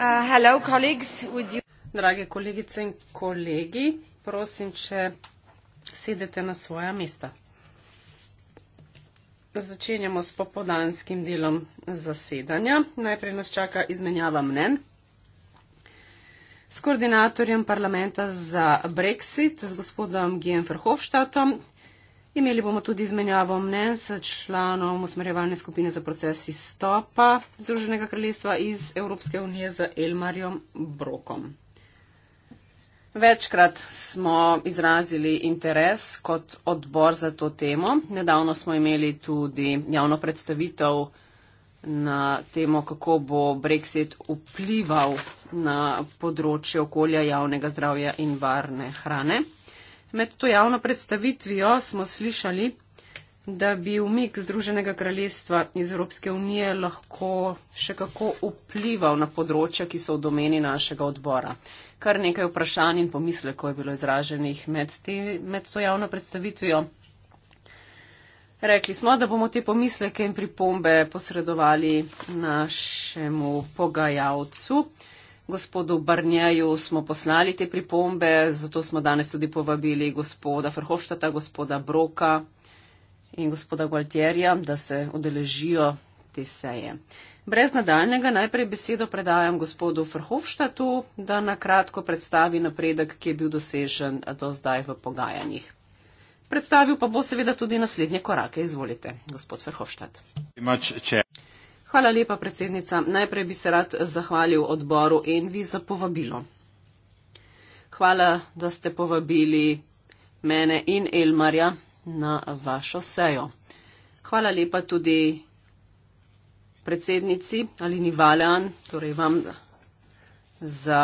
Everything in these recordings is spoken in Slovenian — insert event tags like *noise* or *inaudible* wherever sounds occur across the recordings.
Uh, hello, colleagues, would you... Drage kolegice in kolegi, prosim, če sedete na svoja mesta. Začenjamo s popodanskim delom zasedanja. Najprej nas čaka izmenjava mnen. S koordinatorjem parlamenta za Brexit, z gospodom Gijem Verhofstadtom, Imeli bomo tudi izmenjavo mnen s članom usmerjevalne skupine za proces izstopa Združenega kraljestva iz Evropske unije z Elmarjem Brokom. Večkrat smo izrazili interes kot odbor za to temo. Nedavno smo imeli tudi javno predstavitev na temo, kako bo Brexit vplival na področje okolja javnega zdravja in varne hrane. Med to javno predstavitvijo smo slišali, da bi umik Združenega kraljestva iz Evropske unije lahko še kako vplival na področja, ki so v domeni našega odbora. Kar nekaj vprašanj in pomislekov je bilo izraženih med, te, med to javno predstavitvijo. Rekli smo, da bomo te pomisleke in pripombe posredovali našemu pogajalcu. Gospodu Barnjeju smo poslali te pripombe, zato smo danes tudi povabili gospoda Frhofštata, gospoda Broka in gospoda Gualtjerja, da se odeležijo te seje. Brez nadaljnega najprej besedo predajam gospodu Frhofštatu, da nakratko predstavi napredek, ki je bil dosežen do zdaj v pogajanjih. Predstavil pa bo seveda tudi naslednje korake. Izvolite, gospod Frhofštat. Hvala lepa, predsednica. Najprej bi se rad zahvalil odboru Envi za povabilo. Hvala, da ste povabili mene in Elmarja na vašo sejo. Hvala lepa tudi predsednici Alini Valean, torej vam za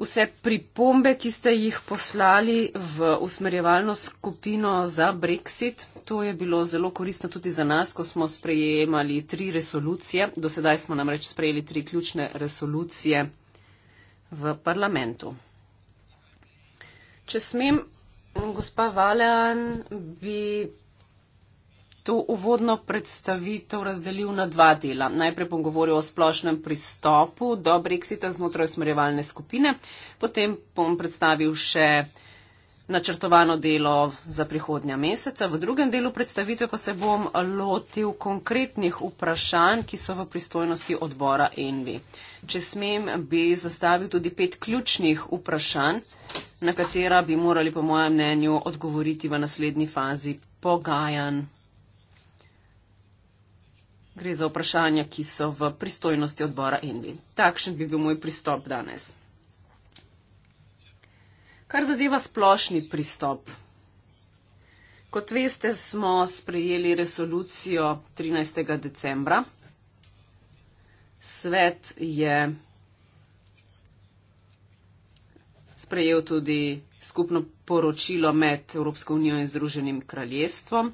vse pripombe, ki ste jih poslali v usmerjevalno skupino za Brexit. To je bilo zelo koristno tudi za nas, ko smo sprejemali tri resolucije. Do sedaj smo namreč sprejeli tri ključne resolucije v parlamentu. Če smem, gospa Valean, bi to uvodno predstavitev razdelil na dva dela. Najprej bom govoril o splošnem pristopu do Brexita znotraj usmerjevalne skupine, potem bom predstavil še načrtovano delo za prihodnja meseca. V drugem delu predstavitve pa se bom lotil konkretnih vprašanj, ki so v pristojnosti odbora Envi. Če smem, bi zastavil tudi pet ključnih vprašanj, na katera bi morali po mojem mnenju odgovoriti v naslednji fazi pogajanj Gre za vprašanja, ki so v pristojnosti odbora Envi. Takšen bi bil moj pristop danes. Kar zadeva splošni pristop. Kot veste, smo sprejeli resolucijo 13. decembra. Svet je sprejel tudi skupno poročilo med Evropsko unijo in Združenim kraljestvom.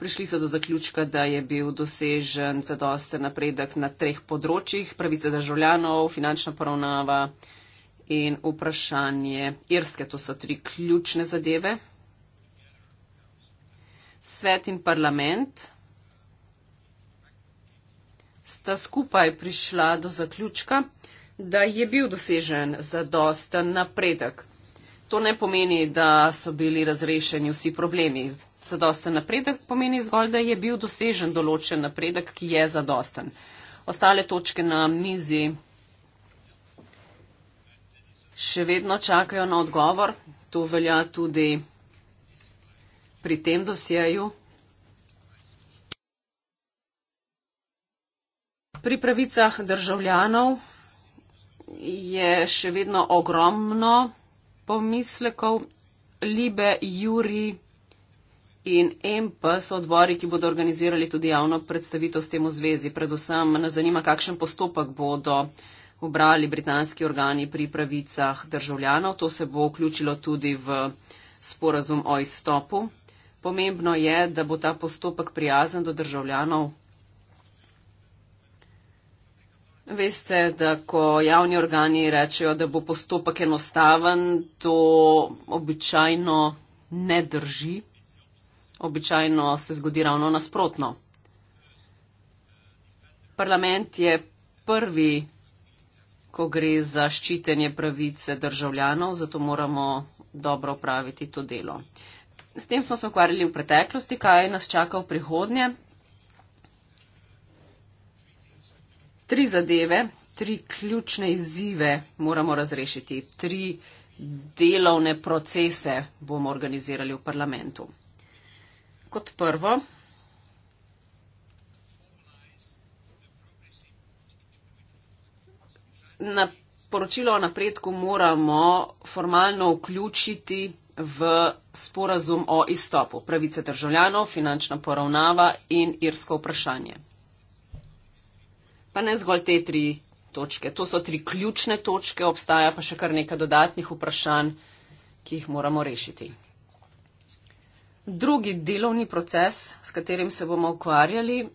Prišli so do zaključka, da je bil dosežen zadosten napredek na treh področjih, pravice državljanov, finančna poravnava in vprašanje Irske. To so tri ključne zadeve. Svet in parlament sta skupaj prišla do zaključka, da je bil dosežen zadosten napredek. To ne pomeni, da so bili razrešeni vsi problemi zadosten napredek pomeni zgolj, da je bil dosežen določen napredek, ki je zadosten. Ostale točke na mizi še vedno čakajo na odgovor. To velja tudi pri tem dosjeju. Pri pravicah državljanov je še vedno ogromno pomislekov. Libe Juri in MP so odbori, ki bodo organizirali tudi javno predstavitev s tem v zvezi. Predvsem me zanima, kakšen postopek bodo obrali britanski organi pri pravicah državljanov. To se bo vključilo tudi v sporazum o izstopu. Pomembno je, da bo ta postopek prijazen do državljanov. Veste, da ko javni organi rečejo, da bo postopek enostaven, to običajno ne drži. Običajno se zgodi ravno nasprotno. Parlament je prvi, ko gre za ščitenje pravice državljanov, zato moramo dobro upraviti to delo. S tem smo se ukvarjali v preteklosti, kaj nas čaka v prihodnje. Tri zadeve, tri ključne izzive moramo razrešiti, tri delovne procese bomo organizirali v parlamentu. Kot prvo, na poročilo o napredku moramo formalno vključiti v sporazum o izstopu pravice državljanov, finančna poravnava in irsko vprašanje. Pa ne zgolj te tri točke. To so tri ključne točke, obstaja pa še kar nekaj dodatnih vprašanj, ki jih moramo rešiti. Drugi delovni proces, s katerim se bomo ukvarjali,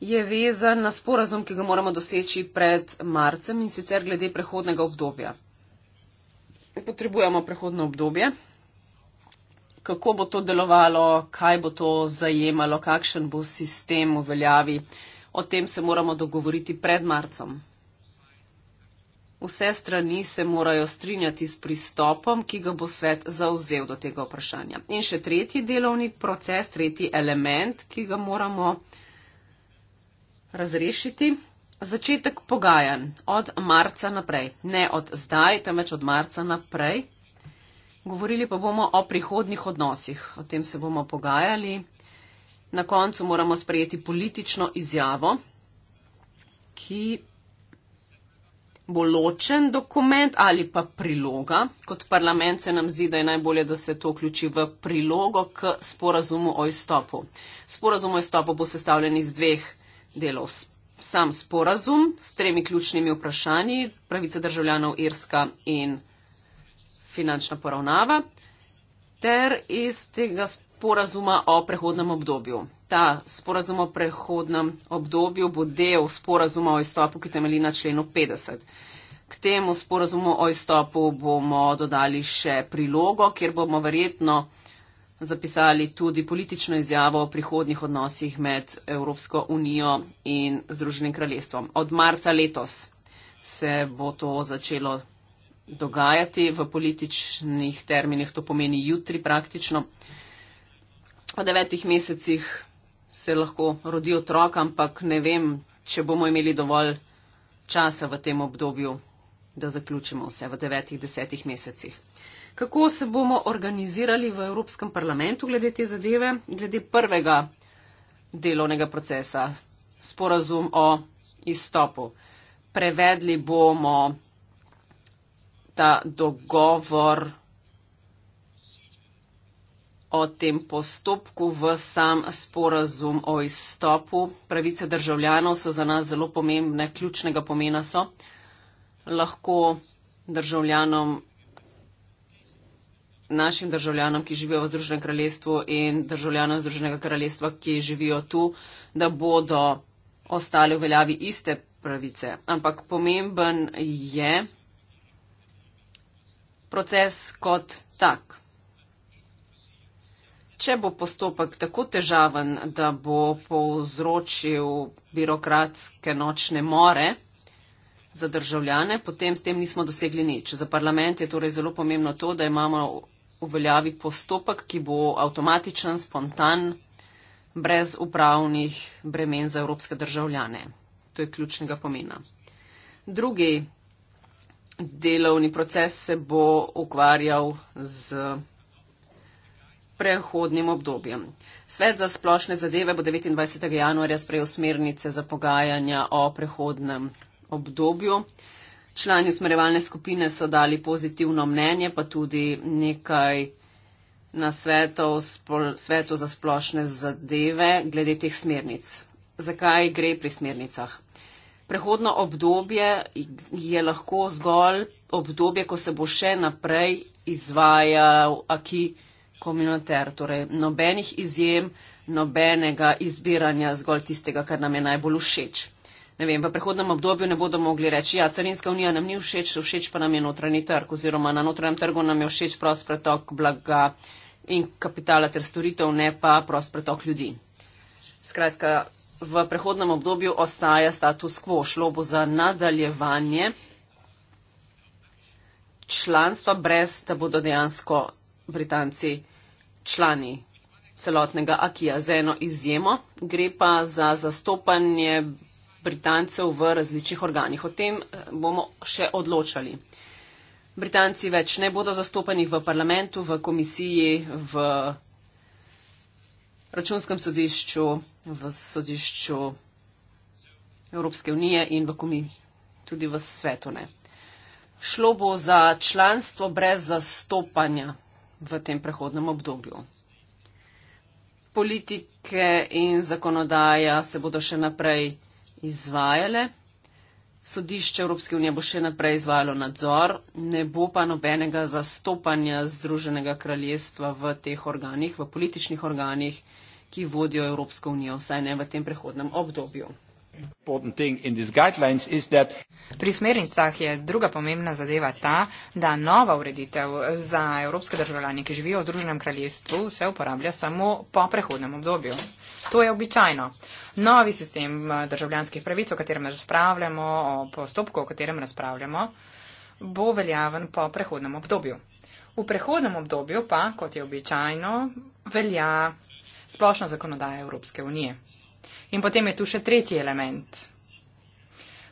je vezan na sporazum, ki ga moramo doseči pred marcem in sicer glede prehodnega obdobja. Potrebujemo prehodno obdobje. Kako bo to delovalo, kaj bo to zajemalo, kakšen bo sistem v veljavi, o tem se moramo dogovoriti pred marcem. Vse strani se morajo strinjati s pristopom, ki ga bo svet zauzel do tega vprašanja. In še tretji delovni proces, tretji element, ki ga moramo razrešiti. Začetek pogajanj od marca naprej. Ne od zdaj, temveč od marca naprej. Govorili pa bomo o prihodnih odnosih. O tem se bomo pogajali. Na koncu moramo sprejeti politično izjavo, ki bo ločen dokument ali pa priloga. Kot parlament se nam zdi, da je najbolje, da se to vključi v prilogo k sporazumu o izstopu. Sporazum o izstopu bo sestavljen iz dveh delov. Sam sporazum s tremi ključnimi vprašanji, pravice državljanov Irska in finančna poravnava, ter iz tega sporazuma o prehodnem obdobju ta sporazum o prehodnem obdobju bo del sporazuma o izstopu, ki temelji na členu 50. K temu sporazumu o izstopu bomo dodali še prilogo, kjer bomo verjetno zapisali tudi politično izjavo o prihodnih odnosih med Evropsko unijo in Združenim kraljestvom. Od marca letos se bo to začelo dogajati v političnih terminih, to pomeni jutri praktično. Po devetih mesecih se lahko rodi otrok, ampak ne vem, če bomo imeli dovolj časa v tem obdobju, da zaključimo vse v devetih, desetih mesecih. Kako se bomo organizirali v Evropskem parlamentu glede te zadeve, glede prvega delovnega procesa, sporazum o izstopu? Prevedli bomo ta dogovor o tem postopku v sam sporazum o izstopu. Pravice državljanov so za nas zelo pomembne, ključnega pomena so. Lahko državljanom, našim državljanom, ki živijo v Združenem kraljestvu in državljanom Združenega kraljestva, ki živijo tu, da bodo ostali v veljavi iste pravice. Ampak pomemben je proces kot tak če bo postopek tako težaven, da bo povzročil birokratske nočne more za državljane, potem s tem nismo dosegli nič. Za parlament je torej zelo pomembno to, da imamo uveljavi postopek, ki bo avtomatičen, spontan, brez upravnih bremen za evropske državljane. To je ključnega pomena. Drugi delovni proces se bo ukvarjal z prehodnim obdobjem. Svet za splošne zadeve bo 29. januarja sprejel smernice za pogajanja o prehodnem obdobju. Člani usmerjevalne skupine so dali pozitivno mnenje, pa tudi nekaj na svetov, spol, svetu za splošne zadeve glede teh smernic. Zakaj gre pri smernicah? Prehodno obdobje je lahko zgolj obdobje, ko se bo še naprej izvajal akij komunitar, torej nobenih izjem, nobenega izbiranja zgolj tistega, kar nam je najbolj všeč. Ne vem, v prehodnem obdobju ne bodo mogli reči, ja, carinska unija nam ni všeč, všeč pa nam je notranji trg oziroma na notranjem trgu nam je všeč prost pretok blaga in kapitala ter storitev, ne pa prost pretok ljudi. Skratka, v prehodnem obdobju ostaja status quo, šlo bo za nadaljevanje članstva brez, da bodo dejansko Britanci člani celotnega Akija z eno izjemo, gre pa za zastopanje Britancev v različnih organih. O tem eh, bomo še odločali. Britanci več ne bodo zastopani v parlamentu, v komisiji, v računskem sodišču, v sodišču Evropske unije in v tudi v svetu. Ne. Šlo bo za članstvo brez zastopanja v tem prehodnem obdobju. Politike in zakonodaja se bodo še naprej izvajale, sodišče Evropske unije bo še naprej izvajalo nadzor, ne bo pa nobenega zastopanja Združenega kraljestva v teh organih, v političnih organih, ki vodijo Evropsko unijo, vsaj ne v tem prehodnem obdobju. Pri smernicah je druga pomembna zadeva ta, da nova ureditev za evropske državljanje, ki živijo v Združenem kraljestvu, se uporablja samo po prehodnem obdobju. To je običajno. Novi sistem eh, državljanskih pravic, o katerem razpravljamo, o postopku, o katerem razpravljamo, bo veljaven po prehodnem obdobju. V prehodnem obdobju pa, kot je običajno, velja splošna zakonodaja Evropske unije. In potem je tu še tretji element.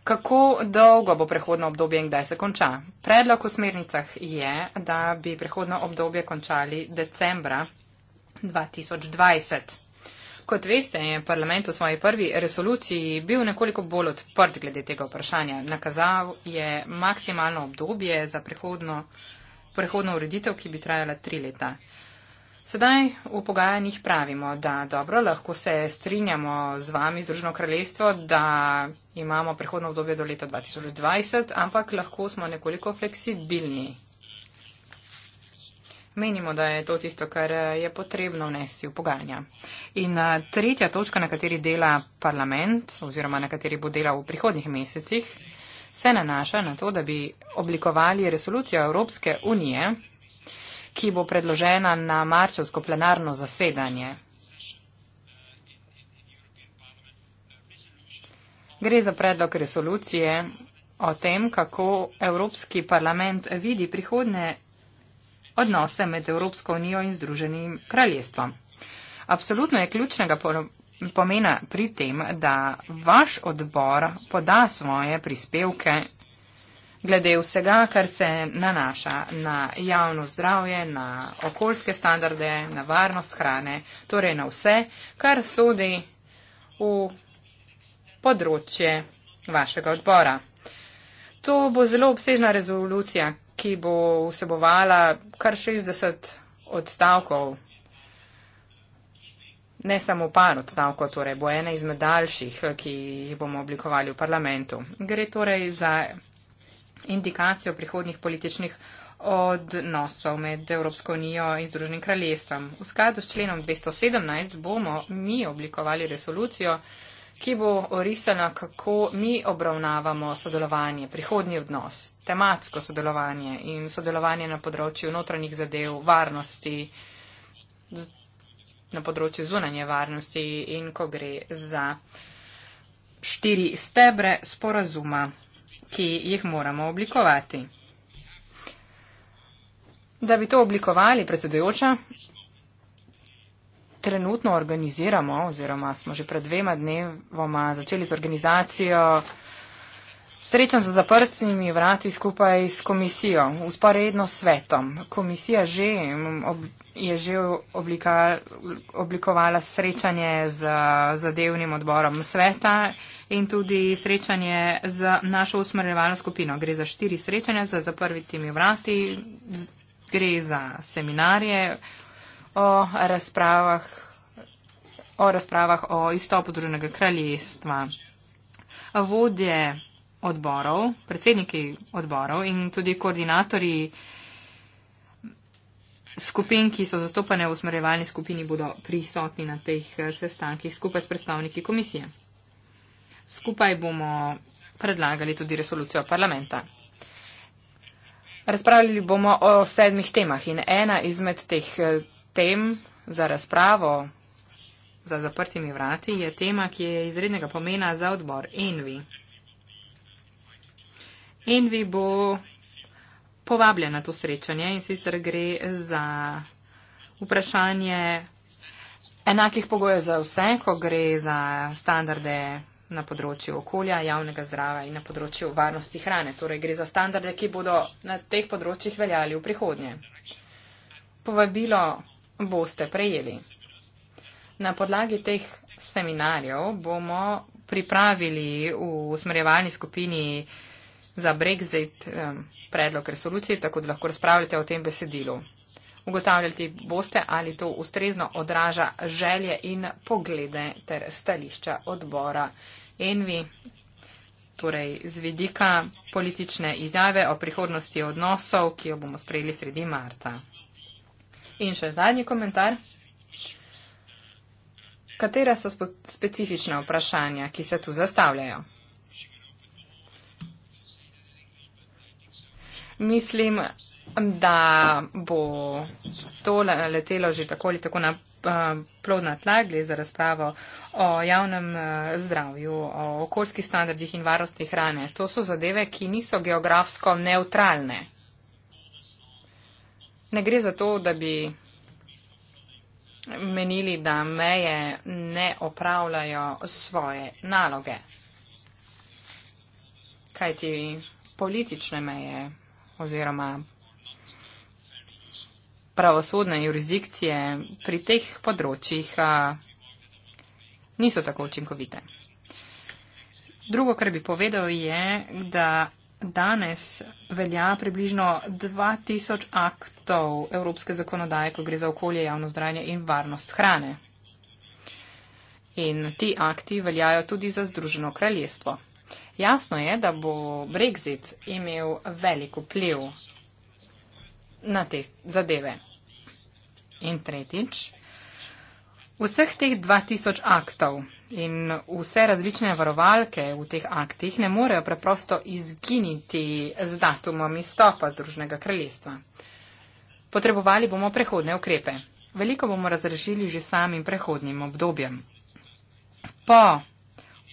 Kako dolgo bo prehodno obdobje in kdaj se konča? Predlog v smernicah je, da bi prehodno obdobje končali decembra 2020. Kot veste, je parlament v svoji prvi resoluciji bil nekoliko bolj odprt glede tega vprašanja. Nakazal je maksimalno obdobje za prehodno, prehodno ureditev, ki bi trajala tri leta. Sedaj v pogajanjih pravimo, da dobro, lahko se strinjamo z vami, Združeno kraljestvo, da imamo prehodno obdobje do leta 2020, ampak lahko smo nekoliko fleksibilni. Menimo, da je to tisto, kar je potrebno vnesti v pogajanja. In tretja točka, na kateri dela parlament oziroma na kateri bo delal v prihodnih mesecih, se nanaša na to, da bi oblikovali resolucijo Evropske unije ki bo predložena na marčevsko plenarno zasedanje. Gre za predlog resolucije o tem, kako Evropski parlament vidi prihodne odnose med Evropsko unijo in Združenim kraljestvom. Absolutno je ključnega pomena pri tem, da vaš odbor poda svoje prispevke glede vsega, kar se nanaša na javno zdravje, na okoljske standarde, na varnost hrane, torej na vse, kar sodi v področje vašega odbora. To bo zelo obsežna rezolucija, ki bo vsebovala kar 60 odstavkov, ne samo par odstavkov, torej bo ena izmed daljših, ki jih bomo oblikovali v parlamentu. Gre torej za indikacijo prihodnih političnih odnosov med Evropsko unijo in Združenim kraljestvom. V skladu s členom 217 bomo mi oblikovali resolucijo, ki bo orisana, kako mi obravnavamo sodelovanje, prihodni odnos, tematsko sodelovanje in sodelovanje na področju notranjih zadev, varnosti, na področju zunanje varnosti in ko gre za štiri stebre sporazuma ki jih moramo oblikovati. Da bi to oblikovali, predsedujoča, trenutno organiziramo oziroma smo že pred dvema dnevoma začeli z organizacijo Srečen za zaprtimi vrati skupaj s komisijo, usporedno s svetom. Komisija že mm, ob, je že oblika, oblikovala srečanje z zadevnim odborom sveta in tudi srečanje z našo usmerjevalno skupino. Gre za štiri srečanja za zaprtimi vrati, gre za seminarje o razpravah o razpravah o izstopu družnega kraljestva. Vodje odborov, predsedniki odborov in tudi koordinatorji skupin, ki so zastopane v usmerjevalni skupini, bodo prisotni na teh eh, sestankih skupaj s predstavniki komisije. Skupaj bomo predlagali tudi resolucijo parlamenta. Razpravljali bomo o sedmih temah in ena izmed teh eh, tem za razpravo za zaprtimi vrati je tema, ki je izrednega pomena za odbor ENVI. Envi bo povabljena na to srečanje in sicer gre za vprašanje enakih pogojev za vse, ko gre za standarde na področju okolja, javnega zdrava in na področju varnosti hrane. Torej gre za standarde, ki bodo na teh področjih veljali v prihodnje. Povabilo boste prejeli. Na podlagi teh seminarjev bomo pripravili v usmerjevalni skupini za Brexit predlog resolucije, tako da lahko razpravljate o tem besedilu. Ugotavljati boste, ali to ustrezno odraža želje in poglede ter stališča odbora Envi. Torej, z vidika politične izjave o prihodnosti odnosov, ki jo bomo sprejeli sredi marca. In še zadnji komentar. Katera so specifična vprašanja, ki se tu zastavljajo? mislim, da bo to letelo že tako ali tako na eh, plodna tla, gre za razpravo o javnem eh, zdravju, o okoljskih standardih in varnosti hrane. To so zadeve, ki niso geografsko neutralne. Ne gre za to, da bi menili, da meje ne opravljajo svoje naloge. Kajti politične meje oziroma pravosodne jurisdikcije pri teh področjih niso tako učinkovite. Drugo, kar bi povedal, je, da danes velja približno 2000 aktov evropske zakonodaje, ko gre za okolje, javno zdravje in varnost hrane. In ti akti veljajo tudi za Združeno kraljestvo. Jasno je, da bo Brexit imel veliko pliv na te zadeve. In tretjič, vseh teh 2000 aktov in vse različne varovalke v teh aktih ne morejo preprosto izginiti z datumom izstopa Združnega kraljestva. Potrebovali bomo prehodne ukrepe. Veliko bomo razrešili že samim prehodnim obdobjem. Po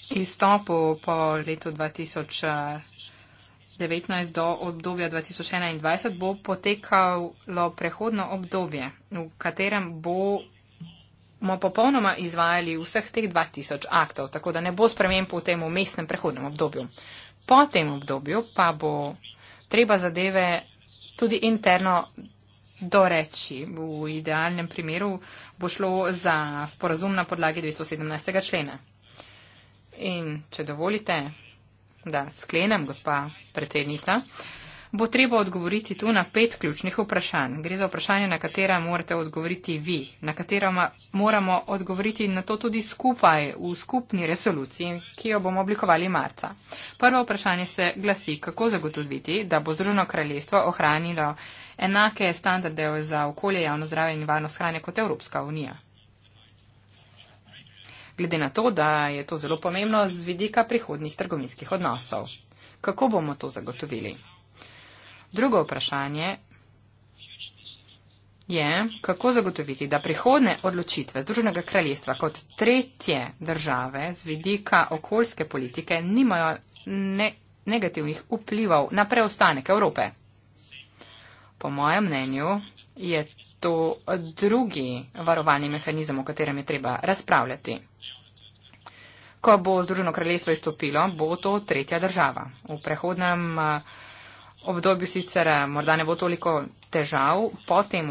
izstopu po letu 2019 do obdobja 2021 bo potekalo prehodno obdobje, v katerem bomo popolnoma izvajali vseh teh 2000 aktov, tako da ne bo sprememb v tem umestnem prehodnem obdobju. Po tem obdobju pa bo treba zadeve tudi interno doreči. V idealnem primeru bo šlo za sporazum na podlagi 217. člena. In če dovolite, da sklenem, gospa predsednica, bo treba odgovoriti tu na pet ključnih vprašanj. Gre za vprašanje, na katera morate odgovoriti vi, na katera moramo odgovoriti na to tudi skupaj v skupni resoluciji, ki jo bomo oblikovali marca. Prvo vprašanje se glasi, kako zagotoviti, da bo Združeno kraljestvo ohranilo enake standarde za okolje, javno zdravje in varnost hrane kot Evropska unija glede na to, da je to zelo pomembno z vidika prihodnih trgovinskih odnosov. Kako bomo to zagotovili? Drugo vprašanje je, kako zagotoviti, da prihodne odločitve Združenega kraljestva kot tretje države z vidika okoljske politike nimajo ne negativnih vplivov na preostanek Evrope. Po mojem mnenju je to drugi varovalni mehanizem, o katerem je treba razpravljati. Ko bo Združeno kraljestvo izstopilo, bo to tretja država. V prehodnem eh, obdobju sicer eh, morda ne bo toliko težav, po tem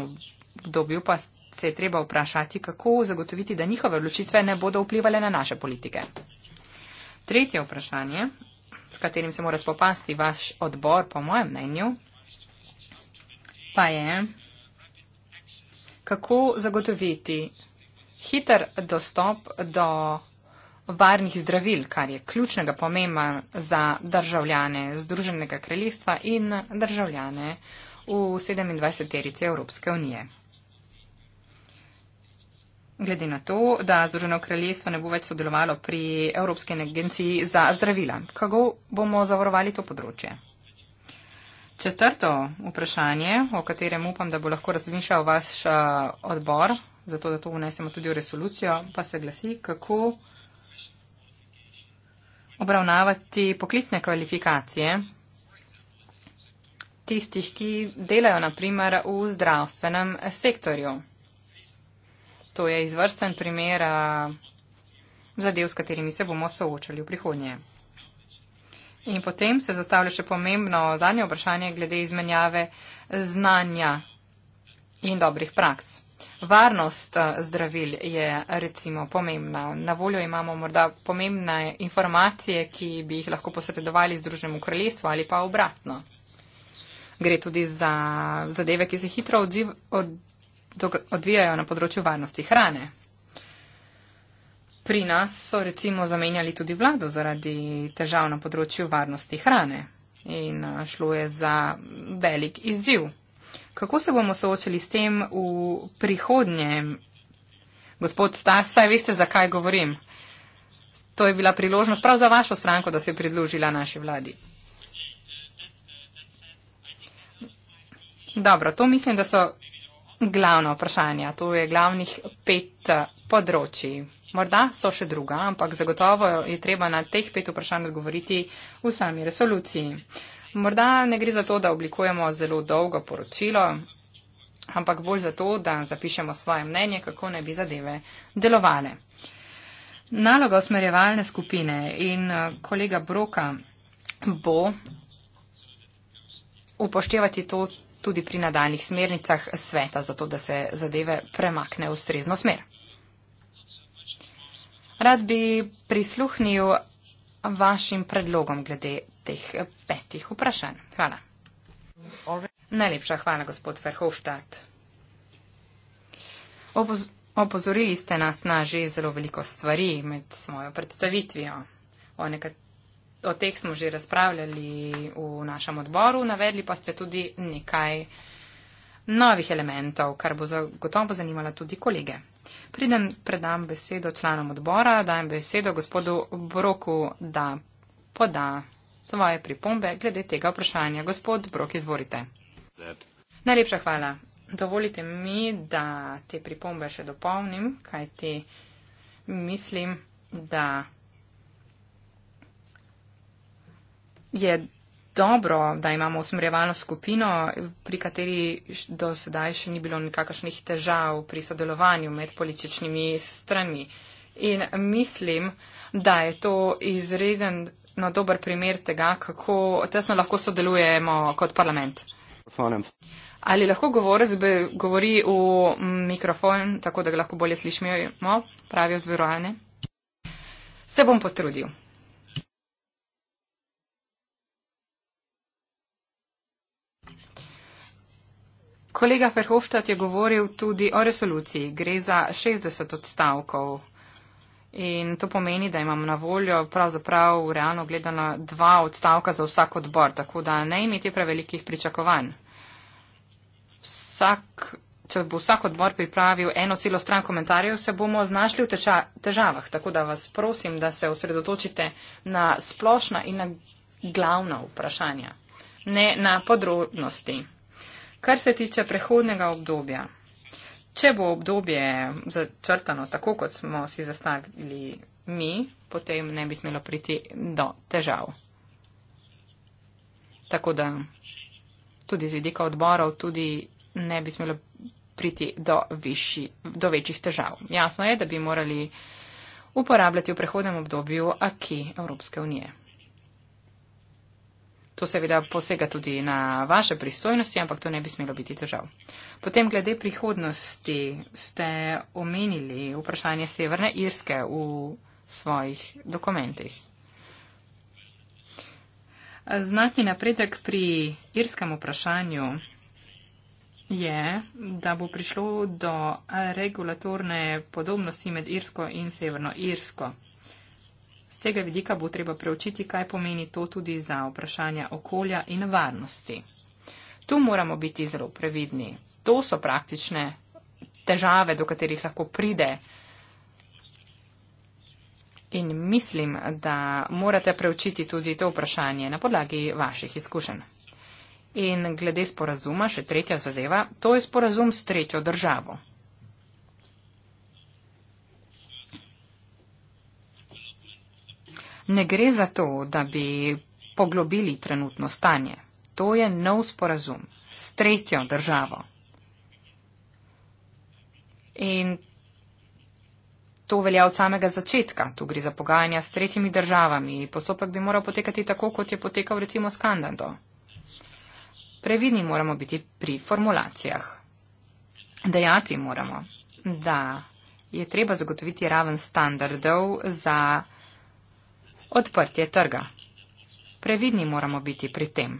obdobju pa se je treba vprašati, kako zagotoviti, da njihove odločitve ne bodo vplivali na naše politike. Tretje vprašanje, s katerim se mora spopasti vaš odbor, po mojem mnenju, pa je, kako zagotoviti hiter dostop do varnih zdravil, kar je ključnega pomema za državljane Združenega kraljestva in državljane v 27-terici Evropske unije. Glede na to, da Združeno kraljestvo ne bo več sodelovalo pri Evropski agenciji za zdravila, kako bomo zavarovali to področje? Četrto vprašanje, o katerem upam, da bo lahko razmišljal vaš eh, odbor, zato da to vnesemo tudi v resolucijo, pa se glasi, kako obravnavati poklicne kvalifikacije tistih, ki delajo naprimer v zdravstvenem sektorju. To je izvrsten primer zadev, s katerimi se bomo soočali v prihodnje. In potem se zastavlja še pomembno zadnje vprašanje glede izmenjave znanja in dobrih praks. Varnost eh, zdravil je recimo pomembna. Na voljo imamo morda pomembne informacije, ki bi jih lahko posredovali Združenemu kraljestvu ali pa obratno. Gre tudi za zadeve, ki se hitro odziv, od, odvijajo na področju varnosti hrane. Pri nas so recimo zamenjali tudi vlado zaradi težav na področju varnosti hrane in eh, šlo je za velik izziv. Kako se bomo soočili s tem v prihodnje? Gospod Stas, saj veste, zakaj govorim. To je bila priložnost prav za vašo stranko, da se je pridružila naši vladi. Dobro, to mislim, da so glavna vprašanja. To je glavnih pet eh, področji. Morda so še druga, ampak zagotovo je treba na teh pet vprašanj odgovoriti v sami resoluciji. Morda ne gre za to, da oblikujemo zelo dolgo poročilo, ampak bolj za to, da zapišemo svoje mnenje, kako ne bi zadeve delovale. Naloga usmerjevalne skupine in eh, kolega Broka bo upoštevati to tudi pri nadaljnih smernicah sveta, zato da se zadeve premakne v strezno smer. Rad bi prisluhnil vašim predlogom glede teh eh, petih vprašanj. Hvala. Najlepša hvala, gospod Verhofstadt. Opoz opozorili ste nas na že zelo veliko stvari med svojo predstavitvijo. O, o teh smo že razpravljali v našem odboru, navedli pa ste tudi nekaj novih elementov, kar bo zagotovo zanimala tudi kolege. Pridem predam besedo članom odbora, dajem besedo gospodu Broku, da poda svoje pripombe glede tega vprašanja. Gospod Brok, izvolite. Najlepša hvala. Dovolite mi, da te pripombe še dopolnim, kajti mislim, da je dobro, da imamo usmerjevalno skupino, pri kateri do sedaj še ni bilo nikakršnih težav pri sodelovanju med političnimi strani. In mislim, da je to izreden no, dober primer tega, kako tesno lahko sodelujemo kot parlament. Fonem. Ali lahko govorec govori v mikrofon, tako da ga lahko bolje slišimo, pravijo zverojane? Se bom potrudil. Kolega Ferhoftat je govoril tudi o resoluciji. Gre za 60 odstavkov In to pomeni, da imam na voljo pravzaprav realno gledano dva odstavka za vsak odbor, tako da ne imeti prevelikih pričakovanj. Vsak, če bo vsak odbor pripravil eno celo stran komentarjev, se bomo znašli v teča, težavah, tako da vas prosim, da se osredotočite na splošna in na glavna vprašanja, ne na podrobnosti. Kar se tiče prehodnega obdobja če bo obdobje začrtano tako, kot smo si zastavili mi, potem ne bi smelo priti do težav. Tako da tudi z vidika odborov tudi ne bi smelo priti do, višji, do večjih težav. Jasno je, da bi morali uporabljati v prehodnem obdobju aki e Evropske unije. To seveda posega tudi na vaše pristojnosti, ampak to ne bi smelo biti držav. Potem glede prihodnosti ste omenili vprašanje Severne Irske v svojih dokumentih. Znatni napredek pri irskem vprašanju je, da bo prišlo do regulatorne podobnosti med Irsko in Severno Irsko. Z tega vidika bo treba preučiti, kaj pomeni to tudi za vprašanja okolja in varnosti. Tu moramo biti zelo previdni. To so praktične težave, do katerih lahko pride. In mislim, da morate preučiti tudi to vprašanje na podlagi vaših izkušenj. In glede sporazuma, še tretja zadeva, to je sporazum s tretjo državo. Ne gre za to, da bi poglobili trenutno stanje. To je nov sporazum s tretjo državo. In to velja od samega začetka. Tu gre za pogajanja s tretjimi državami. Postopek bi moral potekati tako, kot je potekal recimo s Kanado. Previdni moramo biti pri formulacijah. Dejati moramo, da je treba zagotoviti raven standardov za odprtje trga. Previdni moramo biti pri tem.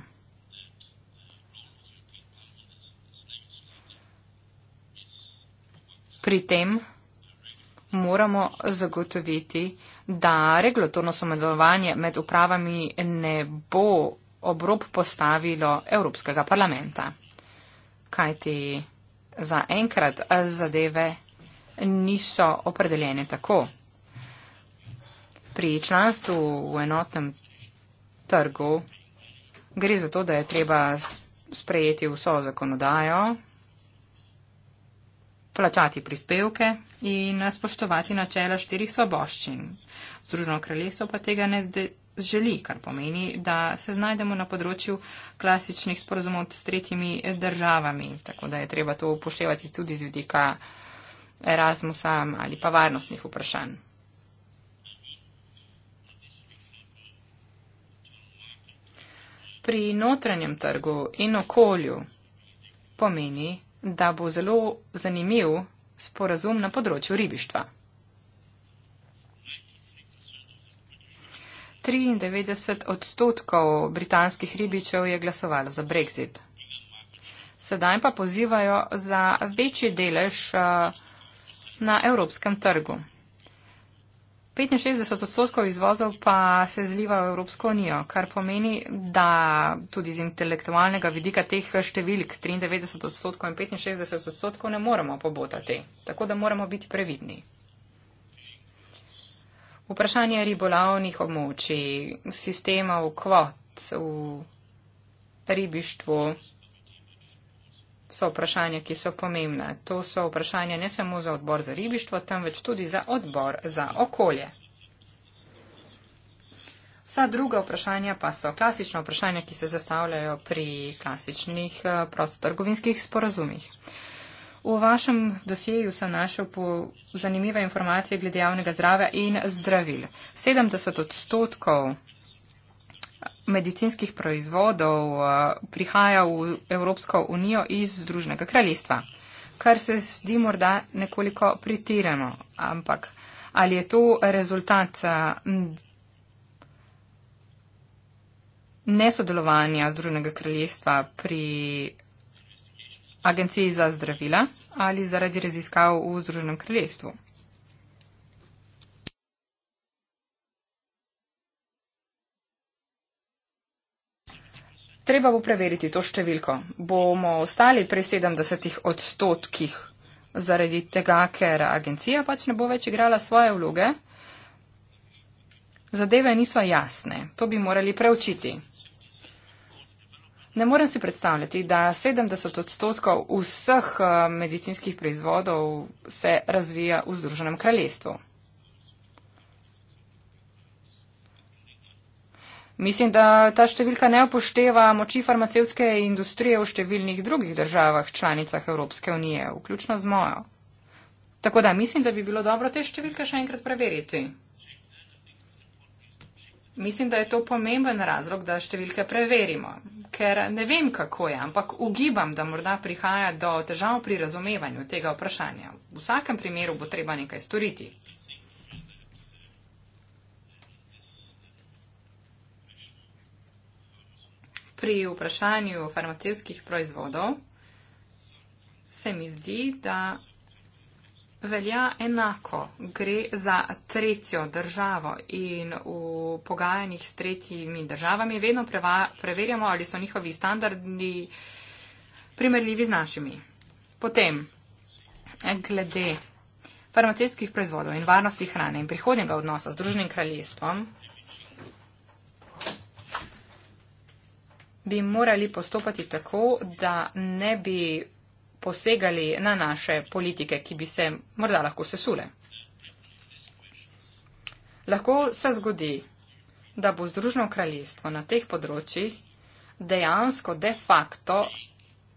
Pri tem moramo zagotoviti, da regulatorno sodelovanje med upravami ne bo obrob postavilo Evropskega parlamenta. Kajti zaenkrat zadeve niso opredeljene tako pri članstvu v enotnem trgu gre za to, da je treba sprejeti vso zakonodajo, plačati prispevke in spoštovati načela štirih svoboščin. Združeno kraljestvo pa tega ne želi, kar pomeni, da se znajdemo na področju klasičnih sporozumov s tretjimi državami. Tako da je treba to upoštevati tudi z vidika Erasmusa ali pa varnostnih vprašanj. pri notranjem trgu in okolju pomeni, da bo zelo zanimiv sporazum na področju ribištva. 93 odstotkov britanskih ribičev je glasovalo za brexit. Sedaj pa pozivajo za večji delež eh, na evropskem trgu. 65 odstotkov izvozov pa se zliva v Evropsko unijo, kar pomeni, da tudi z intelektualnega vidika teh številk 93 odstotkov in 65 odstotkov ne moremo pobotati. Tako da moramo biti previdni. Vprašanje ribolovnih območij, sistemov kvot v ribištvu so vprašanja, ki so pomembna. To so vprašanja ne samo za odbor za ribištvo, temveč tudi za odbor za okolje. Vsa druga vprašanja pa so klasična vprašanja, ki se zastavljajo pri klasičnih eh, prostotrgovinskih sporazumih. V vašem dosjeju sem našel zanimive informacije glede javnega zdravja in zdravil. 70 odstotkov medicinskih proizvodov eh, prihaja v Evropsko unijo iz Združenega kraljestva, kar se zdi morda nekoliko pritirano, ampak ali je to rezultat eh, nesodelovanja Združenega kraljestva pri agenciji za zdravila ali zaradi raziskav v Združenem kraljestvu? treba bo preveriti to številko. Bomo ostali pri 70 odstotkih zaradi tega, ker agencija pač ne bo več igrala svoje vloge. Zadeve niso jasne, to bi morali preučiti. Ne morem si predstavljati, da 70 odstotkov vseh eh, medicinskih proizvodov se razvija v Združenem kraljestvu. Mislim, da ta številka ne upošteva moči farmacevtske industrije v številnih drugih državah članicah Evropske unije, vključno z mojo. Tako da mislim, da bi bilo dobro te številke še enkrat preveriti. Mislim, da je to pomemben razlog, da številke preverimo, ker ne vem, kako je, ampak ugibam, da morda prihaja do težav pri razumevanju tega vprašanja. V vsakem primeru bo treba nekaj storiti. pri vprašanju farmacevskih proizvodov se mi zdi, da velja enako. Gre za tretjo državo in v pogajanjih s tretjimi državami vedno preva, preverjamo, ali so njihovi standardi primerljivi z našimi. Potem, glede farmacevskih proizvodov in varnosti hrane in prihodnjega odnosa z druženim kraljestvom, bi morali postopati tako, da ne bi posegali na naše politike, ki bi se morda lahko sesule. Lahko se zgodi, da bo Združeno kraljestvo na teh področjih dejansko de facto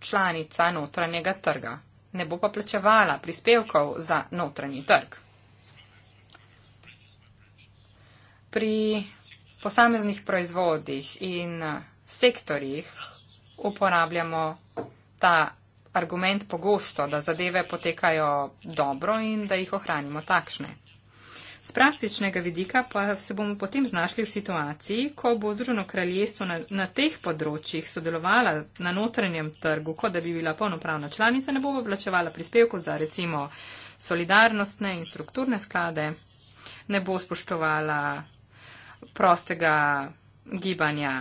članica notranjega trga, ne bo pa plačevala prispevkov za notranji trg. Pri posameznih proizvodih in sektorjih uporabljamo ta argument pogosto, da zadeve potekajo dobro in da jih ohranimo takšne. Z praktičnega vidika pa se bomo potem znašli v situaciji, ko bo Združeno kraljestvo na, na teh področjih sodelovala na notranjem trgu, kot da bi bila polnopravna članica, ne bo pa plačevala prispevkov za recimo solidarnostne in strukturne sklade, ne bo spoštovala prostega gibanja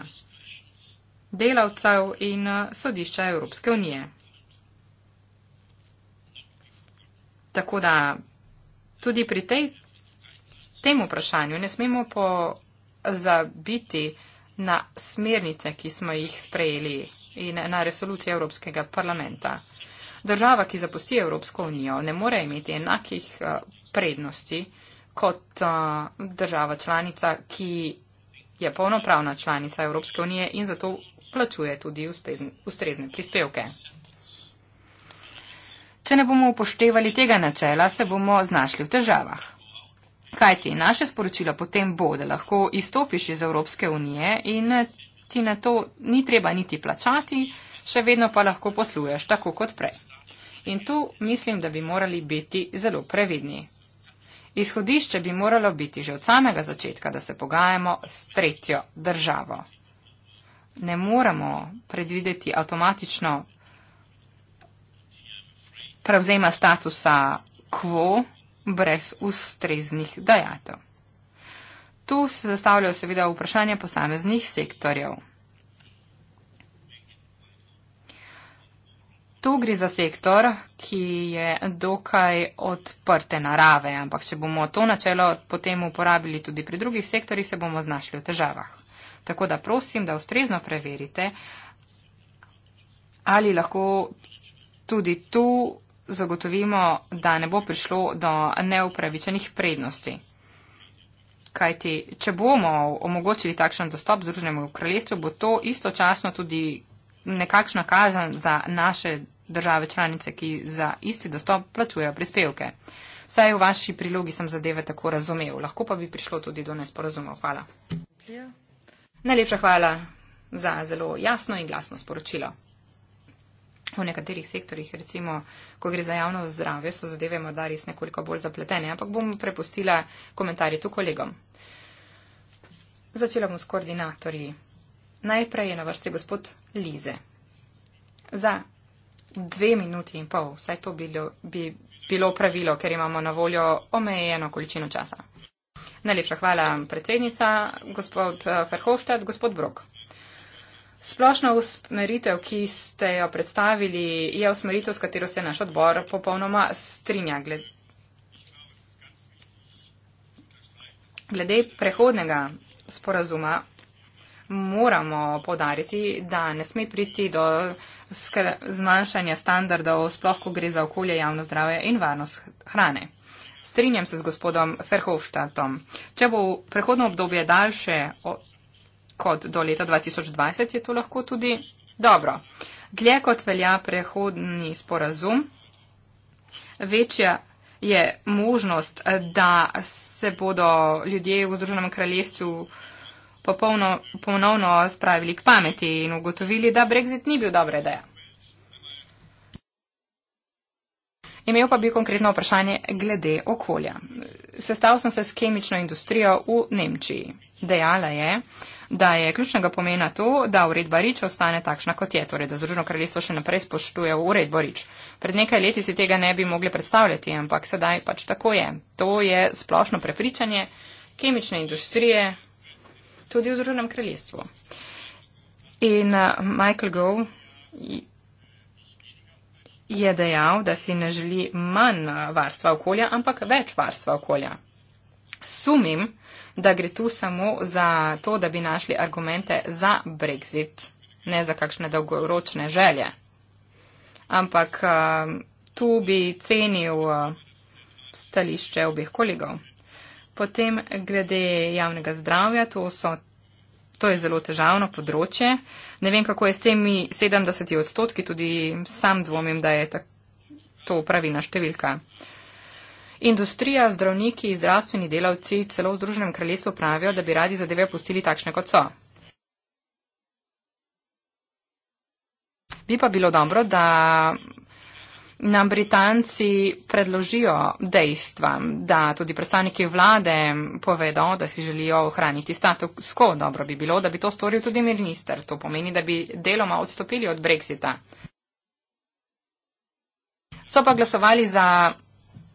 delavcev in eh, sodišča Evropske unije. Tako da tudi pri tej, tem vprašanju ne smemo pozabiti na smernice, ki smo jih sprejeli in na resolucije Evropskega parlamenta. Država, ki zapusti Evropsko unijo, ne more imeti enakih eh, prednosti kot eh, država članica, ki je polnopravna članica Evropske unije in zato plačuje tudi ustrezne prispevke. Če ne bomo upoštevali tega načela, se bomo znašli v težavah. Kaj ti naše sporočilo potem bo, da lahko izstopiš iz Evropske unije in eh, ti na to ni treba niti plačati, še vedno pa lahko posluješ tako kot prej. In tu mislim, da bi morali biti zelo previdni. Izhodišče bi moralo biti že od samega začetka, da se pogajamo s tretjo državo ne moremo predvideti avtomatično prevzema statusa quo brez ustreznih dajatev. Tu se zastavljajo seveda vprašanja posameznih sektorjev. Tu gre za sektor, ki je dokaj odprte narave, ampak če bomo to načelo potem uporabili tudi pri drugih sektorjih, se bomo znašli v težavah. Tako da prosim, da ustrezno preverite, ali lahko tudi tu zagotovimo, da ne bo prišlo do neupravičenih prednosti. Kajti, če bomo omogočili takšen dostop Združenemu kraljestvu, bo to istočasno tudi nekakšna kazen za naše države članice, ki za isti dostop plačujejo prispevke. Vsaj v vaši prilogi sem zadeve tako razumev, lahko pa bi prišlo tudi do nesporazumov. Hvala. Yeah. Najlepša hvala za zelo jasno in glasno sporočilo. V nekaterih sektorjih, recimo, ko gre za javno zdravje, so zadeve morda res nekoliko bolj zapletene, ampak bom prepustila komentarje tu kolegom. Začela bom s koordinatorji. Najprej je na vrsti gospod Lize. Za dve minuti in pol, vsaj to bilo, bi bilo pravilo, ker imamo na voljo omejeno količino časa. Najlepša hvala, predsednica, gospod Ferhofstadt, eh, gospod Brok. Splošna usmeritev, ki ste jo predstavili, je usmeritev, s katero se naš odbor popolnoma strinja. Glede prehodnega sporazuma moramo podariti, da ne sme priti do zmanjšanja standardov, sploh ko gre za okolje, javno zdravje in varnost hrane. Strinjam se z gospodom Ferhovštatom. Če bo prehodno obdobje daljše kot do leta 2020, je to lahko tudi dobro. Dlje kot velja prehodni sporazum, večja je možnost, da se bodo ljudje v Združenem kraljestvu popolno, ponovno spravili k pameti in ugotovili, da brexit ni bil dobra ideja. Imel pa bi konkretno vprašanje glede okolja. Sestal sem se s kemično industrijo v Nemčiji. Dejala je, da je ključnega pomena to, da uredba Rič ostane takšna, kot je, torej da Združeno kraljestvo še naprej spoštuje uredbo Rič. Pred nekaj leti si tega ne bi mogli predstavljati, ampak sedaj pač tako je. To je splošno prepričanje kemične industrije tudi v Združenem kraljestvu. In eh, Michael Gove je dejal, da si ne želi manj varstva okolja, ampak več varstva okolja. Sumim, da gre tu samo za to, da bi našli argumente za brexit, ne za kakšne dolgoročne želje. Ampak um, tu bi cenil uh, stališče obih kolegov. Potem glede javnega zdravja, to so To je zelo težavno področje. Ne vem, kako je s temi 70 odstotki, tudi sam dvomim, da je to pravilna številka. Industrija, zdravniki, zdravstveni delavci celo v Združenem kraljestvu pravijo, da bi radi zadeve pustili takšne, kot so. Bi pa bilo dobro, da nam Britanci predložijo dejstva, da tudi predstavniki vlade povedo, da si želijo ohraniti status quo. Dobro bi bilo, da bi to storil tudi minister. To pomeni, da bi deloma odstopili od Brexita. So pa glasovali za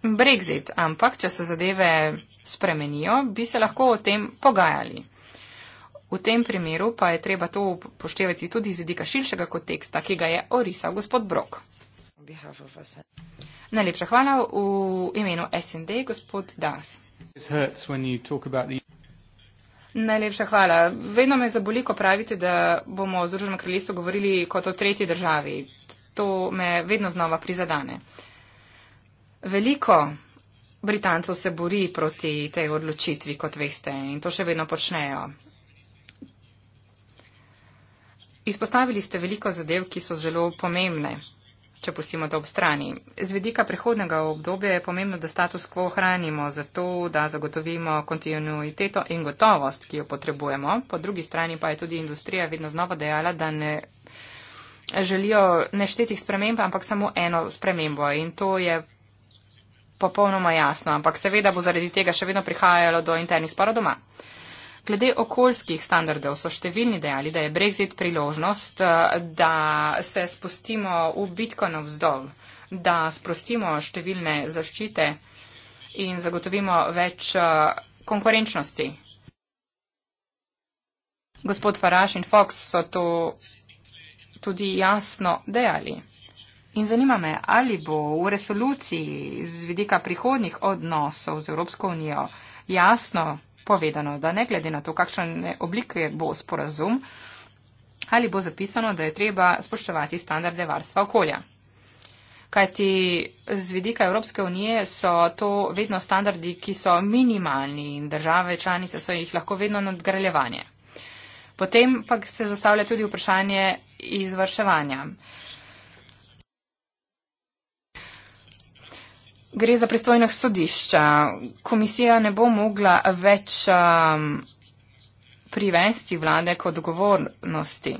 Brexit, ampak če se zadeve spremenijo, bi se lahko o tem pogajali. V tem primeru pa je treba to upoštevati tudi z vidika širšega konteksta, ki ga je orisal gospod Brok behalf of us. Najlepša hvala v imenu SND, gospod Das. Najlepša hvala. Vedno me zaboli, ko pravite, da bomo o Združenem kraljestvu govorili kot o tretji državi. To me vedno znova prizadane. Veliko Britancov se bori proti tej odločitvi, kot veste, in to še vedno počnejo. Izpostavili ste veliko zadev, ki so zelo pomembne če pustimo to ob strani. Z vedika prehodnega obdobja je pomembno, da status quo ohranimo, zato da zagotovimo kontinuiteto in gotovost, ki jo potrebujemo. Po drugi strani pa je tudi industrija vedno znova dejala, da ne želijo neštetih sprememb, ampak samo eno spremembo in to je. Popolnoma jasno, ampak seveda bo zaradi tega še vedno prihajalo do internih sporov doma. Uh, Glede okoljskih standardov so številni dejali, da je Brexit priložnost, eh, da se spustimo v bitko na vzdolj, da sprostimo številne zaščite in zagotovimo več eh, konkurenčnosti. Gospod Faraš in Fox so to tudi jasno dejali. In zanima me, ali bo v resoluciji z vidika prihodnih odnosov z Evropsko unijo jasno povedano, da ne glede na to, kakšne oblike bo sporazum, ali bo zapisano, da je treba spoštovati standarde varstva okolja. Kajti z vidika Evropske unije so to vedno standardi, ki so minimalni in države članice so jih lahko vedno nadgraljevanje. Potem pa se zastavlja tudi vprašanje izvrševanja. gre za pristojnost sodišča. Komisija ne bo mogla več um, privesti vlade k odgovornosti.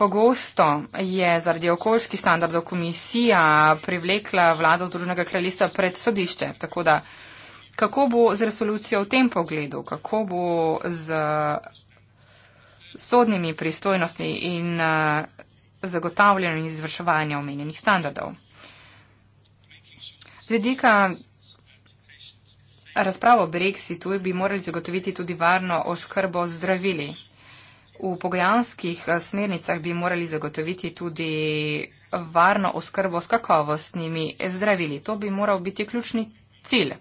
Pogosto je zaradi okoljskih standardov komisija privlekla vlado Združenega kraljestva pred sodišče. Tako da, kako bo z resolucijo v tem pogledu, kako bo z sodnimi pristojnostmi in uh, zagotavljanjem izvrševanja omenjenih standardov? vidika razprave o Brexitu bi morali zagotoviti tudi varno oskrbo z zdravili. V pogajanskih eh, smernicah bi morali zagotoviti tudi varno oskrbo s kakovostnimi zdravili. To bi moral biti ključni cilj.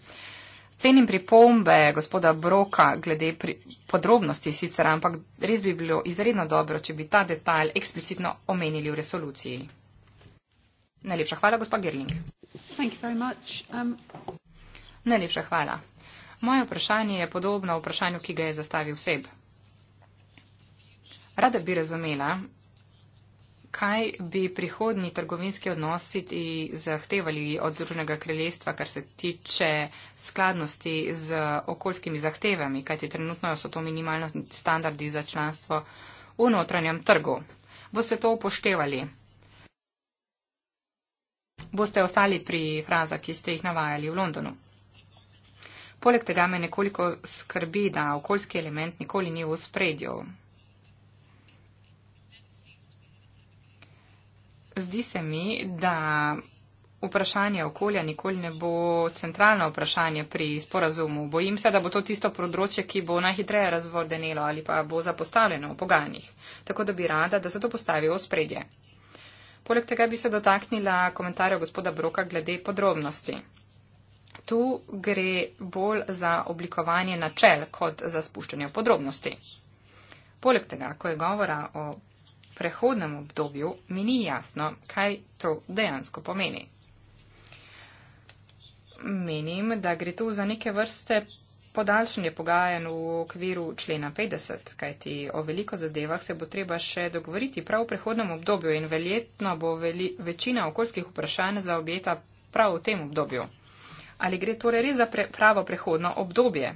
Cenim pripombe gospoda Broka glede pri podrobnosti sicer, ampak res bi bilo izredno dobro, če bi ta detalj eksplicitno omenili v resoluciji. Najlepša hvala, gospod Gerling. Um, Najlepša hvala. Moje vprašanje je podobno vprašanju, ki ga je zastavil Seb. Rada bi razumela, kaj bi prihodni trgovinski odnosi zahtevali od Združenega kraljestva, kar se tiče skladnosti z okoljskimi zahtevami, kajti trenutno so to minimalni standardi za članstvo v notranjem trgu. Boste to upoštevali? Boste ostali pri frazah, ki ste jih navajali v Londonu. Poleg tega me nekoliko skrbi, da okoljski element nikoli ni v spredju. Zdi se mi, da vprašanje okolja nikoli ne bo centralno vprašanje pri sporazumu. Bojim se, da bo to tisto področje, ki bo najhitreje razvodenelo ali pa bo zapostavljeno v pogajanjih. Tako da bi rada, da se to postavi v spredje. Poleg tega bi se dotaknila komentarja gospoda Broka glede podrobnosti. Tu gre bolj za oblikovanje načel kot za spuščanje v podrobnosti. Poleg tega, ko je govora o prehodnem obdobju, mi ni jasno, kaj to dejansko pomeni. Menim, da gre tu za neke vrste podaljšanje pogajanj v okviru člena 50, kajti o veliko zadevah se bo treba še dogovoriti prav v prehodnem obdobju in verjetno bo veli, večina okoljskih vprašanj za objeta prav v tem obdobju. Ali gre torej res za pre, pravo prehodno obdobje?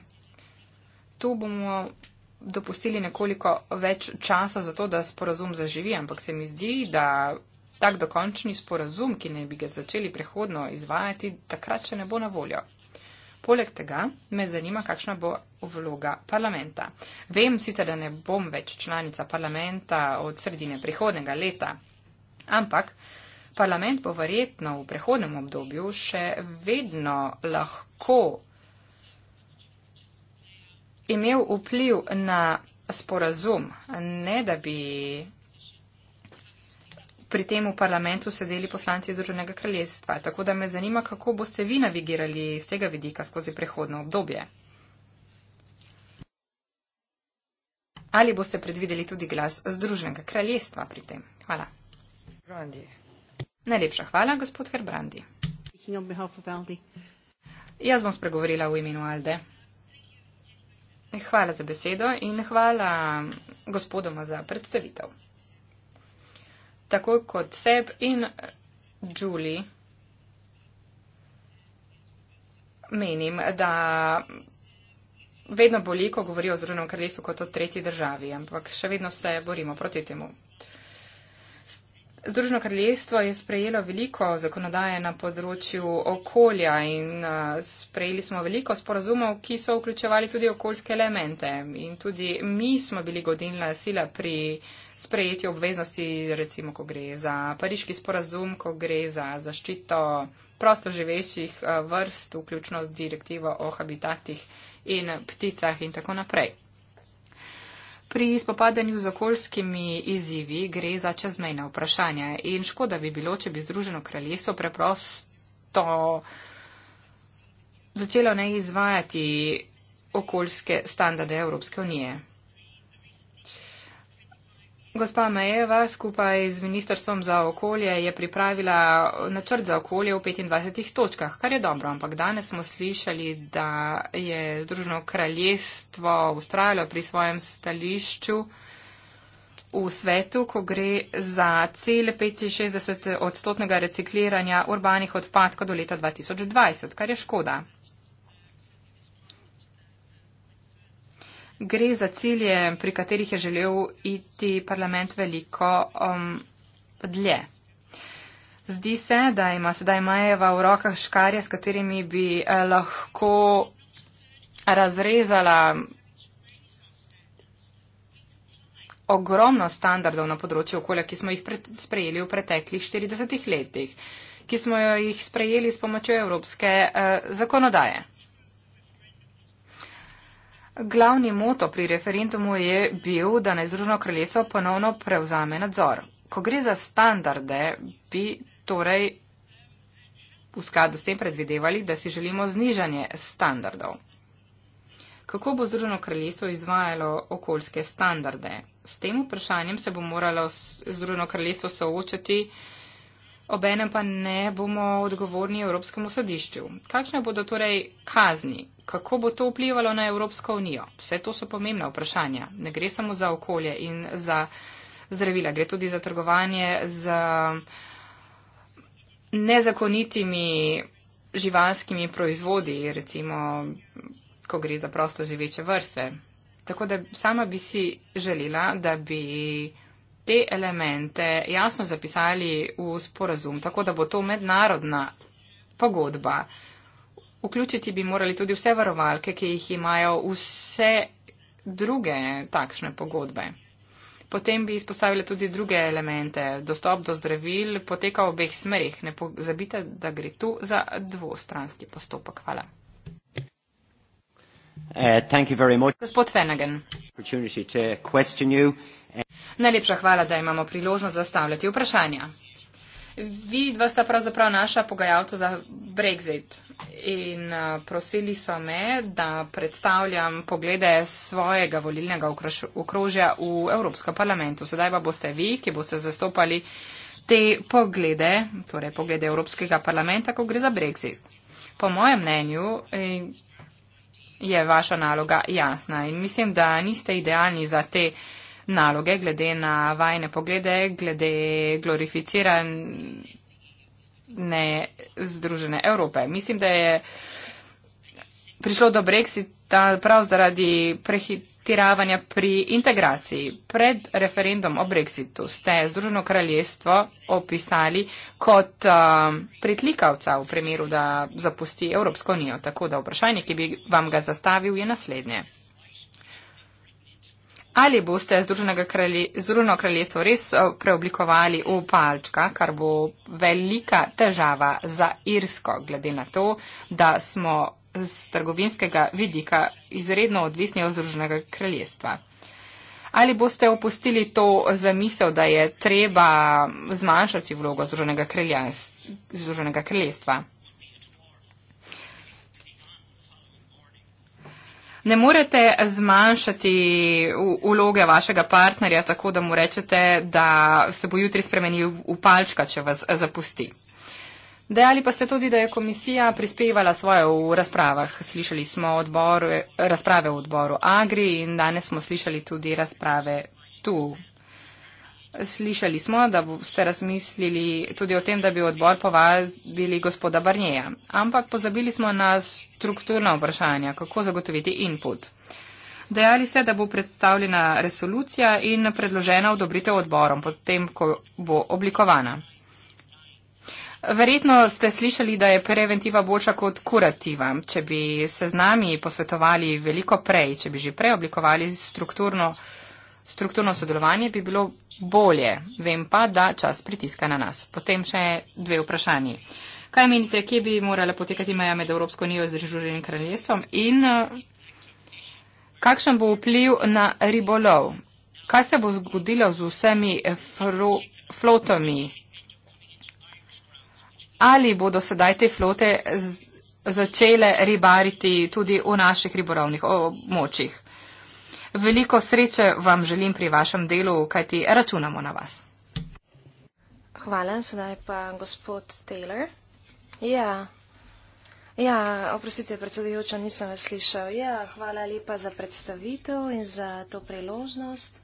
Tu bomo dopustili nekoliko več časa za to, da sporazum zaživi, ampak se mi zdi, da tak dokončni sporazum, ki ne bi ga začeli prehodno izvajati, takrat še ne bo na voljo. Poleg tega me zanima, kakšna bo vloga parlamenta. Vem sicer, da ne bom več članica parlamenta od sredine prihodnega leta, ampak parlament bo verjetno v prehodnem obdobju še vedno lahko imel vpliv na sporazum, ne da bi pri tem v parlamentu sedeli poslanci Združenega kraljestva. Tako da me zanima, kako boste vi navigirali iz tega vidika skozi prehodno obdobje. Ali boste predvideli tudi glas Združenega kraljestva pri tem? Hvala. Brandi. Najlepša hvala, gospod Herbrandi. Jaz bom spregovorila v imenu Alde. Hvala za besedo in hvala gospodoma za predstavitev tako kot Seb in Julie, menim, da vedno boli, ko govorijo o Združenem kraljestvu kot o tretji državi, ampak še vedno se borimo proti temu. Združeno kraljestvo je sprejelo veliko zakonodaje na področju okolja in sprejeli smo veliko sporazumov, ki so vključevali tudi okoljske elemente. In tudi mi smo bili godilna sila pri sprejetju obveznosti, recimo, ko gre za pariški sporazum, ko gre za zaščito prosto živejših vrst, vključno z direktivo o habitatih in pticah in tako naprej. Pri spopadanju z okoljskimi izzivi gre za čezmejna vprašanja in škoda bi bilo, če bi Združeno kraljestvo preprosto začelo ne izvajati okoljske standarde Evropske unije. Gospa Majeva skupaj z Ministrstvom za okolje je pripravila načrt za okolje v 25 točkah, kar je dobro, ampak danes smo slišali, da je Združeno kraljestvo ustrajalo pri svojem stališču v svetu, ko gre za cel 65 odstotnega recikliranja urbanih odpadkov do leta 2020, kar je škoda. gre za cilje, pri katerih je želel iti parlament veliko um, dlje. Zdi se, da ima sedaj Majeva v rokah škarje, s katerimi bi eh, lahko razrezala ogromno standardov na področju okolja, ki smo jih sprejeli v preteklih 40 letih, ki smo jih sprejeli s pomočjo evropske eh, zakonodaje. Glavni moto pri referendumu je bil, da naj Združeno kraljestvo ponovno prevzame nadzor. Ko gre za standarde, bi torej v skladu s tem predvidevali, da si želimo znižanje standardov. Kako bo Združeno kraljestvo izvajalo okoljske standarde? S tem vprašanjem se bo moralo Združeno kraljestvo soočati, obenem pa ne bomo odgovorni Evropskemu sodišču. Kakšne bodo torej kazni, kako bo to vplivalo na Evropsko unijo? Vse to so pomembna vprašanja. Ne gre samo za okolje in za zdravila, gre tudi za trgovanje z nezakonitimi živalskimi proizvodi, recimo, ko gre za prosto živeče vrste. Tako da sama bi si želela, da bi te elemente jasno zapisali v sporazum, tako da bo to mednarodna pogodba. Vključiti bi morali tudi vse varovalke, ki jih imajo vse druge takšne pogodbe. Potem bi izpostavili tudi druge elemente. Dostop do zdravil poteka v obeh smerih. Ne pozabite, da gre tu za dvostranski postopek. Hvala. Uh, Gospod Fenagen. Najlepša hvala, da imamo priložnost zastavljati vprašanja vi dva sta pravzaprav naša pogajalca za Brexit. In prosili so me, da predstavljam poglede svojega volilnega okrožja v Evropskem parlamentu. Sedaj pa boste vi, ki boste zastopali te poglede, torej poglede Evropskega parlamenta, ko gre za Brexit. Po mojem mnenju e, je vaša naloga jasna in mislim, da niste idealni za te naloge, glede na vajne poglede, glede glorificirane Združene Evrope. Mislim, da je prišlo do Brexita prav zaradi prehitiravanja pri integraciji. Pred referendum o Brexitu ste Združeno kraljestvo opisali kot uh, pritlikavca v primeru, da zapusti Evropsko unijo. Tako da vprašanje, ki bi vam ga zastavil, je naslednje. Ali boste Združeno kraljestvo res eh, preoblikovali v palčka, kar bo velika težava za Irsko, glede na to, da smo z trgovinskega vidika izredno odvisni od Združenega kraljestva? Ali boste opustili to zamisel, da je treba zmanjšati vlogo Združenega kraljestva? ne morete zmanjšati uloge vašega partnerja tako, da mu rečete, da se bo jutri spremenil v palčka, če vas zapusti. Dejali pa ste tudi, da je komisija prispevala svoje v razpravah. Slišali smo odbor, razprave v odboru Agri in danes smo slišali tudi razprave tu Slišali smo, da boste razmislili tudi o tem, da bi odbor povabili gospoda Barnjeja, ampak pozabili smo na strukturna vprašanja, kako zagotoviti input. Dejali ste, da bo predstavljena resolucija in predložena odobritev odborom, potem, ko bo oblikovana. Verjetno ste slišali, da je preventiva boljša kot kurativa. Če bi se z nami posvetovali veliko prej, če bi že prej oblikovali strukturno vprašanje, strukturno sodelovanje bi bilo bolje. Vem pa, da čas pritiska na nas. Potem še dve vprašanji. Kaj menite, kje bi morala potekati meja med Evropsko unijo in Združenim kraljestvom in eh, kakšen bo vpliv na ribolov? Kaj se bo zgodilo z vsemi eh, fro, flotami? Ali bodo sedaj te flote z, začele ribariti tudi v naših ribolovnih območjih? Veliko sreče vam želim pri vašem delu, kajti računamo na vas. Hvala, sedaj pa gospod Taylor. Ja. Ja, oprostite, predsedujoča, nisem vas slišal. Ja, hvala lepa za predstavitev in za to priložnost,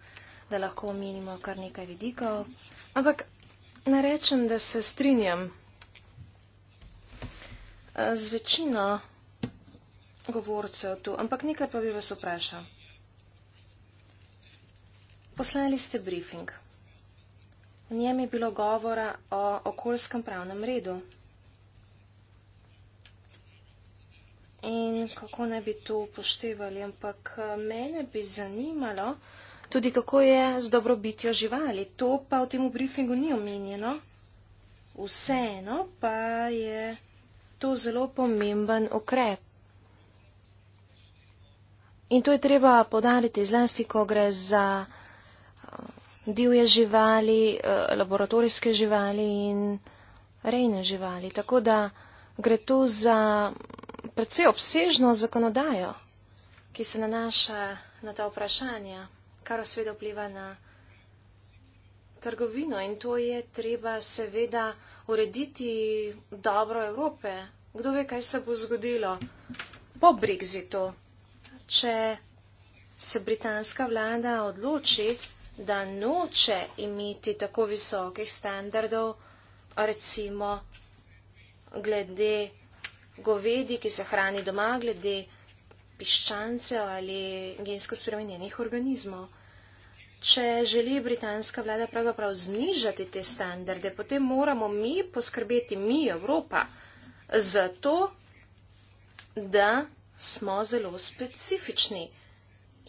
da lahko omenimo kar nekaj vidikov. Ampak narečem, da se strinjam eh, z večino govorcev tu, ampak nekaj pa bi vas vprašal. Poslali ste briefing. V njem je bilo govora o okoljskem pravnem redu. In kako ne bi to upoštevali, ampak eh, mene bi zanimalo tudi, kako je z dobrobitjo živali. To pa v tem briefingu ni omenjeno. Vseeno pa je to zelo pomemben ukrep. In to je treba podariti zlasti, ko gre za divje živali, eh, laboratorijske živali in rejne živali. Tako da gre tu za predvsej obsežno zakonodajo, ki se nanaša na ta vprašanja, kar seveda vpliva na trgovino in to je treba seveda urediti dobro Evrope. Kdo ve, kaj se bo zgodilo po Brexitu, če se britanska vlada odloči, da noče imeti tako visokih standardov, recimo glede govedi, ki se hrani doma, glede piščancev ali gensko spremenjenih organizmov. Če želi britanska vlada pravzaprav znižati te standarde, potem moramo mi poskrbeti, mi Evropa, za to, da smo zelo specifični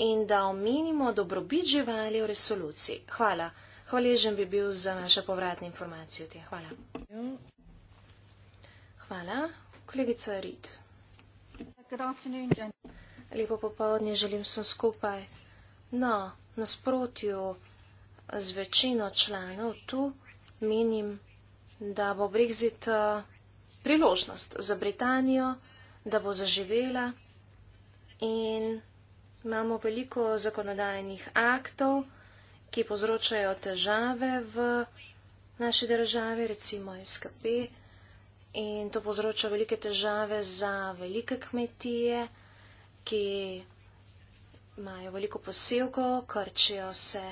in da omenimo dobrobit živali v resoluciji. Hvala. Hvaležen bi bil za naše povratne informacije o tem. Hvala. Hvala. Kolegica Rid. Lepo popovdne želim vsem skupaj. No, nasprotju z večino članov tu menim, da bo Brexit eh, priložnost za Britanijo, da bo zaživela in Imamo veliko zakonodajnih aktov, ki povzročajo težave v naši državi, recimo SKP, in to povzroča velike težave za velike kmetije, ki imajo veliko posevkov, krčijo se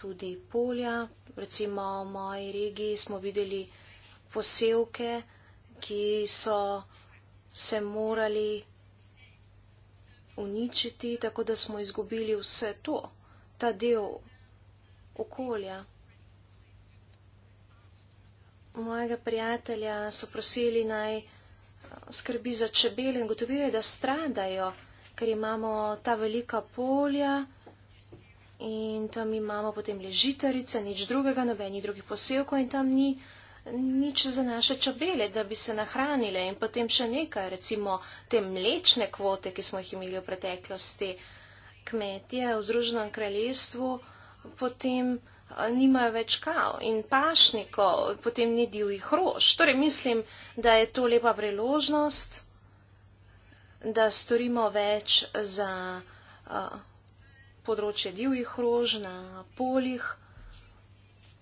tudi polja. Recimo v moji regiji smo videli posevke, ki so se morali uničiti, tako da smo izgubili vse to, ta del okolja. Mojega prijatelja so prosili naj eh, skrbi za čebele in gotovil je, da stradajo, ker imamo ta velika polja in tam imamo potem ležiterice, nič drugega, nobenih drugih posevkov in tam ni nič za naše čebele, da bi se nahranile in potem še nekaj, recimo te mlečne kvote, ki smo jih imeli v preteklosti, kmetje v Združenem kraljestvu, potem eh, nimajo več kav in pašnikov, potem ni divjih rož. Torej mislim, da je to lepa priložnost, da storimo več za uh, področje divjih rož na poljih.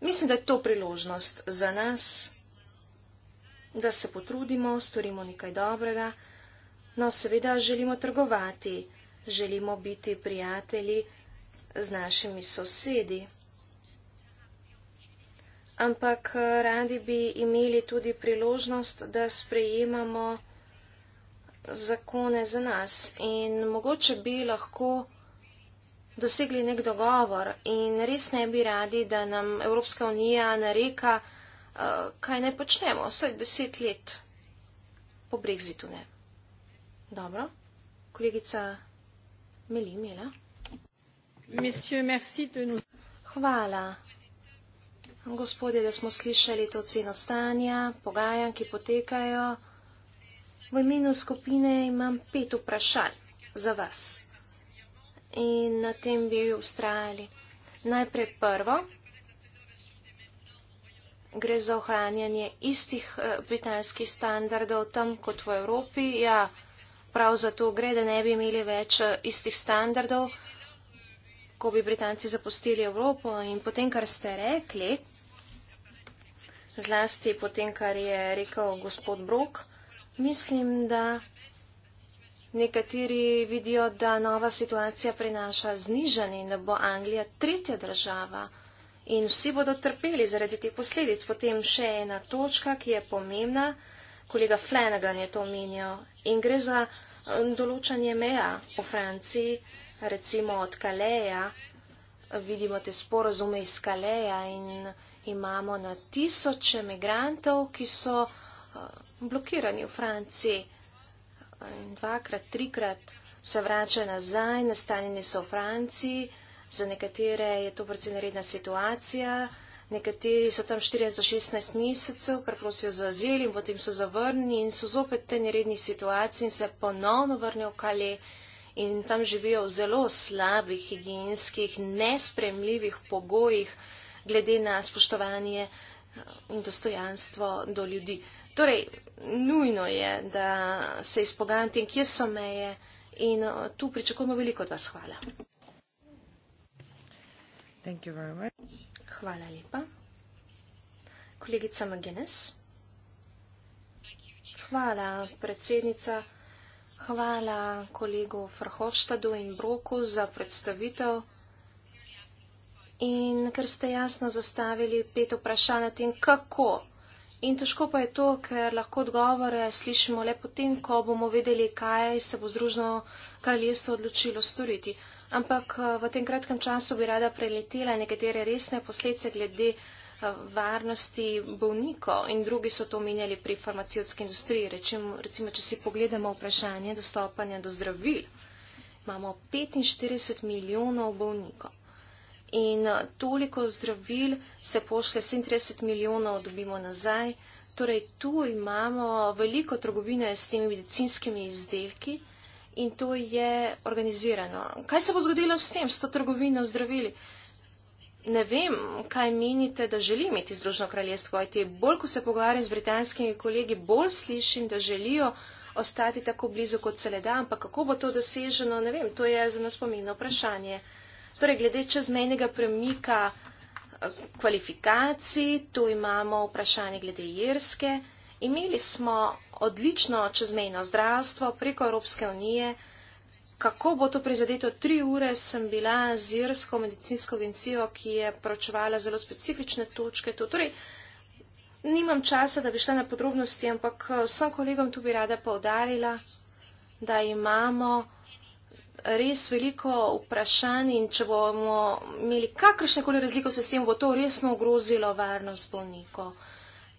Mislim, da je to priložnost za nas, da se potrudimo, storimo nekaj dobrega. No, seveda želimo trgovati, želimo biti prijatelji z našimi sosedi. Ampak eh, radi bi imeli tudi priložnost, da sprejemamo zakone za nas in mogoče bi lahko dosegli nek dogovor in res ne bi radi, da nam Evropska unija nareka, eh, kaj ne počnemo, vsaj deset let po brexitu ne. Dobro, kolegica Meli Mela. Hvala, gospodje, da smo slišali to ceno stanja, pogajanj, ki potekajo. V imenu skupine imam pet vprašanj za vas in na tem bi ustrajali. Najprej prvo, gre za ohranjanje istih eh, britanskih standardov tam kot v Evropi. Ja, prav zato gre, da ne bi imeli več eh, istih standardov, ko bi Britanci zapustili Evropo. In potem, kar ste rekli, zlasti potem, kar je rekel gospod Brok, mislim, da Nekateri vidijo, da nova situacija prinaša znižanje in da bo Anglija tretja država in vsi bodo trpeli zaradi teh posledic. Potem še ena točka, ki je pomembna, kolega Flanagan je to omenjal in gre za um, določanje meja v Franciji, recimo od Kaleja, vidimo te sporozume iz Kaleja in imamo na tisoče migrantov, ki so uh, blokirani v Franciji in dvakrat, trikrat se vračajo nazaj, nastanjeni so v Franciji, za nekatere je to predvsem redna situacija, nekateri so tam 40 do 16 mesecev, kar prosijo za azil in potem so zavrnjeni in so zopet v tej neredni situaciji in se ponovno vrnijo v Kali in tam živijo v zelo slabih, higijenskih, nespremljivih pogojih glede na spoštovanje eh, in dostojanstvo do ljudi. Torej, nujno je, da se izpogajam tem, kje so meje in eh, tu pričakujemo veliko od vas. Hvala. Hvala lepa. Kolegica Magenes. Hvala, predsednica. Hvala kolegu Frhofštadu in Broku za predstavitev. In ker ste jasno zastavili pet vprašanj o tem, kako In težko pa je to, ker lahko odgovore slišimo le potem, ko bomo vedeli, kaj se bo združno kraljestvo odločilo storiti. Ampak eh, v tem kratkem času bi rada preletela nekatere resne posledce glede eh, varnosti bolnikov in drugi so to omenjali pri farmacijski industriji. Rečim, recimo, če si pogledamo vprašanje dostopanja do zdravil, imamo 45 milijonov bolnikov in eh, toliko zdravil se pošle, 37 milijonov dobimo nazaj. Torej, tu imamo veliko trgovine s temi medicinskimi izdelki in to je organizirano. Kaj se bo zgodilo s tem, s to trgovino zdravili? Ne vem, kaj menite, da želi imeti Združeno kraljestvo IT. Bolj, ko se pogovarjam z britanskimi kolegi, bolj slišim, da želijo ostati tako blizu, kot se le da, ampak kako bo to doseženo, ne vem, to je za nas pomembno vprašanje. Torej, glede čezmejnega premika eh, kvalifikacij, tu imamo vprašanje glede Jerske. Imeli smo odlično čezmejno zdravstvo preko Evropske unije. Kako bo to prizadeto? Tri ure sem bila z Jersko medicinsko agencijo, ki je pročevala zelo specifične točke. Tu. Torej, nimam časa, da bi šla na podrobnosti, ampak eh, vsem kolegom tu bi rada povdarila, da imamo res veliko vprašanj in če bomo imeli kakršne koli razliko s tem, bo to resno ogrozilo varnost bolnikov.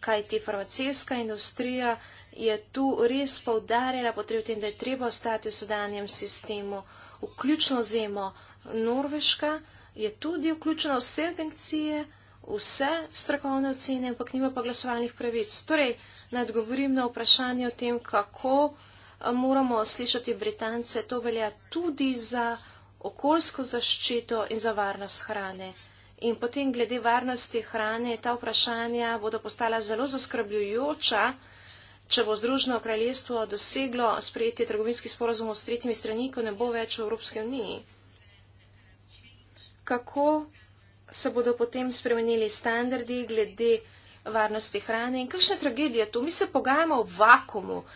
Kaj ti farmacijska industrija je tu res povdarjala potrebo tem, da je treba ostati v sedanjem sistemu, vključno zemo Norveška, je tudi vključena vse agencije, vse strokovne ocene, ampak nima pa glasovalnih pravic. Torej, nadgovorim na vprašanje o tem, kako moramo slišati Britance, to velja tudi za okoljsko zaščito in za varnost hrane. In potem glede varnosti hrane, ta vprašanja bodo postala zelo zaskrbljujoča, če bo Združeno kraljestvo doseglo sprejetje trgovinskih sporozumov s tretjimi strani, ko ne bo več v Evropski uniji. Kako se bodo potem spremenili standardi glede varnosti hrane in kakšna tragedija tu? Mi se pogajamo v vakumu. Uh,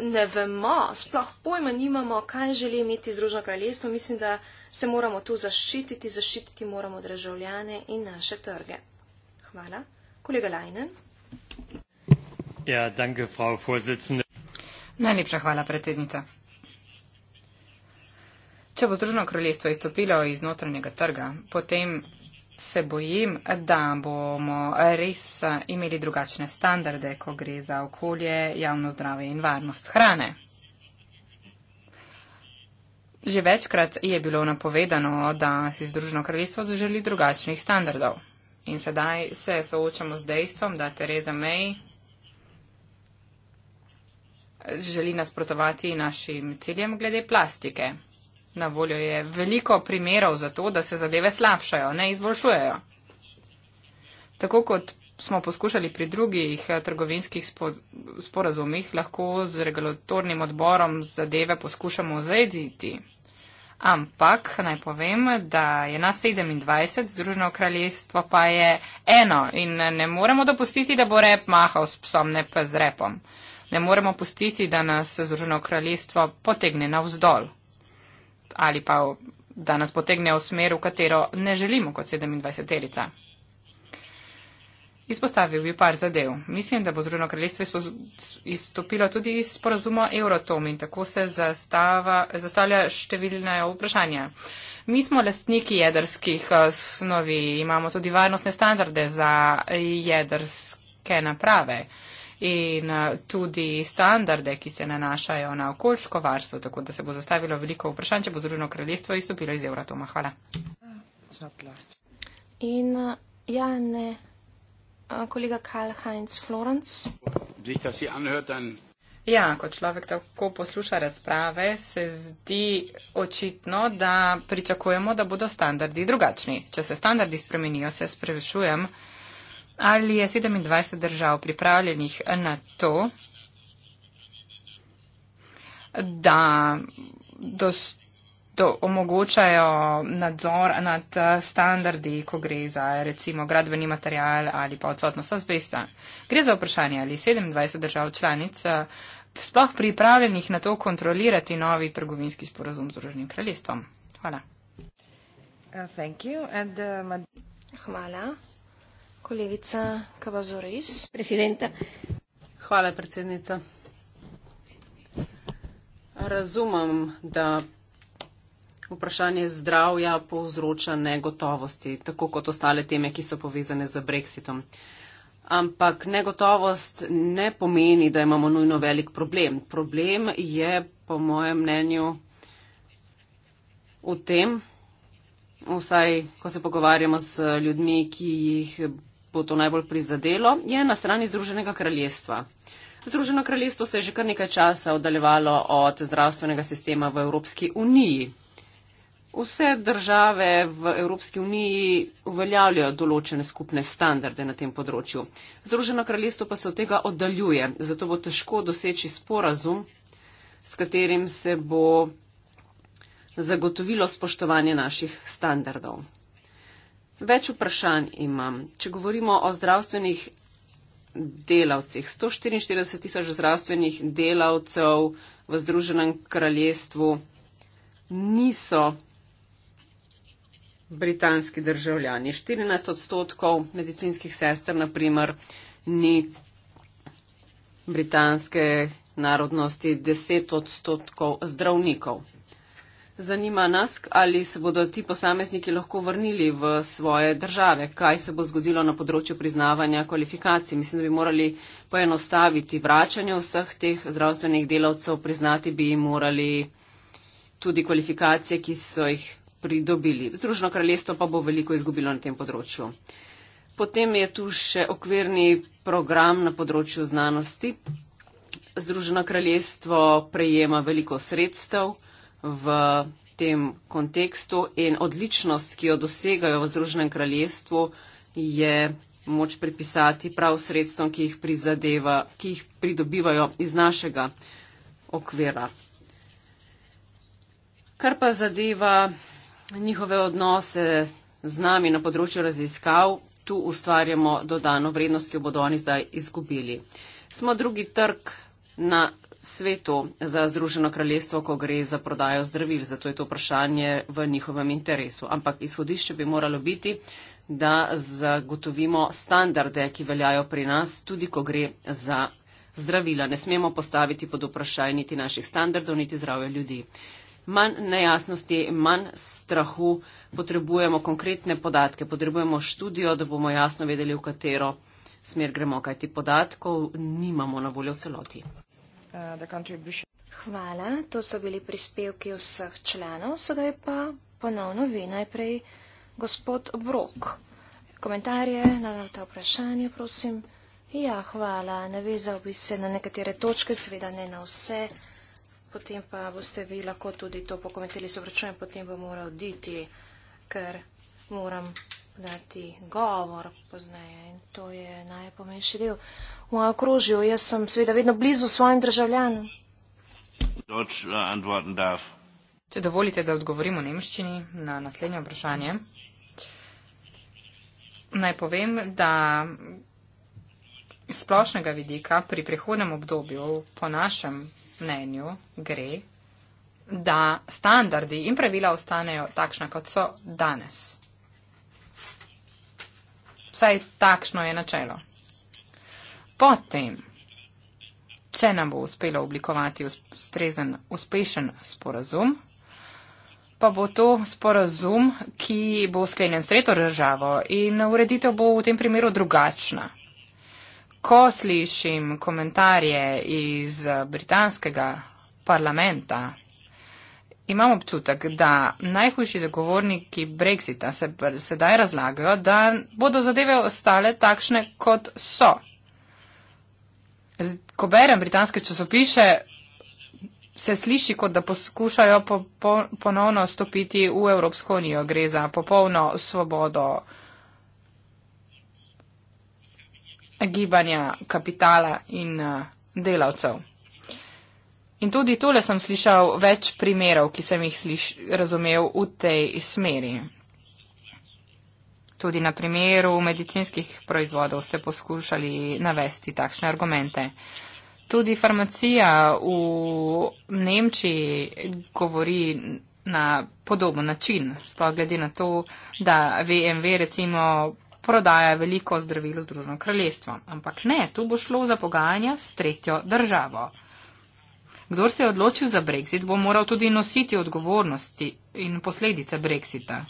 ne vemo, sploh pojma nimamo, kaj želi imeti Združeno kraljestvo. Mislim, da se moramo tu zaščititi, zaščititi moramo državljane in naše trge. Hvala. Kolega Lajnen. Ja, danke, frau Vorsitzende. Najlepša hvala, predsednica. Če bo Združeno kraljestvo izstopilo iz notranjega trga, potem se bojim, da bomo res eh, imeli drugačne standarde, ko gre za okolje, javno zdrave in varnost hrane. Že večkrat je bilo napovedano, da si Združeno kraljestvo želi drugačnih standardov. In sedaj se soočamo z dejstvom, da Tereza May želi nasprotovati našim ciljem glede plastike. Na voljo je veliko primerov za to, da se zadeve slabšajo, ne izboljšujejo. Tako kot smo poskušali pri drugih eh, trgovinskih spo, sporazumih, lahko z regulatornim odborom zadeve poskušamo zrediti. Ampak naj povem, da je nas 27, Združeno kraljestvo pa je eno in ne moremo dopustiti, da bo rep mahal s psom, ne pa z repom. Ne moremo pustiti, da nas Združeno kraljestvo potegne navzdol ali pa da nas potegne v smer, v katero ne želimo kot 27-terica. Izpostavil bi par zadev. Mislim, da bo Združeno kraljestvo izstopilo tudi iz sporazuma Eurotom in tako se zastava, zastavlja številne vprašanja. Mi smo lastniki jedrskih eh, snovi, imamo tudi varnostne standarde za jedrske naprave. Uh, in eh, tudi standarde, ki se nanašajo na okoljsko varstvo, tako da se bo zastavilo veliko vprašanj, če bo Združeno kraljestvo izstopilo iz Euratoma. Hvala. In eh, ja, ne, eh, kolega Karl Heinz Florence. Ja, ko človek tako posluša razprave, se zdi očitno, da pričakujemo, da bodo standardi drugačni. Če se standardi spremenijo, se sprašujem, Ali je 27 držav pripravljenih na to, da to omogočajo nadzor nad standardi, ko gre za recimo gradbeni material ali pa odsotnost azbesta. Gre za vprašanje, ali 27 držav članic sploh pripravljenih na to kontrolirati novi trgovinski sporozum z Združenim kraljestvom. Hvala. Uh, uh Hvala. Kolegica Kavazoris. Presidenta. Hvala, predsednica. Razumem, da vprašanje zdravja povzroča negotovosti, tako kot ostale teme, ki so povezane z brexitom. Ampak negotovost ne pomeni, da imamo nujno velik problem. Problem je, po mojem mnenju, v tem, vsaj ko se pogovarjamo z ljudmi, ki jih gospodu najbolj prizadelo, je na strani Združenega kraljestva. Združeno kraljestvo se je že kar nekaj časa oddaljevalo od zdravstvenega sistema v Evropski uniji. Vse države v Evropski uniji uveljavljajo določene skupne standarde na tem področju. Združeno kraljestvo pa se od tega oddaljuje, zato bo težko doseči sporazum, s katerim se bo zagotovilo spoštovanje naših standardov. Več vprašanj imam. Če govorimo o zdravstvenih delavcih, 144 tisoč zdravstvenih delavcev v Združenem kraljestvu niso britanski državljani. 14 odstotkov medicinskih sester, naprimer, ni britanske narodnosti, 10 odstotkov zdravnikov Zanima nas, ali se bodo ti posamezniki lahko vrnili v svoje države, kaj se bo zgodilo na področju priznavanja kvalifikacij. Mislim, da bi morali poenostaviti vračanje vseh teh zdravstvenih delavcev, priznati bi jim morali tudi kvalifikacije, ki so jih pridobili. Združeno kraljestvo pa bo veliko izgubilo na tem področju. Potem je tu še okvirni program na področju znanosti. Združeno kraljestvo prejema veliko sredstev v tem kontekstu in odličnost, ki jo dosegajo v Združenem kraljestvu, je moč pripisati prav sredstvom, ki jih prizadeva, ki jih pridobivajo iz našega okvira. Kar pa zadeva njihove odnose z nami na področju raziskav, tu ustvarjamo dodano vrednost, ki jo bodo oni zdaj izgubili. Smo drugi trg na svetu za Združeno kraljestvo, ko gre za prodajo zdravil. Zato je to vprašanje v njihovem interesu. Ampak izhodišče bi moralo biti, da zagotovimo standarde, ki veljajo pri nas, tudi ko gre za zdravila. Ne smemo postaviti pod vprašaj niti naših standardov, niti zdravja ljudi. Manj nejasnosti, manj strahu, potrebujemo konkretne podatke, potrebujemo študijo, da bomo jasno vedeli, v katero smer gremo, kajti podatkov nimamo na voljo v celoti. Uh, hvala, to so bili prispevki vseh članov, sedaj pa ponovno vi najprej, gospod Brok. Komentarje na ta vprašanje, prosim. Ja, hvala, navezal bi se na nekatere točke, seveda ne na vse, potem pa boste vi lahko tudi to pokomentili, se vračujem, potem bom moral oditi, ker moram dati govor pozneje. In to je najpomembnejši del v mojem okrožju. Jaz sem seveda vedno blizu svojim državljanom. Äh, Če dovolite, da odgovorim v nemščini na naslednje vprašanje. Naj povem, da iz splošnega vidika pri prihodnem obdobju, po našem mnenju, gre, da standardi in pravila ostanejo takšna, kot so danes. Vsaj takšno je načelo. Potem, če nam bo uspelo oblikovati ustrezen, uspešen sporazum, pa bo to sporazum, ki bo sklenjen s tretjo državo in ureditev bo v tem primeru drugačna. Ko slišim komentarje iz britanskega parlamenta, Imam občutek, da najhujši zagovorniki Brexita se sedaj razlagajo, da bodo zadeve ostale takšne, kot so. Ko berem britanske časopise, se sliši, kot da poskušajo po, po, ponovno stopiti v Evropsko unijo. Gre za popolno svobodo gibanja kapitala in delavcev. In tudi tole sem slišal več primerov, ki sem jih sliš, razumel v tej smeri. Tudi na primeru medicinskih proizvodov ste poskušali navesti takšne argumente. Tudi farmacija v Nemčiji govori na podoben način, sploh glede na to, da VMW recimo prodaja veliko zdravil v Združeno kraljestvo. Ampak ne, tu bo šlo za pogajanja s tretjo državo. Kdor se je odločil za brexit, bo moral tudi nositi odgovornosti in posledice brexita.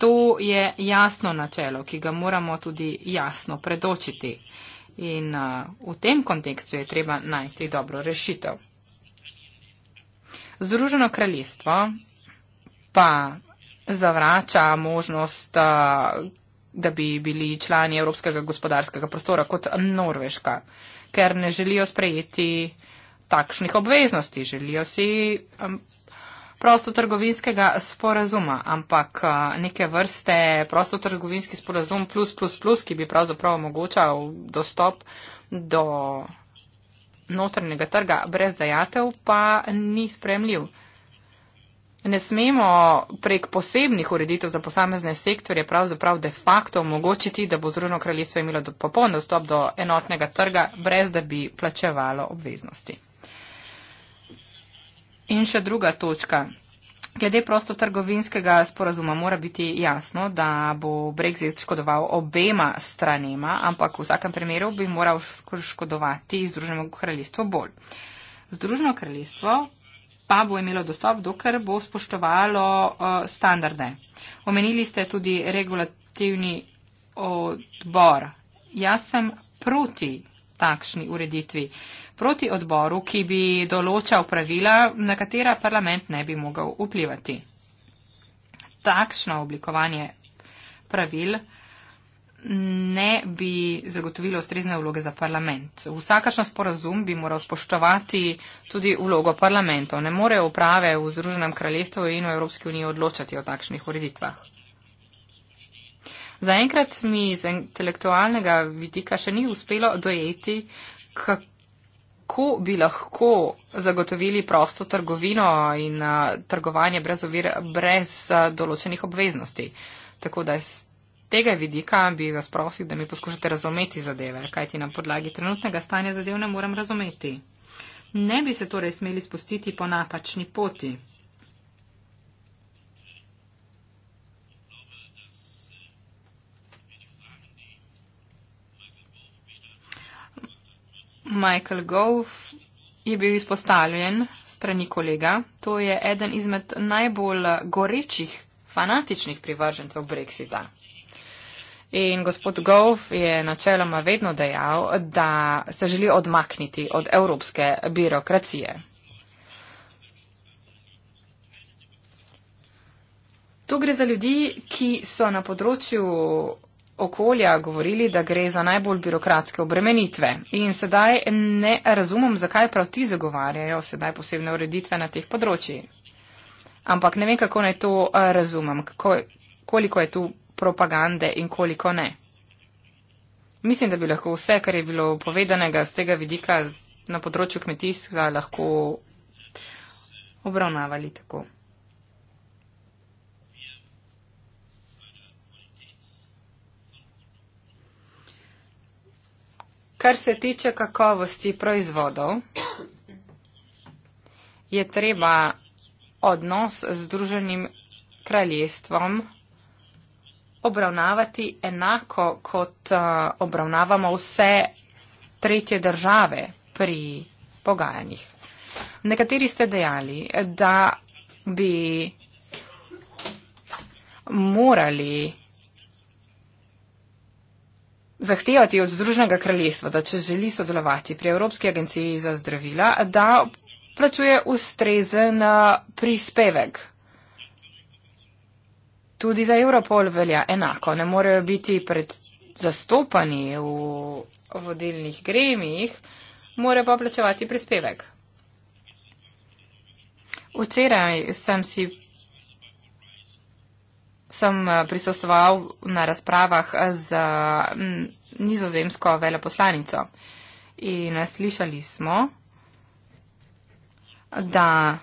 To je jasno načelo, ki ga moramo tudi jasno predočiti. In uh, v tem kontekstu je treba najti dobro rešitev. Združeno kraljestvo pa zavrača možnost, uh, da bi bili člani Evropskega gospodarskega prostora kot Norveška, ker ne želijo sprejeti uh, takšnih obveznosti, želijo si um, prostotrgovinskega sporazuma, ampak uh, neke vrste prostotrgovinski sporazum plus plus plus, ki bi pravzaprav omogočal dostop do notrnega trga brez dajatev, pa ni spremljiv. Ne smemo prek posebnih ureditev za posamezne sektorje pravzaprav de facto omogočiti, da bo Združeno kraljestvo imelo popoln dostop do enotnega trga, brez da bi plačevalo obveznosti. In še druga točka. Glede prostotrgovinskega sporazuma mora biti jasno, da bo Brexit škodoval obema stranema, ampak v vsakem primeru bi moral škodovati Združeno kraljestvo bolj. Združeno kraljestvo pa bo imelo dostop, dokler bo spoštovalo uh, standarde. Omenili ste tudi regulativni odbor. Jaz sem proti takšni ureditvi. Uh, proti odboru, ki bi določal pravila, na katera parlament ne bi mogel vplivati. Takšno oblikovanje pravil ne bi zagotovilo ustrezne vloge za parlament. Vsakašno sporazum bi moral spoštovati tudi vlogo parlamentov. Ne morejo uprave v Združenem kraljestvu in v Evropski uniji odločati o takšnih ureditvah. Zaenkrat mi iz intelektualnega vidika še ni uspelo dojeti, kako kako bi lahko zagotovili prosto trgovino in uh, trgovanje brez, ovir, brez uh, določenih obveznosti. Tako da iz tega vidika bi vas prosil, da mi poskušate razumeti zadeve, kajti na podlagi trenutnega stanja zadev ne morem razumeti. Ne bi se torej smeli spustiti po napačni poti. Michael Gove je bil izpostavljen strani kolega. To je eden izmed najbolj gorečih fanatičnih privržencev Brexita. In gospod Gove je načeloma vedno dejal, da se želi odmakniti od evropske birokracije. Tu gre za ljudi, ki so na področju okolja govorili, da gre za najbolj birokratske obremenitve. In sedaj ne razumem, zakaj prav ti zagovarjajo sedaj posebne ureditve na teh področji. Ampak ne vem, kako naj to eh, razumem, kako, koliko je tu propagande in koliko ne. Mislim, da bi lahko vse, kar je bilo povedanega z tega vidika na področju kmetijstva, lahko obravnavali tako. Kar se tiče kakovosti proizvodov, je treba odnos z Združenim kraljestvom obravnavati enako, kot eh, obravnavamo vse tretje države pri pogajanjih. Nekateri ste dejali, da bi morali zahtevati od Združenega kraljestva, da če želi sodelovati pri Evropski agenciji za zdravila, da plačuje ustrezen eh, prispevek. Tudi za Europol velja enako. Ne morejo biti pred zastopani v vodilnih gremijih, morajo pa plačevati prispevek. Včeraj sem si sem eh, prisostoval na razpravah eh, z nizozemsko veleposlanico in eh, slišali smo, da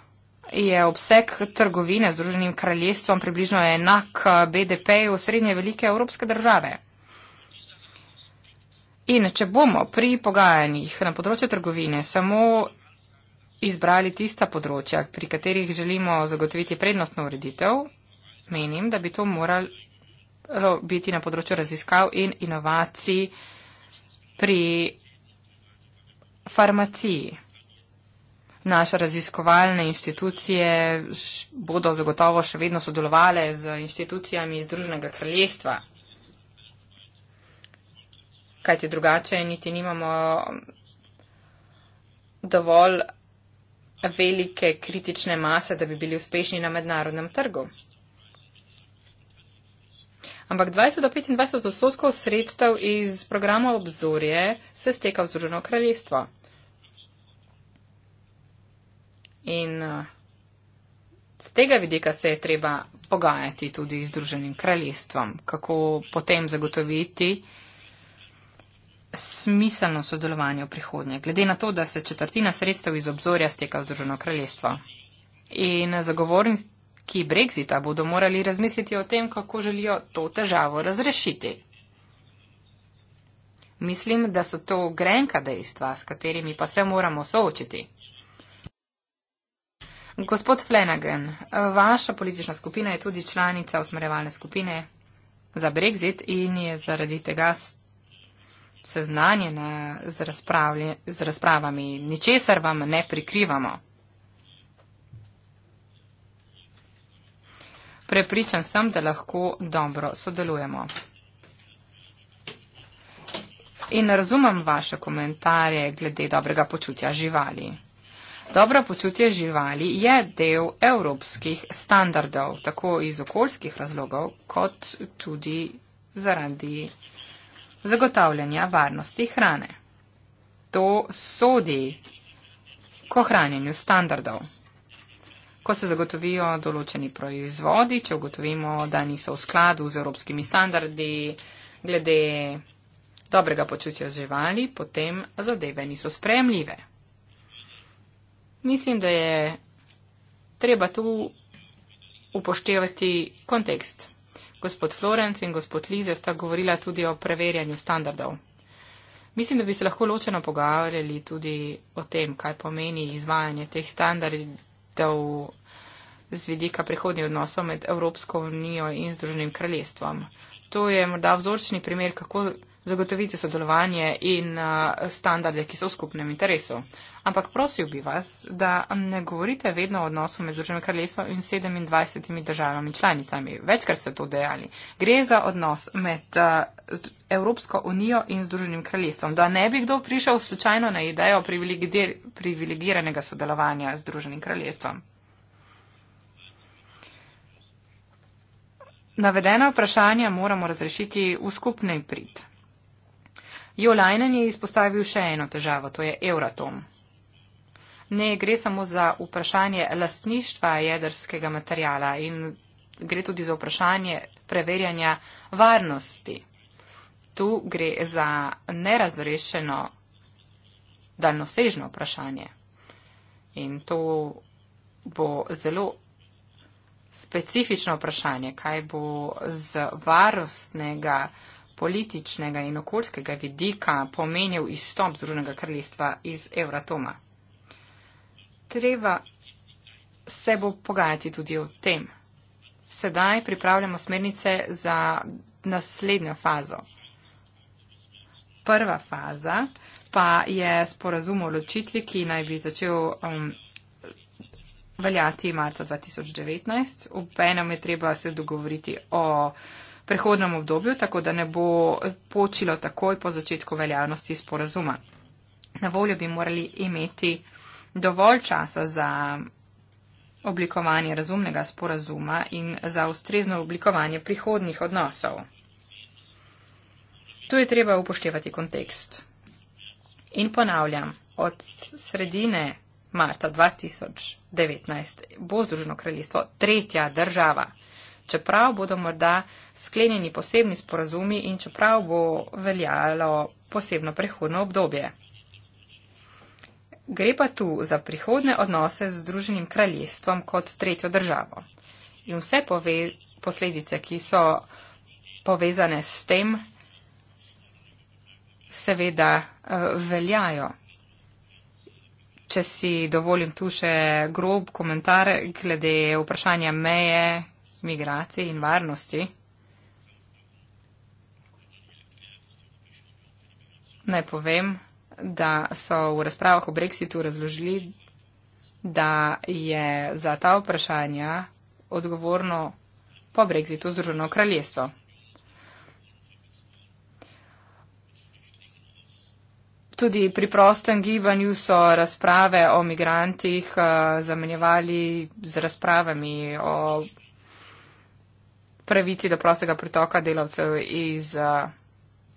je obseg trgovine z Združenim kraljestvom približno enak BDP v srednje velike evropske države. In če bomo pri pogajanjih na področju trgovine samo izbrali tista področja, pri katerih želimo zagotoviti prednostno ureditev, menim, da bi to moralo biti na področju raziskav in inovacij pri farmaciji. Naše raziskovalne inštitucije bodo zagotovo še vedno sodelovale z inštitucijami iz Združenega kraljestva. Kajti drugače, niti nimamo dovolj velike kritične mase, da bi bili uspešni na mednarodnem trgu ampak 20 do 25 odstotkov sredstev iz programa obzorje se steka v Združeno kraljestvo. In uh, eh, z tega vidika se je treba pogajati tudi z Združenim kraljestvom, kako potem zagotoviti smiselno sodelovanje v prihodnje, glede na to, da se četrtina sredstev iz obzorja steka v Združeno kraljestvo. In eh, zagovornici ki brexita bodo morali razmisliti o tem, kako želijo to težavo razrešiti. Mislim, da so to grenka dejstva, s katerimi pa se moramo soočiti. Gospod Flanagan, vaša politična skupina je tudi članica usmerjevalne skupine za brexit in je zaradi tega seznanjena z, z razpravami. Ničesar vam ne prikrivamo. Prepričan sem, da lahko dobro sodelujemo. In razumem vaše komentarje glede dobrega počutja živali. Dobro počutje živali je del evropskih standardov, tako iz okoljskih razlogov, kot tudi zaradi zagotavljanja varnosti hrane. To sodi k ohranjanju standardov ko se zagotovijo določeni proizvodi, če ugotovimo, da niso v skladu z evropskimi standardi glede dobrega počutja živali, potem zadeve niso spremljive. Mislim, da je treba tu upoštevati kontekst. Gospod Florence in gospod Lize sta govorila tudi o preverjanju standardov. Mislim, da bi se lahko ločeno pogovarjali tudi o tem, kaj pomeni izvajanje teh standardov rešitev z vidika prihodnjih odnosov med Evropsko unijo in Združenim kraljestvom. To je morda vzorčni primer, kako zagotoviti sodelovanje in eh, standarde, ki so v skupnem interesu. Ampak prosil bi vas, da ne govorite vedno o odnosu med Združenim kraljestvom in 27 državami članicami. Večkrat ste to dejali. Gre za odnos med eh, Evropsko unijo in Združenim kraljestvom. Da ne bi kdo prišel slučajno na idejo privilegiranega sodelovanja z Združenim kraljestvom. Navedena vprašanja moramo razrešiti v skupni prid. Jolajnen je izpostavil še eno težavo, to je Euratom. Ne gre samo za vprašanje lastništva jedrskega materijala in gre tudi za vprašanje preverjanja varnosti. Tu gre za nerazrešeno daljnosežno vprašanje. In to bo zelo specifično vprašanje, kaj bo z varnostnega političnega in okoljskega vidika pomenil izstop Združenega kraljestva iz Euratoma. Treba se bo pogajati tudi o tem. Sedaj pripravljamo smernice za naslednjo fazo. Prva faza pa je sporazum o ločitvi, ki naj bi začel um, veljati marca 2019. Obenem je treba se dogovoriti o prehodnem obdobju, tako da ne bo počilo takoj po začetku veljavnosti sporazuma. Na voljo bi morali imeti dovolj časa za oblikovanje razumnega sporazuma in za ustrezno oblikovanje prihodnih odnosov. Tu je treba upoštevati kontekst. In ponavljam, od sredine marca 2019 bo Združeno kraljestvo tretja država čeprav bodo morda sklenjeni posebni sporazumi in čeprav bo veljalo posebno prehodno obdobje. Gre pa tu za prihodne odnose z Združenim kraljestvom kot tretjo državo in vse pove, posledice, ki so povezane s tem, seveda eh, veljajo. Če si dovolim tu še grob komentar glede vprašanja meje, migracij in varnosti. Naj povem, da so v razpravah o Brexitu razložili, da je za ta vprašanja odgovorno po Brexitu Združeno kraljestvo. Tudi pri prostem gibanju so razprave o migrantih eh, zamenjevali z razpravami o pravici do prostega pritoka delavcev iz uh,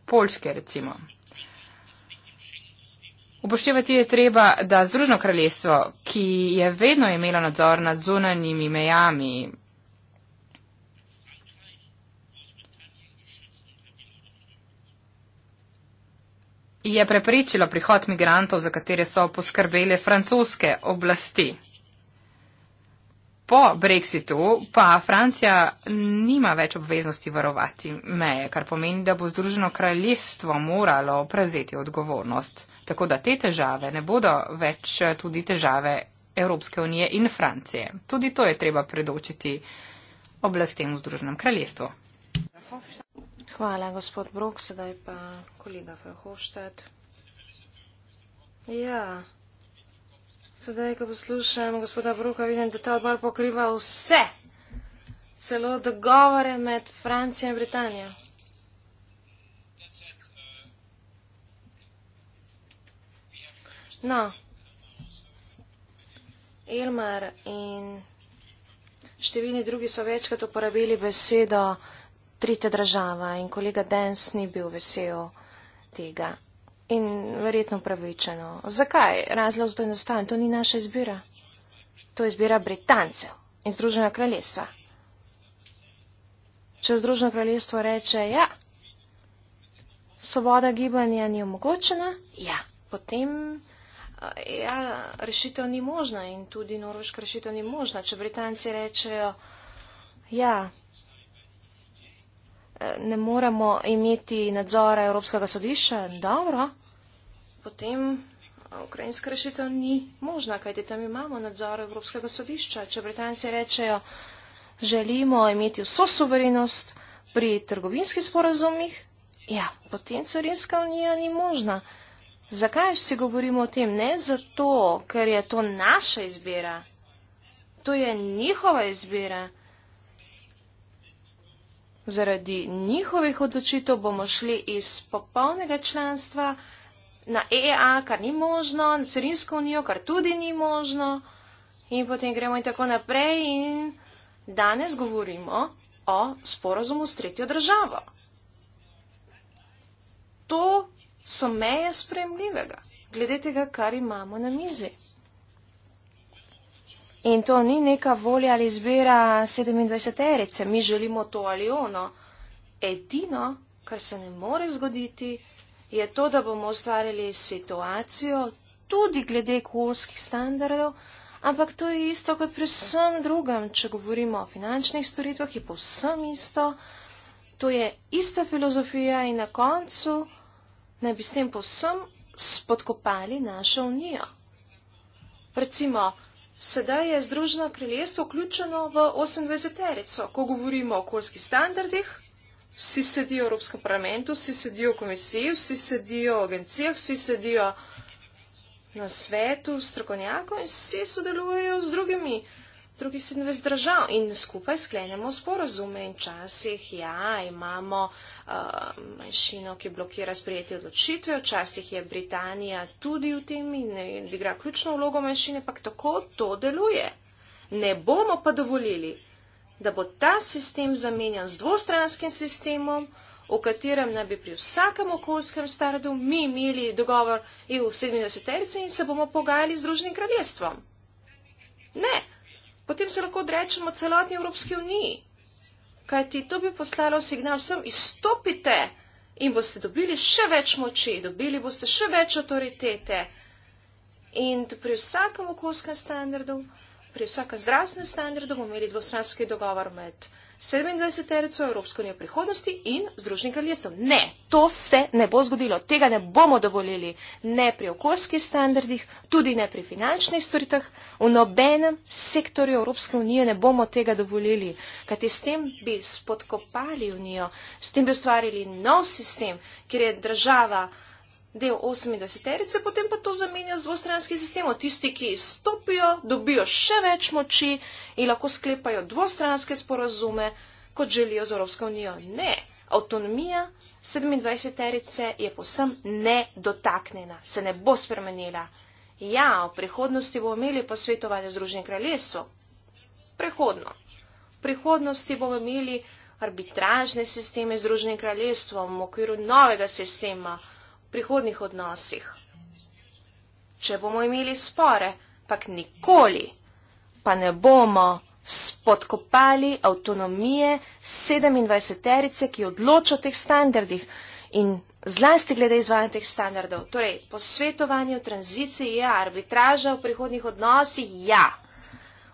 Poljske, recimo. Upoštevati je treba, da Združno kraljestvo, ki je vedno imelo nadzor nad zunanjimi mejami, je preprečilo prihod migrantov, za katere so poskrbele francoske oblasti po brexitu pa Francija nima več obveznosti varovati meje, kar pomeni, da bo Združeno kraljestvo moralo prevzeti odgovornost. Tako da te težave ne bodo več tudi težave Evropske unije in Francije. Tudi to je treba predočiti oblastem v Združenem kraljestvu. Hvala, gospod Brok, sedaj pa kolega Frahoštet. Ja. Sedaj, ko poslušam gospoda Bruka, vidim, da ta odbor pokriva vse, celo dogovore med Francijo in Britanijo. No, Ilmar in številni drugi so večkrat uporabili besedo tretja država in kolega Dens ni bil vesel tega. In verjetno pravičeno. Zakaj? Razlog za to je enostaven. To ni naša izbira. To je izbira Britancev in Združenega kraljestva. Če Združeno kraljestvo reče, ja, svoboda gibanja ni omogočena, ja, potem. Eh, ja, rešitev ni možna in tudi norveška rešitev ni možna. Če Britanci rečejo, ja, ne moremo imeti nadzora Evropskega sodišča, dobro, potem ukrajinska rešitev ni možna, kajti tam imamo nadzor Evropskega sodišča. Če Britanci rečejo, želimo imeti vso soverenost pri trgovinskih sporazumih, ja, potem carinska unija ni možna. Zakaj vsi govorimo o tem? Ne zato, ker je to naša izbira. To je njihova izbira. Zaradi njihovih odločitev bomo šli iz popolnega članstva na EEA, kar ni možno, na Carinsko unijo, kar tudi ni možno. In potem gremo in tako naprej in danes govorimo o sporozumu s tretjo državo. To so meje spremljivega, glede tega, kar imamo na mizi. In to ni neka volja ali izbira 27-erice, mi želimo to ali ono. Edino, kar se ne more zgoditi, je to, da bomo ustvarili situacijo tudi glede kulskih standardov, ampak to je isto kot pri vsem drugem, če govorimo o finančnih storitvah, je povsem isto. To je ista filozofija in na koncu ne bi s tem povsem spodkopali našo unijo. Recimo, Sedaj je Združeno kraljestvo vključeno v 28-terico. Ko govorimo o okoljskih standardih, vsi sedijo v Evropskem parlamentu, vsi sedijo v komisiji, vsi sedijo v agencijah, vsi sedijo na svetu strokovnjakov in vsi sodelujejo z drugimi drugih 27 držav in skupaj sklenemo sporozume in časih, ja, imamo uh, manjšino, ki blokira sprejetje odločitve, včasih je Britanija tudi v tem in, in igra ključno vlogo manjšine, pa tako to deluje. Ne bomo pa dovolili, da bo ta sistem zamenjan z dvostranskim sistemom, v katerem naj bi pri vsakem okoljskem staradu mi imeli dogovor EU 70 terci in se bomo pogajali z družnim kraljestvom. Ne potem se lahko odrečemo celotni Evropski uniji. Kaj ti to bi poslalo signal vsem, izstopite in boste dobili še več moči, dobili boste še več autoritete. In pri vsakem okoljskem standardu, pri vsakem zdravstvenem standardu bomo imeli dvostranski dogovor med uh, 27. terico Evropske unije prihodnosti in Združenje kraljestvo. Ne, to se ne bo zgodilo, tega ne bomo dovolili ne pri okoljskih standardih, tudi ne pri finančnih storitah, v nobenem sektorju Evropske unije ne bomo tega dovolili, kajti s tem bi spodkopali unijo, s tem bi ustvarili nov sistem, kjer je država del 80-terice, potem pa to zamenja z dvostranskim sistemom. Tisti, ki izstopijo, dobijo še več moči in lahko sklepajo dvostranske sporazume, kot želijo z Evropsko unijo. Ne, avtonomija 27-terice je posem nedotaknjena, se ne bo spremenila. Ja, v prihodnosti bomo imeli posvetovanje Združenih kraljestvom. Prehodno. V prihodnosti bomo imeli arbitražne sisteme Združenih kraljestvom v okviru novega sistema prihodnih odnosih. Če bomo imeli spore, pak nikoli, pa ne bomo spodkopali avtonomije 27-terice, ki odloča o teh standardih in zlasti glede izvajanja teh standardov. Torej, posvetovanje v tranziciji je ja, arbitraža v prihodnih odnosih, ja.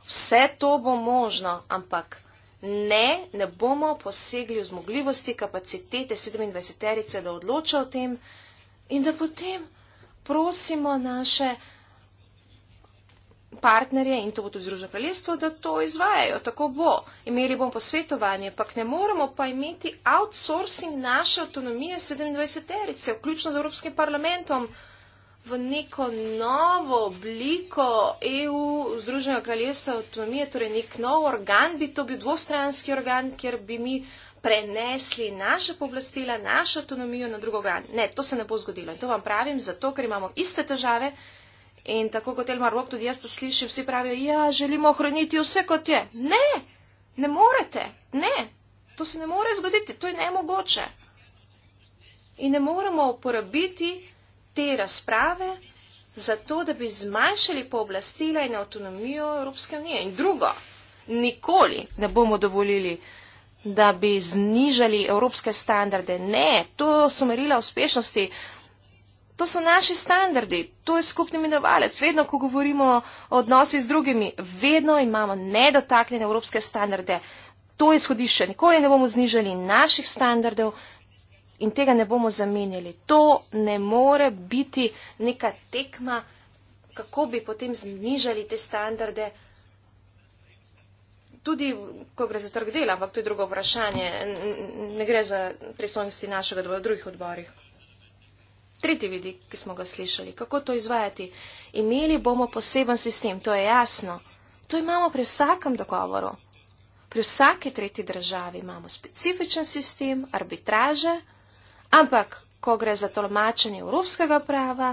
Vse to bo možno, ampak ne, ne bomo posegli v zmogljivosti kapacitete 27-terice, da odloča o tem. In da potem prosimo naše partnerje in to bo tudi Združeno kraljestvo, da to izvajajo. Tako bo. Imeli bomo posvetovanje, pa ne moremo pa imeti outsourcing naše avtonomije 27-erice, vključno z Evropskim parlamentom, v neko novo obliko EU, Združenega kraljestva avtonomije, torej nek nov organ, bi to bil dvostranski organ, kjer bi mi prenesli naše pooblastila, našo avtonomijo na drugoga. Ne, to se ne bo zgodilo. In to vam pravim, zato ker imamo iste težave. In tako kot Elmar Rok, tudi jaz to slišim, vsi pravijo, ja, želimo ohraniti vse kot je. Ne, ne morete, ne, to se ne more zgoditi, to je nemogoče. In ne moremo uporabiti te razprave za to, da bi zmanjšali pooblastila in avtonomijo Evropske unije. In drugo, nikoli ne bomo dovolili da bi znižali evropske standarde. Ne, to so merila uspešnosti. To so naši standardi, to je skupni imenovalec. Vedno, ko govorimo o odnosih z drugimi, vedno imamo nedotaknjene evropske standarde. To je izhodišče. Nikoli ne bomo znižali naših standardov in tega ne bomo zamenjali. To ne more biti neka tekma, kako bi potem znižali te standarde tudi, ko gre za trg dela, ampak to je drugo vprašanje. Ne gre za pristojnosti našega v drugih odborih. Tretji vidik, ki smo ga slišali, kako to izvajati. Imeli bomo poseben sistem, to je jasno. To imamo pri vsakem dogovoru. Pri vsaki tretji državi imamo specifičen sistem arbitraže, ampak, ko gre za tolmačenje evropskega prava,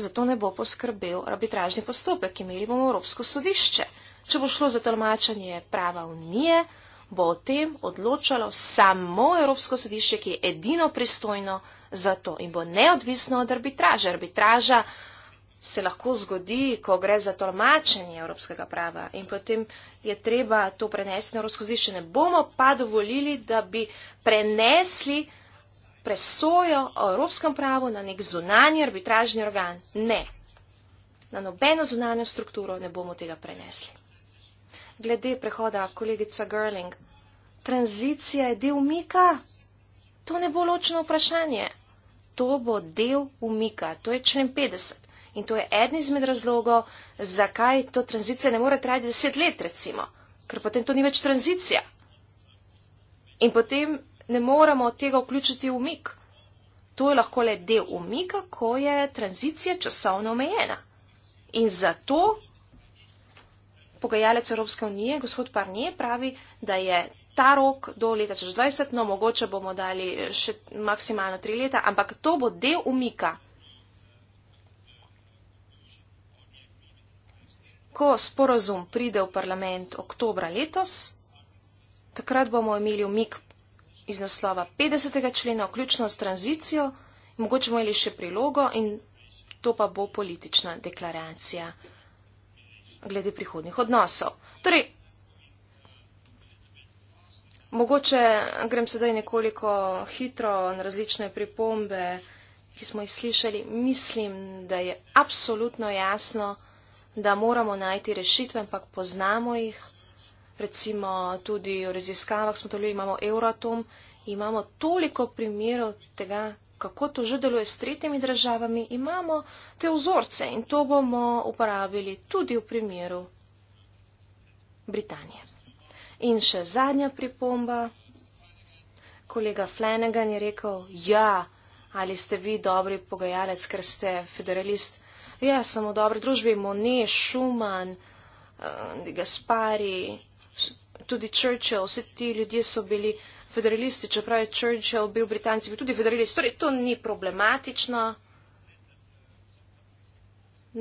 zato ne bo poskrbel arbitražni postopek, imeli bomo Evropsko sodišče. Če bo šlo za tolmačenje prava Unije, bo o tem odločalo samo Evropsko sodišče, ki je edino pristojno za to in bo neodvisno od arbitraže. Arbitraža se lahko zgodi, ko gre za tolmačenje evropskega prava in potem je treba to prenesti na Evropsko sodišče. Ne bomo pa dovolili, da bi prenesli presojo o evropskem pravu na nek zunanji arbitražni organ. Ne. Na nobeno zunanjo strukturo ne bomo tega prenesli glede prehoda, kolegica Girling. Tranzicija je del umika. To ne bo ločeno vprašanje. To bo del umika. To je člen 50. In to je eden izmed razlogov, zakaj to tranzicija ne more trajati deset let, recimo. Ker potem to ni več tranzicija. In potem ne moramo tega vključiti v umik. To je lahko le del umika, ko je tranzicija časovno omejena. In zato pogajalec Evropske unije, gospod Parnije, pravi, da je ta rok do leta 2020, no mogoče bomo dali še maksimalno tri leta, ampak to bo del umika. Ko sporozum pride v parlament oktobra letos, takrat bomo imeli umik iz naslova 50. člena, vključno s tranzicijo, mogoče bomo imeli še prilogo in to pa bo politična deklaracija glede prihodnih odnosov. Torej, mogoče grem sedaj nekoliko hitro na različne pripombe, ki smo jih slišali. Mislim, da je absolutno jasno, da moramo najti rešitve, ampak poznamo jih. Recimo tudi v raziskavah smo to imamo Euratom, imamo toliko primerov tega, kako to že deluje s tretjimi državami, imamo te vzorce in to bomo uporabili tudi v primeru Britanije. In še zadnja pripomba. Kolega Flanagan je rekel, ja, ali ste vi dobri pogajalec, ker ste federalist. Ja, samo v dobri družbi Monet, Schuman, uh, eh, Gaspari, tudi Churchill, vsi ti ljudje so bili federalisti, čeprav je Churchill bil Britanci, bil tudi federalist. Torej, to ni problematično.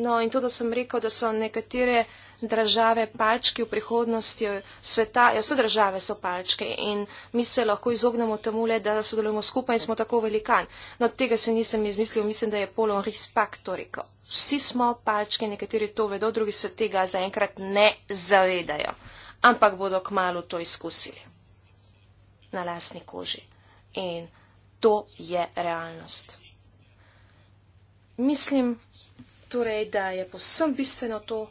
No in to, da sem rekel, da so nekatere države palčki v prihodnosti sveta, ja, vse države so palčke in mi se lahko izognemo temu le, da sodelujemo skupaj in smo tako velikan. No, tega se nisem izmislil, mislim, da je Polon Rispak to rekel. Vsi smo palčke, nekateri to vedo, drugi se tega zaenkrat ne zavedajo, ampak bodo kmalo to izkusili na lasni koži. In to je realnost. Mislim torej, da je posem bistveno to,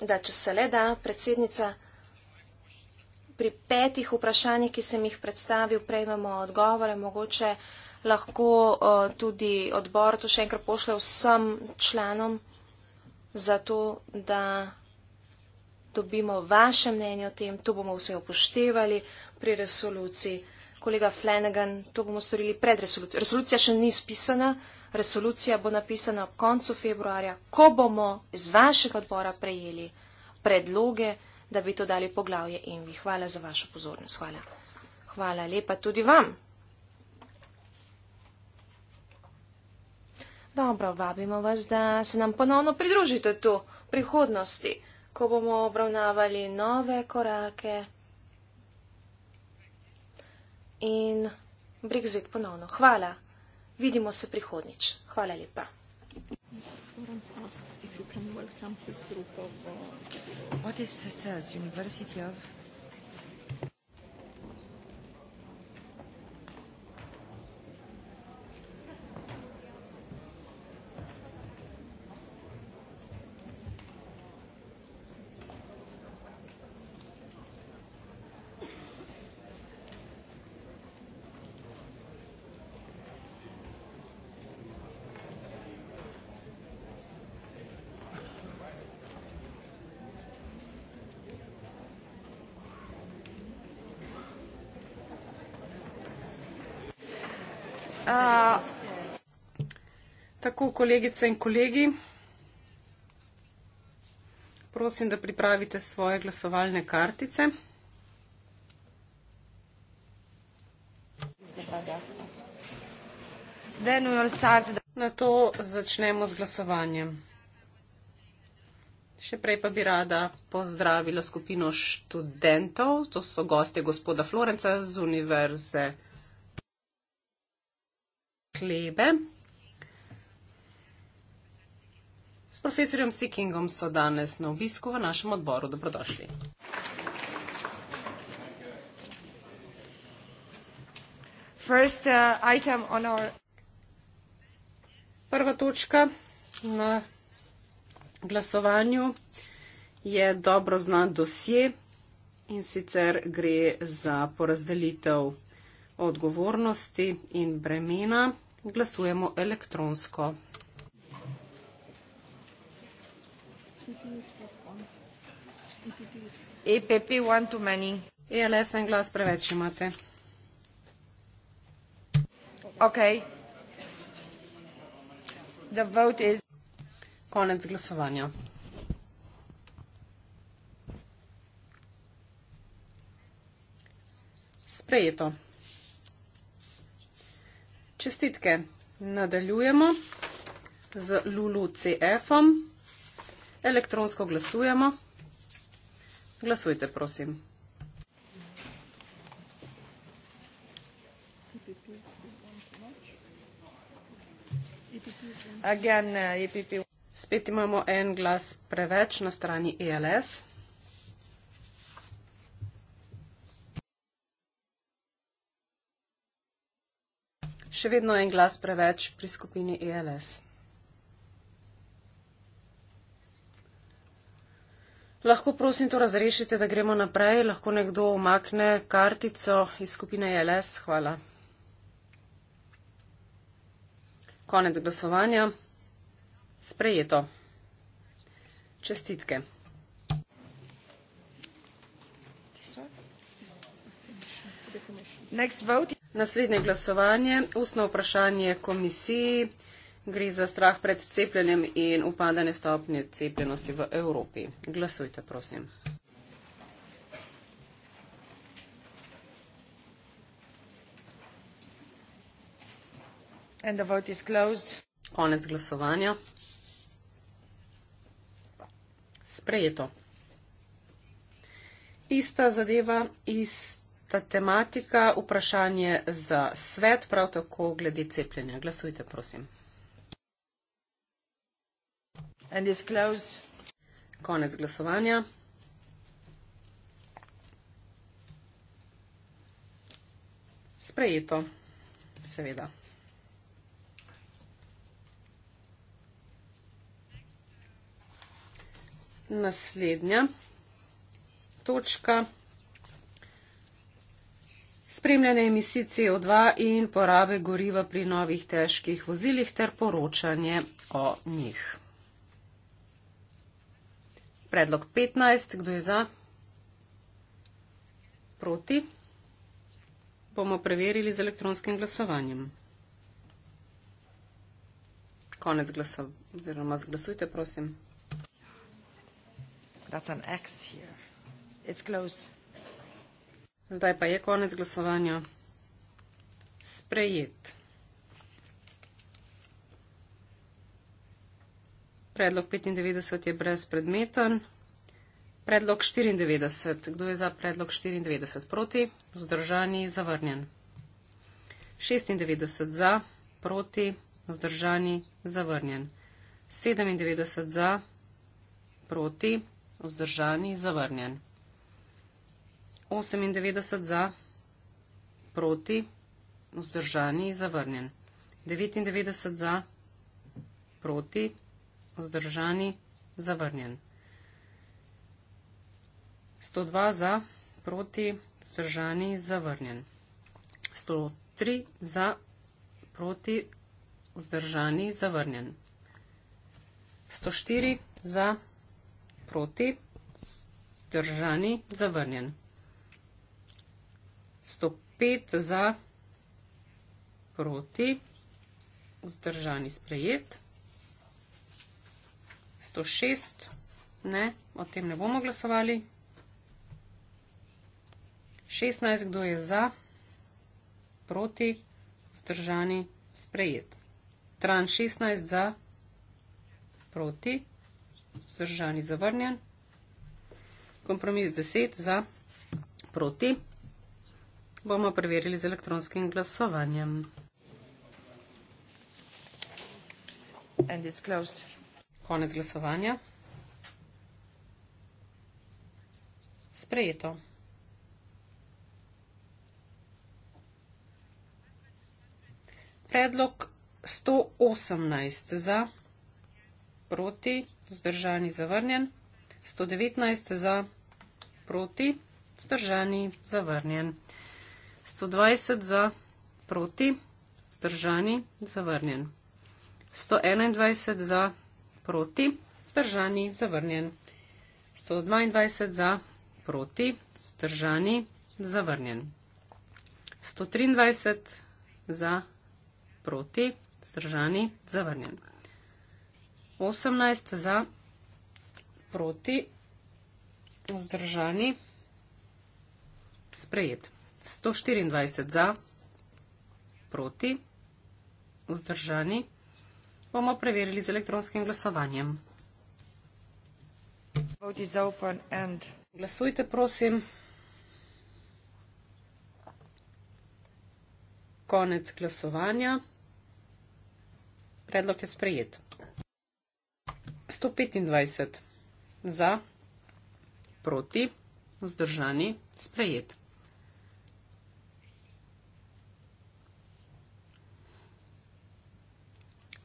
da če se le da, predsednica, pri petih vprašanjih, ki sem jih predstavil, prejmemo odgovore, mogoče lahko uh, tudi odbor to še enkrat pošle vsem članom, zato da dobimo vaše mnenje o tem, to bomo vse upoštevali pri resoluciji. Kolega Flanagan, to bomo storili pred resolucijo. Resolucija še ni spisana, resolucija bo napisana ob koncu februarja, ko bomo iz vašega odbora prejeli predloge, da bi to dali poglavje in vi. Hvala za vašo pozornost. Hvala. Hvala lepa tudi vam. Dobro, vabimo vas, da se nam ponovno pridružite tu v prihodnosti ko bomo obravnavali nove korake in Brexit ponovno. Hvala. Vidimo se prihodnič. Hvala lepa. What is CSAS, University of? Tako, kolegice in kolegi, prosim, da pripravite svoje glasovalne kartice. Na to začnemo z glasovanjem. Še prej pa bi rada pozdravila skupino študentov, to so gostje gospoda Florenca z Univerze Klebe. S profesorjem Sikingom so danes na obisku v našem odboru. Dobrodošli. First, uh, item on our... Prva točka na glasovanju je dobro znan dosje in sicer gre za porazdelitev odgovornosti in bremena. Glasujemo elektronsko. EPP one too many. ELS en glas preveč imate. Okay. The vote is... Konec glasovanja. Sprejeto. Čestitke. Nadaljujemo z Lulu CF-om. Elektronsko glasujemo. Glasujte, prosim. Again, uh, EPP. Spet imamo en glas preveč na strani ELS. Še vedno en glas preveč pri skupini ELS. Lahko prosim to razrešite, da gremo naprej. Lahko nekdo omakne kartico iz skupine JLS. Hvala. Konec glasovanja. Sprejeto. Čestitke. Naslednje glasovanje. Ustno vprašanje komisiji. Gre za strah pred cepljenjem in upadanje stopnje cepljenosti v Evropi. Glasujte, prosim. Konec glasovanja. Sprejeto. Ista zadeva, ista tematika, vprašanje za svet, prav tako glede cepljenja. Glasujte, prosim and is closed. Konec glasovanja. Sprejeto, seveda. Naslednja točka. Spremljanje emisij CO2 in porabe goriva pri novih težkih vozilih ter poročanje o njih. Predlog 15. Kdo je za? Proti? Bomo preverili z elektronskim glasovanjem. Konec glasov, oziroma zglasujte, prosim. Zdaj pa je konec glasovanja. Sprejet. Predlog 95 je brezpredmeten. Predlog 94. Kdo je za predlog 94? Proti, vzdržani, zavrnjen. 96 za, proti, vzdržani, zavrnjen. 97 za, proti, vzdržani, zavrnjen. 98 za, proti, vzdržani, zavrnjen. 99 za, proti, vzdržani, zavrnjen vzdržani, zavrnjen. 102 za, proti, vzdržani, zavrnjen. 103 za, proti, vzdržani, zavrnjen. 104 za, proti, vzdržani, zavrnjen. 105 za, proti, vzdržani, sprejet. 106 za, proti, vzdržani, sprejet. 106, ne, o tem ne bomo glasovali. 16, kdo je za, proti, vzdržani, sprejet. Tran 16 za, proti, vzdržani, zavrnjen. Kompromis 10 za, proti, bomo preverili z elektronskim glasovanjem. And it's closed. Konec glasovanja. Sprejeto. Predlog 118 za, proti, vzdržani, zavrnjen. 119 za, proti, vzdržani, zavrnjen. 120 za, proti, vzdržani, zavrnjen. 121 za, proti proti, zdržani, zavrnjen. 122 za, proti, zdržani, zavrnjen. 123 za, proti, zdržani, zavrnjen. 18 za, proti, zdržani, sprejet. 124 za, proti, vzdržani, bomo preverili z elektronskim glasovanjem. Glasujte, prosim. Konec glasovanja. Predlog je sprejet. 125 za, proti, vzdržani, sprejet.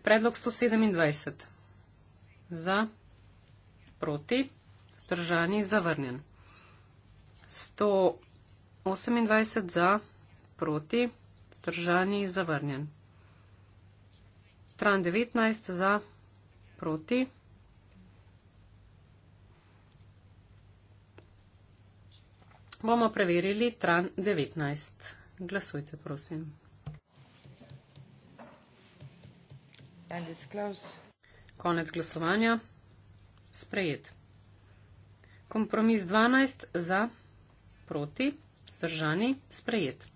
Predlog 127. Za, proti, stržani, zavrnjen. 128 za, proti, stržani, zavrnjen. Tran 19 za, proti. Bomo preverili tran 19. Glasujte, prosim. Konec glasovanja. Sprejet. Kompromis 12 za, proti, zdržani, sprejet.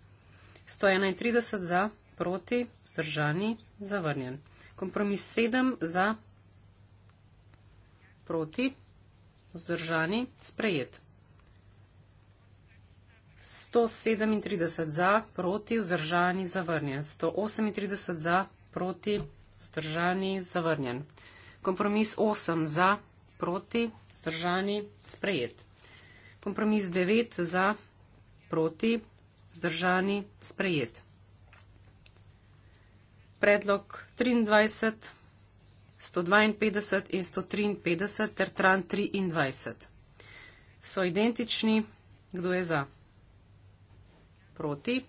131 za, proti, zdržani, zavrnjen. Kompromis 7 za, proti, zdržani, sprejet. 137 za, proti, vzdržani, zavrnjen. 138 za, proti, Zdržani, zavrnjen. Kompromis 8 za, proti, zdržani, sprejet. Kompromis 9 za, proti, zdržani, sprejet. Predlog 23, 152 in 153 ter tran 23 so identični, kdo je za, proti,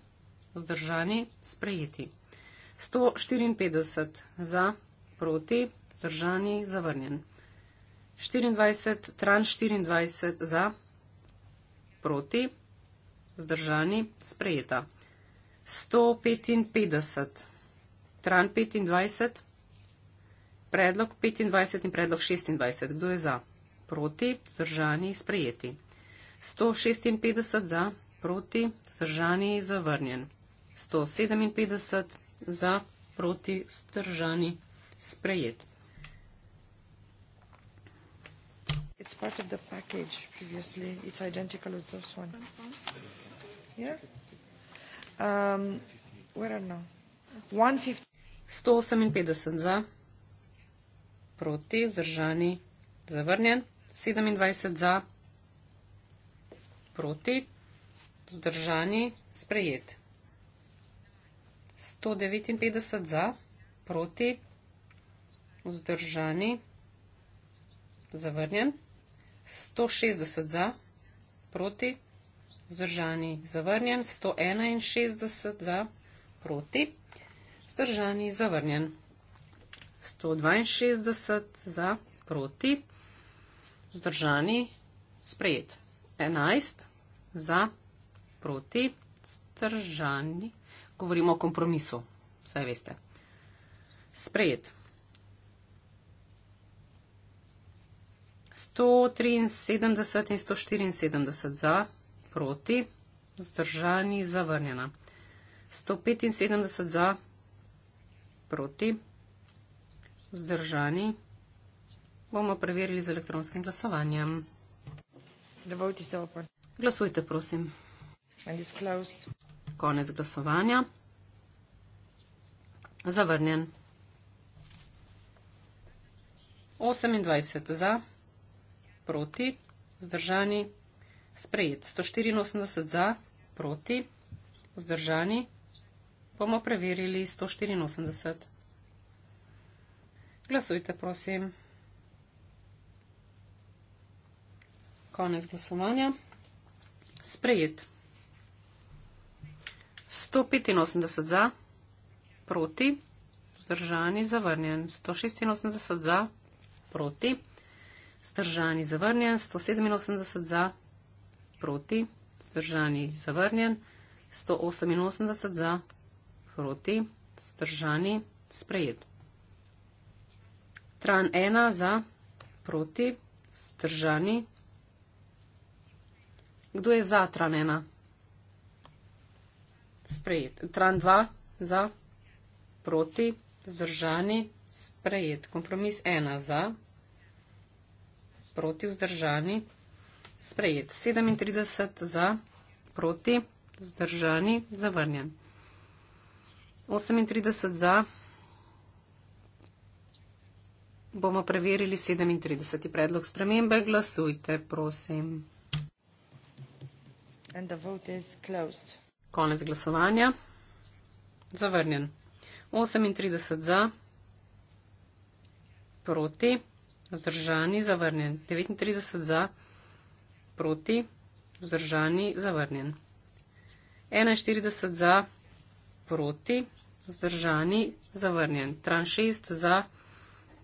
vzdržani, sprejeti. 154 za, proti, zdržani, zavrnjen. 24, tran 24 za, proti, zdržani, sprejeta. 155, tran 25, predlog 25 in predlog 26. Kdo je za? Proti, zdržani, sprejeti. 156 za, proti, zdržani, zavrnjen. 157, za, proti, stržani, sprejet. It's part of the package previously. It's identical as this one. Yeah? Um, where are now? 158 za, proti, vzdržani, zavrnjen. 27 za, proti, vzdržani, sprejet. 159 za, proti, vzdržani, zavrnjen. 160 za, proti, vzdržani, zavrnjen. 161 za, proti, vzdržani, zavrnjen. 162 za, proti, vzdržani, sprejet. 11 za, proti, vzdržani, zavrnjen govorimo o kompromisu, vse veste. Sprejet. 173 in 174 za, proti, vzdržani, zavrnjena. 175 za, proti, vzdržani. Bomo preverili z elektronskim glasovanjem. Glasujte, prosim. And it's closed. Konec glasovanja. Zavrnjen. 28 za, proti, vzdržani, sprejet. 184 za, proti, vzdržani, bomo preverili 184. Glasujte, prosim. Konec glasovanja. Sprejet. 185 za, proti, vzdržani, zavrnjen. 186 za, proti, vzdržani, zavrnjen. 187 za, proti, vzdržani, zavrnjen. 188 za, proti, vzdržani, sprejet. Tran 1 za, proti, vzdržani. Kdo je za tran 1? sprejet. Tran 2 za, proti, vzdržani, sprejet. Kompromis 1 za, proti, vzdržani, sprejet. 37 za, proti, vzdržani, zavrnjen. 38 za, bomo preverili 37. Predlog spremembe, glasujte, prosim. And the vote is closed. Konec glasovanja. Zavrnjen. 38 za, proti, vzdržani, zavrnjen. 39 za, proti, vzdržani, zavrnjen. 41 za, proti, vzdržani, zavrnjen. Tran 6 za,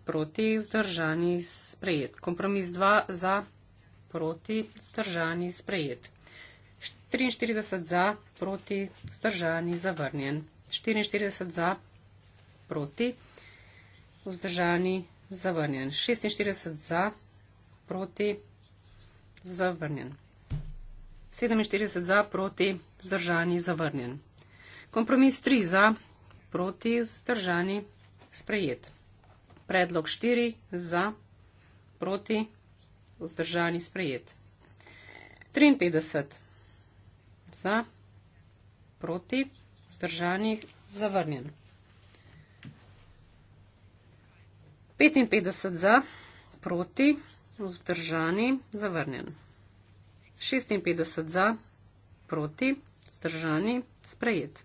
proti, vzdržani, sprejet. Kompromis 2 za, proti, vzdržani, sprejet. 43 za, proti, vzdržani, zavrnjen. 44 za, proti, vzdržani, zavrnjen. 46 za, proti, zavrnjen. 47 za, proti, vzdržani, zavrnjen. Kompromis 3 za, proti, vzdržani, sprejet. Predlog 4 za, proti, vzdržani, sprejet. 53 za za, proti, vzdržanih, zavrnjen. 55 za, proti, vzdržani, zavrnjen. 56 za, proti, vzdržani, sprejet.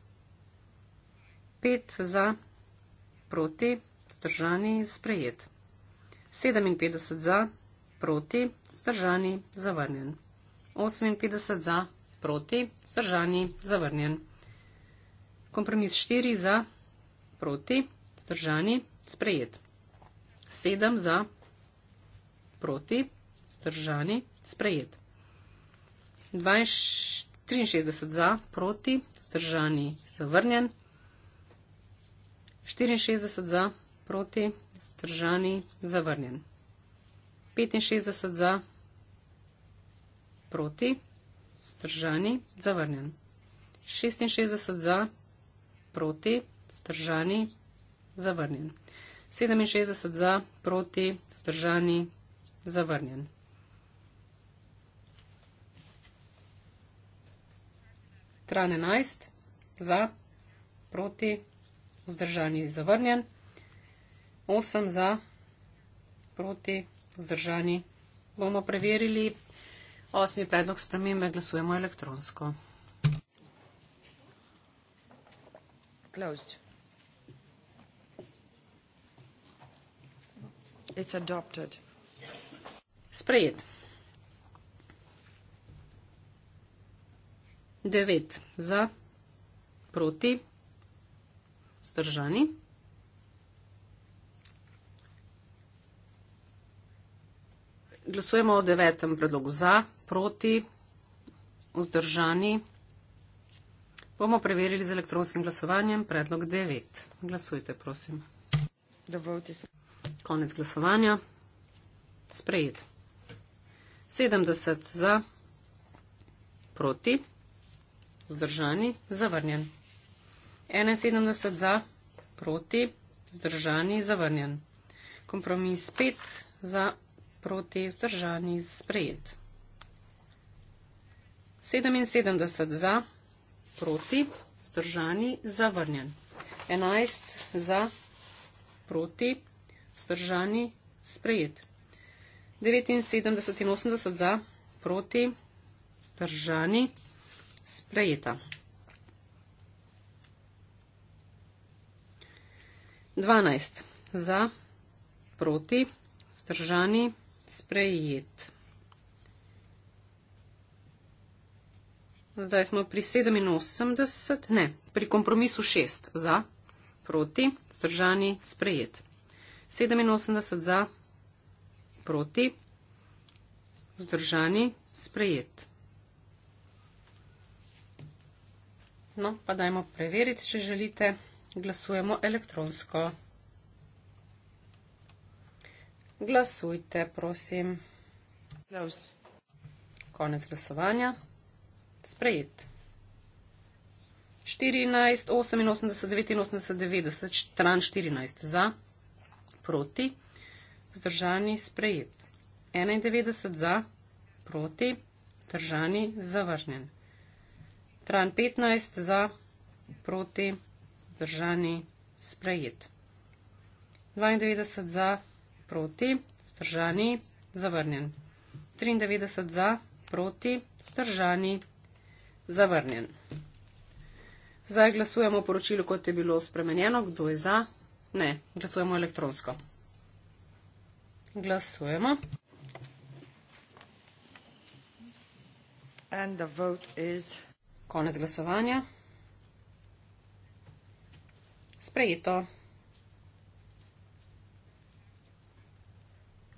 5 za, proti, vzdržani, sprejet. 57 za, proti, vzdržani, zavrnjen. 58 za, proti, zdržani, zavrnjen. Kompromis 4 za, proti, zdržani, sprejet. 7 za, proti, zdržani, sprejet. 63 za, proti, zdržani, zavrnjen. 64 za, proti, zdržani, zavrnjen. 65 za, proti, zdržani, zavrnjen. Zdržani, zavrnjen. 66 za, proti, zdržani, zavrnjen. 67 za, proti, zdržani, zavrnjen. Tran 11, za, proti, zdržani, zavrnjen. 8 za, proti, zdržani, bomo preverili. Osmi predlog spremembe glasujemo elektronsko. Closed. It's adopted. Sprejet. Devet za, proti, zdržani. Glasujemo o devetem predlogu za proti, vzdržani. Bomo preverili z elektronskim glasovanjem predlog 9. Glasujte, prosim. Konec glasovanja. Sprejet. 70 za, proti, vzdržani, zavrnjen. 71 za, proti, vzdržani, zavrnjen. Kompromis 5 za, proti, vzdržani, sprejet. 77 za, proti, vzdržani, zavrnjen. 11 za, proti, vzdržani, sprejet. 79 in 80 za, proti, vzdržani, sprejeta. 12 za, proti, vzdržani, sprejet. Zdaj smo pri 87, ne, pri kompromisu 6 za, proti, zdržani, sprejet. 87 za, proti, zdržani, sprejet. No, pa dajmo preveriti, če želite. Glasujemo elektronsko. Glasujte, prosim. Close. Konec glasovanja sprejet. 14, 88, 89, 90, stran 14 za, proti, zdržani, sprejet. 91 za, proti, zdržani, zavrnjen. Stran 15 za, proti, zdržani, sprejet. 92 za, proti, zdržani, zavrnjen. 93 za, proti, zdržani, zavrnjen. Zavrnjen. Zdaj glasujemo poročilo, kot je bilo spremenjeno. Kdo je za? Ne, glasujemo elektronsko. Glasujemo. Is... Konec glasovanja. Sprejeto.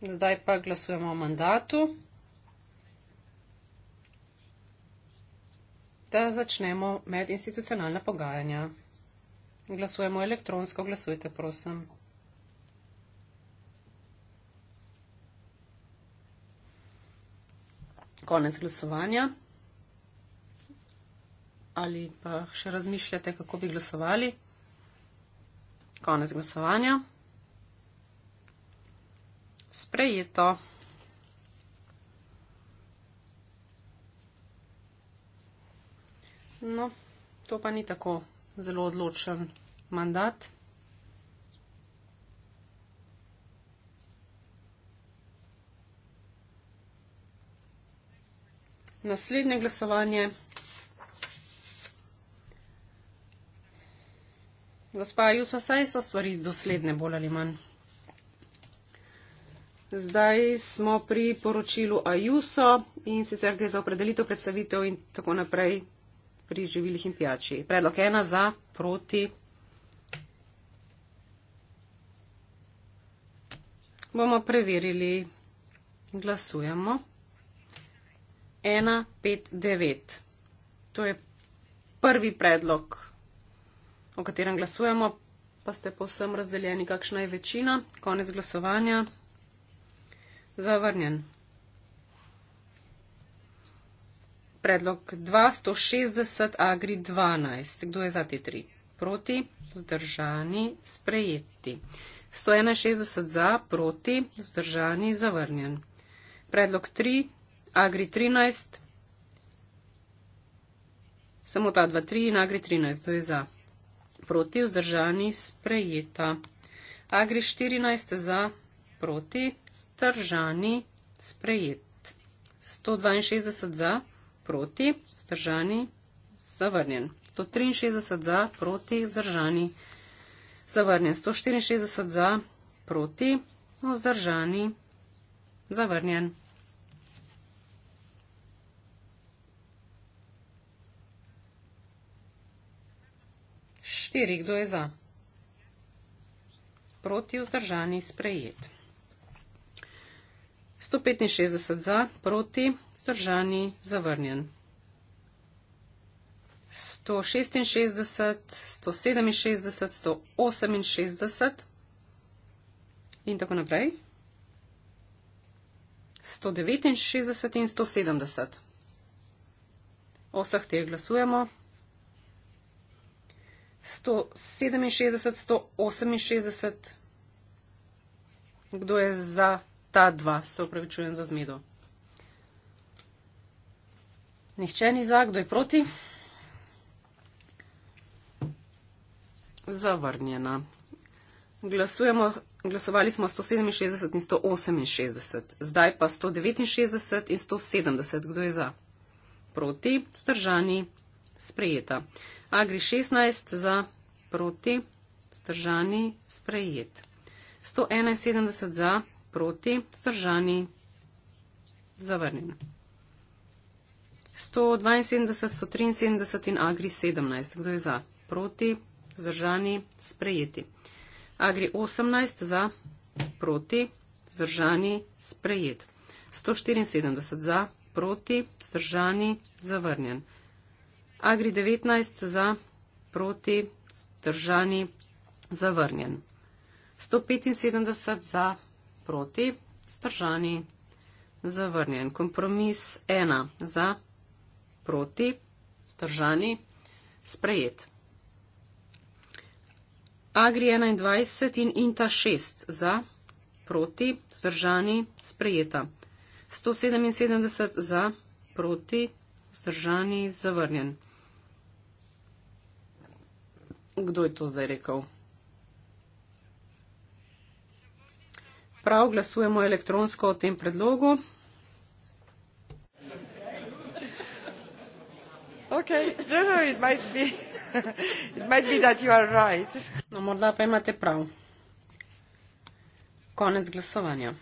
Zdaj pa glasujemo o mandatu. da začnemo medinstitucionalna pogajanja. Glasujemo elektronsko, glasujte prosim. Konec glasovanja. Ali pa še razmišljate, kako bi glasovali? Konec glasovanja. Sprejeto. No, to pa ni tako zelo odločen mandat. Naslednje glasovanje. Gospa Jusva, saj so stvari dosledne, bolj ali manj. Zdaj smo pri poročilu Ajuso in sicer gre za opredelitev predstavitev in tako naprej pri živilih in pijači. Predlog ena za, proti. Bomo preverili. Glasujemo. 1, 5, 9. To je prvi predlog, o katerem glasujemo. Pa ste povsem razdeljeni, kakšna je večina. Konec glasovanja. Zavrnjen. predlog 260 agri 12. Kdo je za te tri? Proti, vzdržani, sprejeti. 161 za, proti, vzdržani, zavrnjen. Predlog 3, agri 13. Samo ta 2, 3 in agri 13. Kdo je za? Proti, vzdržani, sprejeta. Agri 14 za, proti, vzdržani, sprejet. 162 za, proti proti, vzdržani, zavrnjen. 163 za, proti, vzdržani, zavrnjen. 164 za, proti, no, vzdržani, zavrnjen. Štiri, kdo je za? Proti vzdržani sprejet. 165 za, proti, vzdržani, zavrnjen. 166, 167, 168 in tako naprej. 169 in 170. O vseh teh glasujemo. 167, 168. Kdo je za ta dva, se upravičujem za zmedo. Nihče ni za, kdo je proti? Zavrnjena. Glasujemo, glasovali smo 167 in 168, zdaj pa 169 in 170. Kdo je za? Proti, stržani, sprejeta. Agri 16 za, proti, stržani, sprejet. 171 za, Proti, sržani, zavrnjen. 172, 173 in agri 17. Kdo je za? Proti, zržani, sprejeti. Agri 18 za, proti, zržani, sprejet. 174 za, proti, zržani, zavrnjen. Agri 19 za, proti, zržani, zavrnjen. 175 za, proti proti, stržani, zavrnjen. Kompromis ena za, proti, stržani, sprejet. Agri 21 in Inta 6 za, proti, stržani, sprejeta. 177 za, proti, stržani, zavrnjen. Kdo je to zdaj rekel? razprav, glasujemo elektronsko o tem predlogu. Okay. No, no, it might be. *laughs* It might be that you are right. No, morda pa imate prav. Konec glasovanja.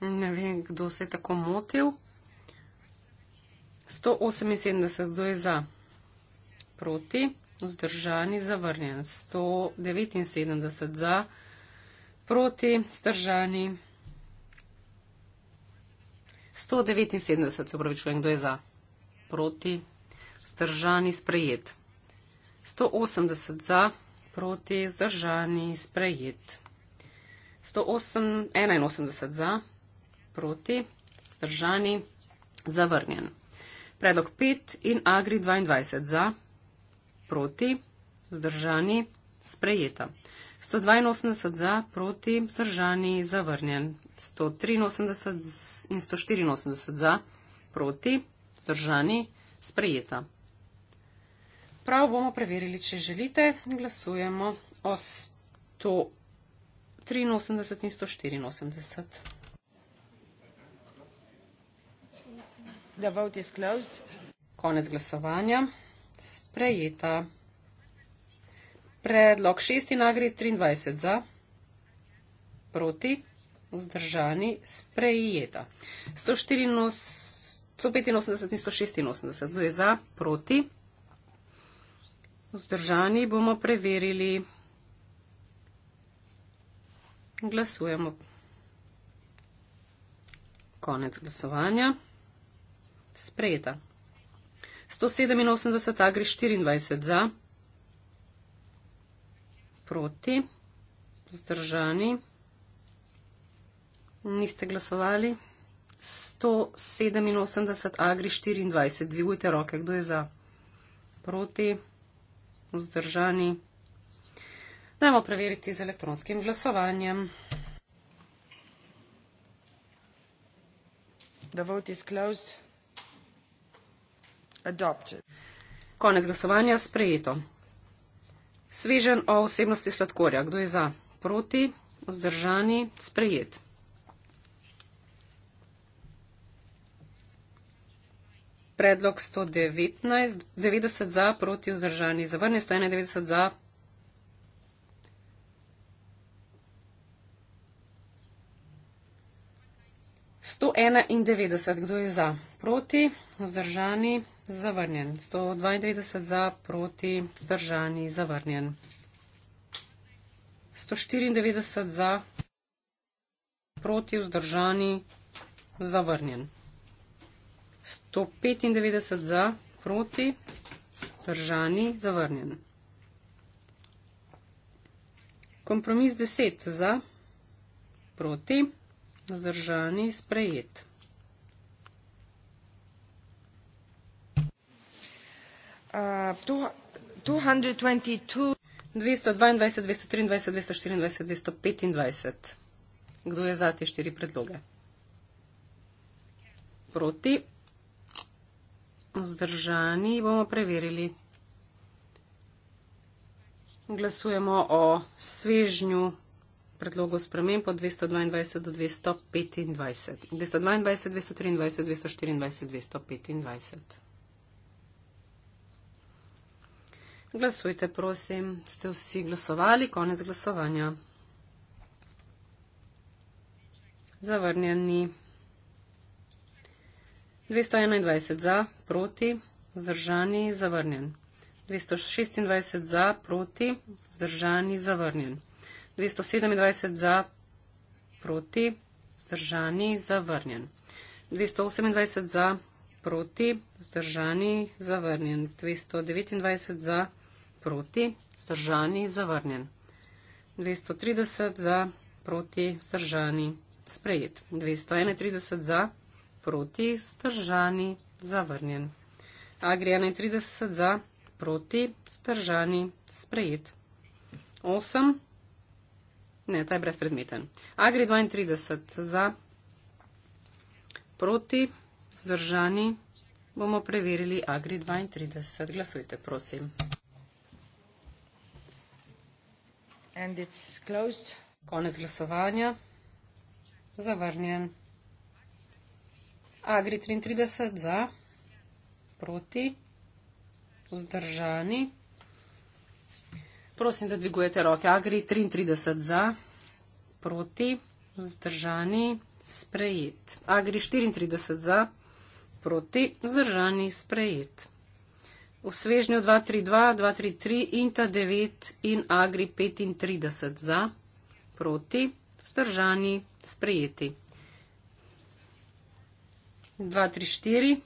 Ne vem, kdo se je tako motil. 178, kdo je za? Proti vzdržani, zavrnjen. 179 za, proti, vzdržani. 179, se upravičujem, kdo je za, proti, vzdržani, sprejet. 180 za, proti, vzdržani, sprejet. 181 za, proti, vzdržani, zavrnjen. Predlog 5 in Agri 22 za proti, vzdržani, sprejeta. 182 za, proti, vzdržani, zavrnjen. 183 in 184 za, proti, vzdržani, sprejeta. Prav bomo preverili, če želite, glasujemo o 183 in 184. The vote is closed. Konec glasovanja sprejeta. Predlog 6. nagri 23 za, proti, vzdržani, sprejeta. 185 in 186, kdo je za, proti, vzdržani, bomo preverili. Glasujemo. Konec glasovanja. Sprejeta. 187 agri 24 za, proti, zdržani, niste glasovali, 187 agri 24, dvigujte roke, kdo je za, proti, vzdržani. Dajmo preveriti z elektronskim glasovanjem. The vote is closed adopted. Konec glasovanja sprejeto. Svežen o vsebnosti sladkorja. Kdo je za? Proti? Vzdržani? Sprejet. Predlog 119, 90 za, proti vzdržani, zavrni 191 za, 191, kdo je za? Proti, vzdržani, zavrnjen. 192 za, proti, vzdržani, zavrnjen. 194 za, proti, vzdržani, zavrnjen. 195 za, proti, vzdržani, zavrnjen. Kompromis 10 za, proti, vzdržani, zavrnjen. Vzdržani sprejet. Uh, 222, 223, 224, 225. Kdo je za te štiri predloge? Proti. Vzdržani bomo preverili. Glasujemo o svežnju predlogu sprememb od 222 do 225. 222, 223, 224, 225. Glasujte, prosim. Ste vsi glasovali? Konec glasovanja. Zavrnjeni. 221 za, proti, vzdržani, zavrnjen. 226 za, proti, vzdržani, zavrnjen. 227 za proti, zdržani, zavrnjen. 228 za proti, zdržani, zavrnjen. 229 za proti, zdržani, zavrnjen. 230 za proti, zdržani, sprejet. 231 za proti, zdržani, zavrnjen. Agri 31 za proti, zdržani, sprejet. 8. Ne, ta je brezpredmeten. Agri 32 za, proti, zdržani. Bomo preverili Agri 32. Glasujte, prosim. Konec glasovanja. Zavrnjen. Agri 33 za, proti, vzdržani. Prosim, da dvigujete roke. Agri 33 za, proti, vzdržani, sprejet. Agri 34 za, proti, vzdržani, sprejet. V svežnju 232, 233, Inta 9 in Agri 35 za, proti, vzdržani, sprejeti. 234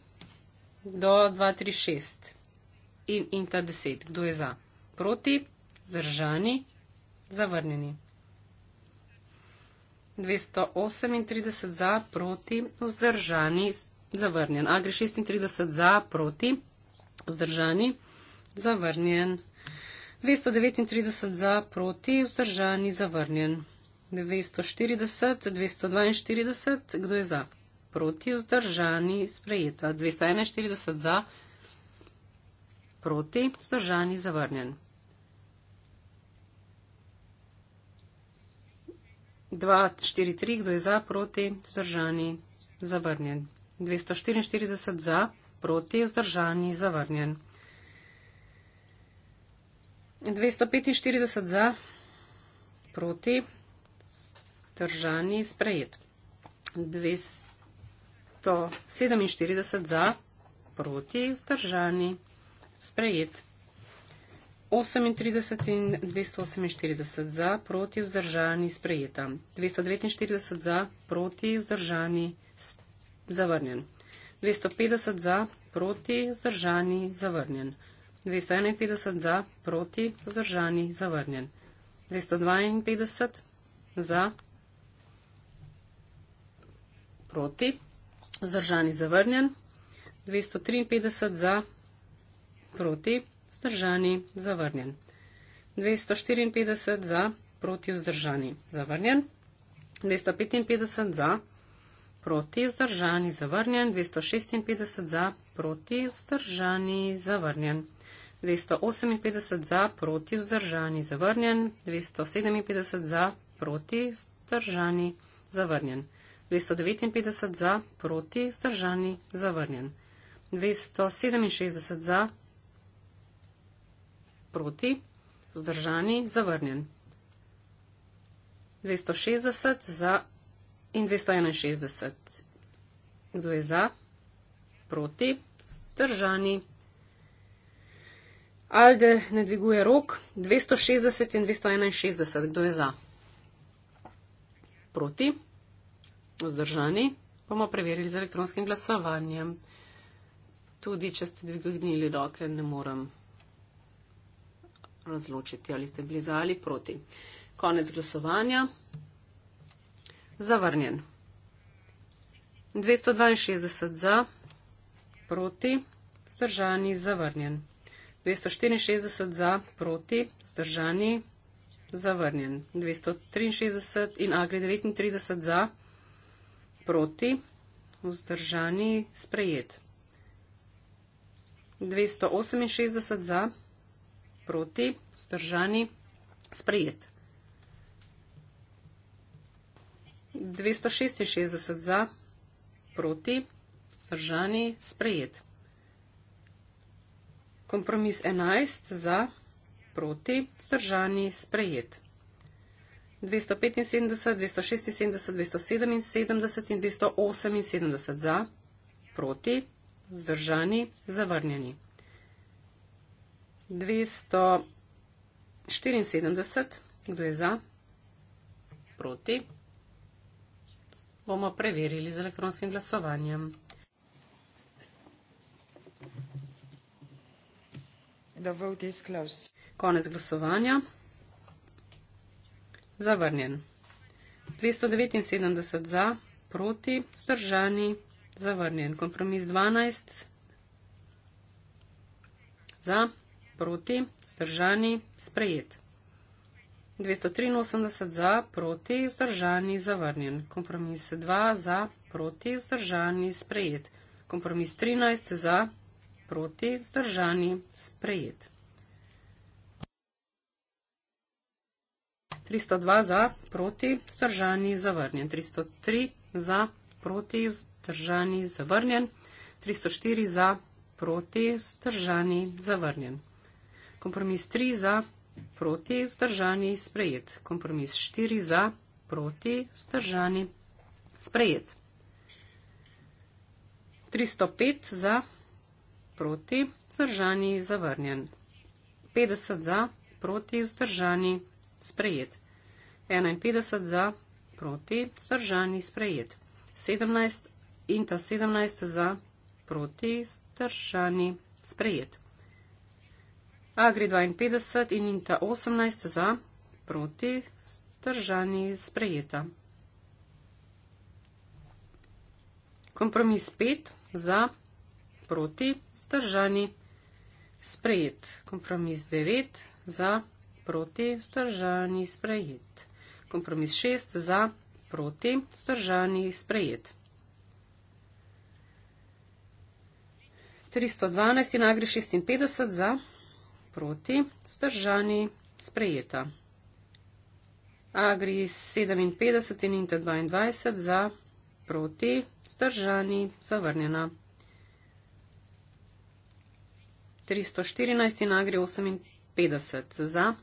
do 236 in Inta 10, kdo je za? Proti, vzdržani, zavrnjeni. 238 za, proti, vzdržani, zavrnjen. Agri 36 za, proti, vzdržani, zavrnjen. 239 za, proti, vzdržani, zavrnjen. 240, 242, kdo je za? Proti, vzdržani, sprejeta. 241 za, proti, vzdržani, zavrnjen. 243, kdo je za, proti, vzdržani, zavrnjen. 244 za, proti, vzdržani, zavrnjen. 245 za, proti, vzdržani, sprejet. 247 za, proti, vzdržani, sprejet. 38 in 248 za, proti vzdržani sprejeta. 249 za, proti vzdržani zavrnjen. 250 za, proti vzdržani zavrnjen. 251 za, proti vzdržani zavrnjen. 252 za, proti vzdržani zavrnjen. 253 za, proti vzdržani zavrnjen. Zdržani, zavrnjen. 254 za, proti vzdržani, zavrnjen. 255 za, proti vzdržani, zavrnjen. 256 za, proti vzdržani, zavrnjen. 258 za, proti vzdržani, zavrnjen. 257 za, proti vzdržani, zavrnjen. 259 za, proti vzdržani, zavrnjen. 267 za, proti, vzdržani, zavrnjen. 260 za in 261. Kdo je za? Proti, vzdržani. Alde ne dviguje rok. 260 in 261. Kdo je za? Proti, vzdržani. Bomo preverili z elektronskim glasovanjem. Tudi, če ste dvignili roke, ne morem razločiti, ali ste bili za ali proti. Konec glasovanja. Zavrnjen. 262 za, proti, zdržani, zavrnjen. 264 za, proti, zdržani, zavrnjen. 263 in agri 39 za, proti, vzdržani, sprejet. 268 za, proti, vzdržani, sprejet. 266 za, proti, vzdržani, sprejet. Kompromis 11 za, proti, vzdržani, sprejet. 275, 276, 277 in 278 za, proti, vzdržani, zavrnjeni. 274, kdo je za, proti. Bomo preverili z elektronskim glasovanjem. Konec glasovanja. Zavrnjen. 279 za, proti, zdržani, zavrnjen. Kompromis 12 za proti, vzdržani, sprejet. 283 za, proti, vzdržani, zavrnjen. Kompromis 2 za, proti, vzdržani, sprejet. Kompromis 13 za, proti, vzdržani, sprejet. 302 za, proti, vzdržani, zavrnjen. 303 za, proti, vzdržani, zavrnjen. 304 za, proti, vzdržani, zavrnjen. Kompromis 3 za, proti, vzdržani, sprejet. Kompromis 4 za, proti, vzdržani, sprejet. 305 za, proti, vzdržani, zavrnjen. 50 za, proti, vzdržani, sprejet. 51 za, proti, vzdržani, sprejet. 17 in ta 17 za, proti, vzdržani, sprejet. Agri 52 in Inta 18 za, proti, stržani sprejeta. Kompromis 5 za, proti, stržani sprejet. Kompromis 9 za, proti, stržani sprejet. Kompromis 6 za, proti, stržani sprejet. 312 in Agri 56 za proti, zdržani, sprejeta. Agri 57 in Inter 22 za, proti, zdržani, zavrnjena. 314 in Agri 58 za,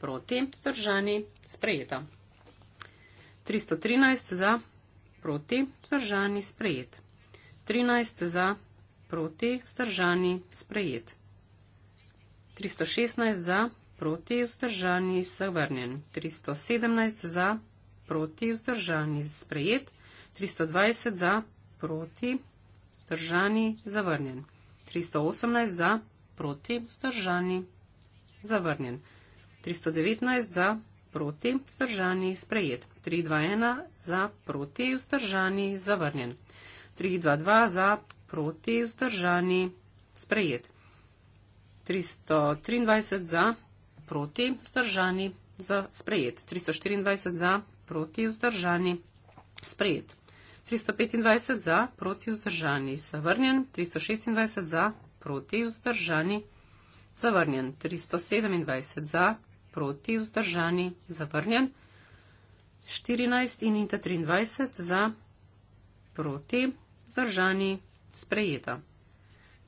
proti, zdržani, sprejeta. 313 za, proti, zdržani, sprejet. 13 za, proti, zdržani, sprejet. 316 za, proti vzdržani, zavrnjen. 317 za, proti vzdržani, sprejet. 320 za, proti vzdržani, zavrnjen. 318 za, proti vzdržani, zavrnjen. 319 za, proti vzdržani, sprejet. 321 za, proti vzdržani, zavrnjen. 322 za, proti vzdržani, sprejet. 323 323 za, proti vzdržani za sprejet. 324 za, proti vzdržani sprejet. 325 za, proti vzdržani zavrnjen. 326 za, proti vzdržani zavrnjen. 327 za, proti vzdržani zavrnjen. 14 in 23 za, proti vzdržani sprejeta.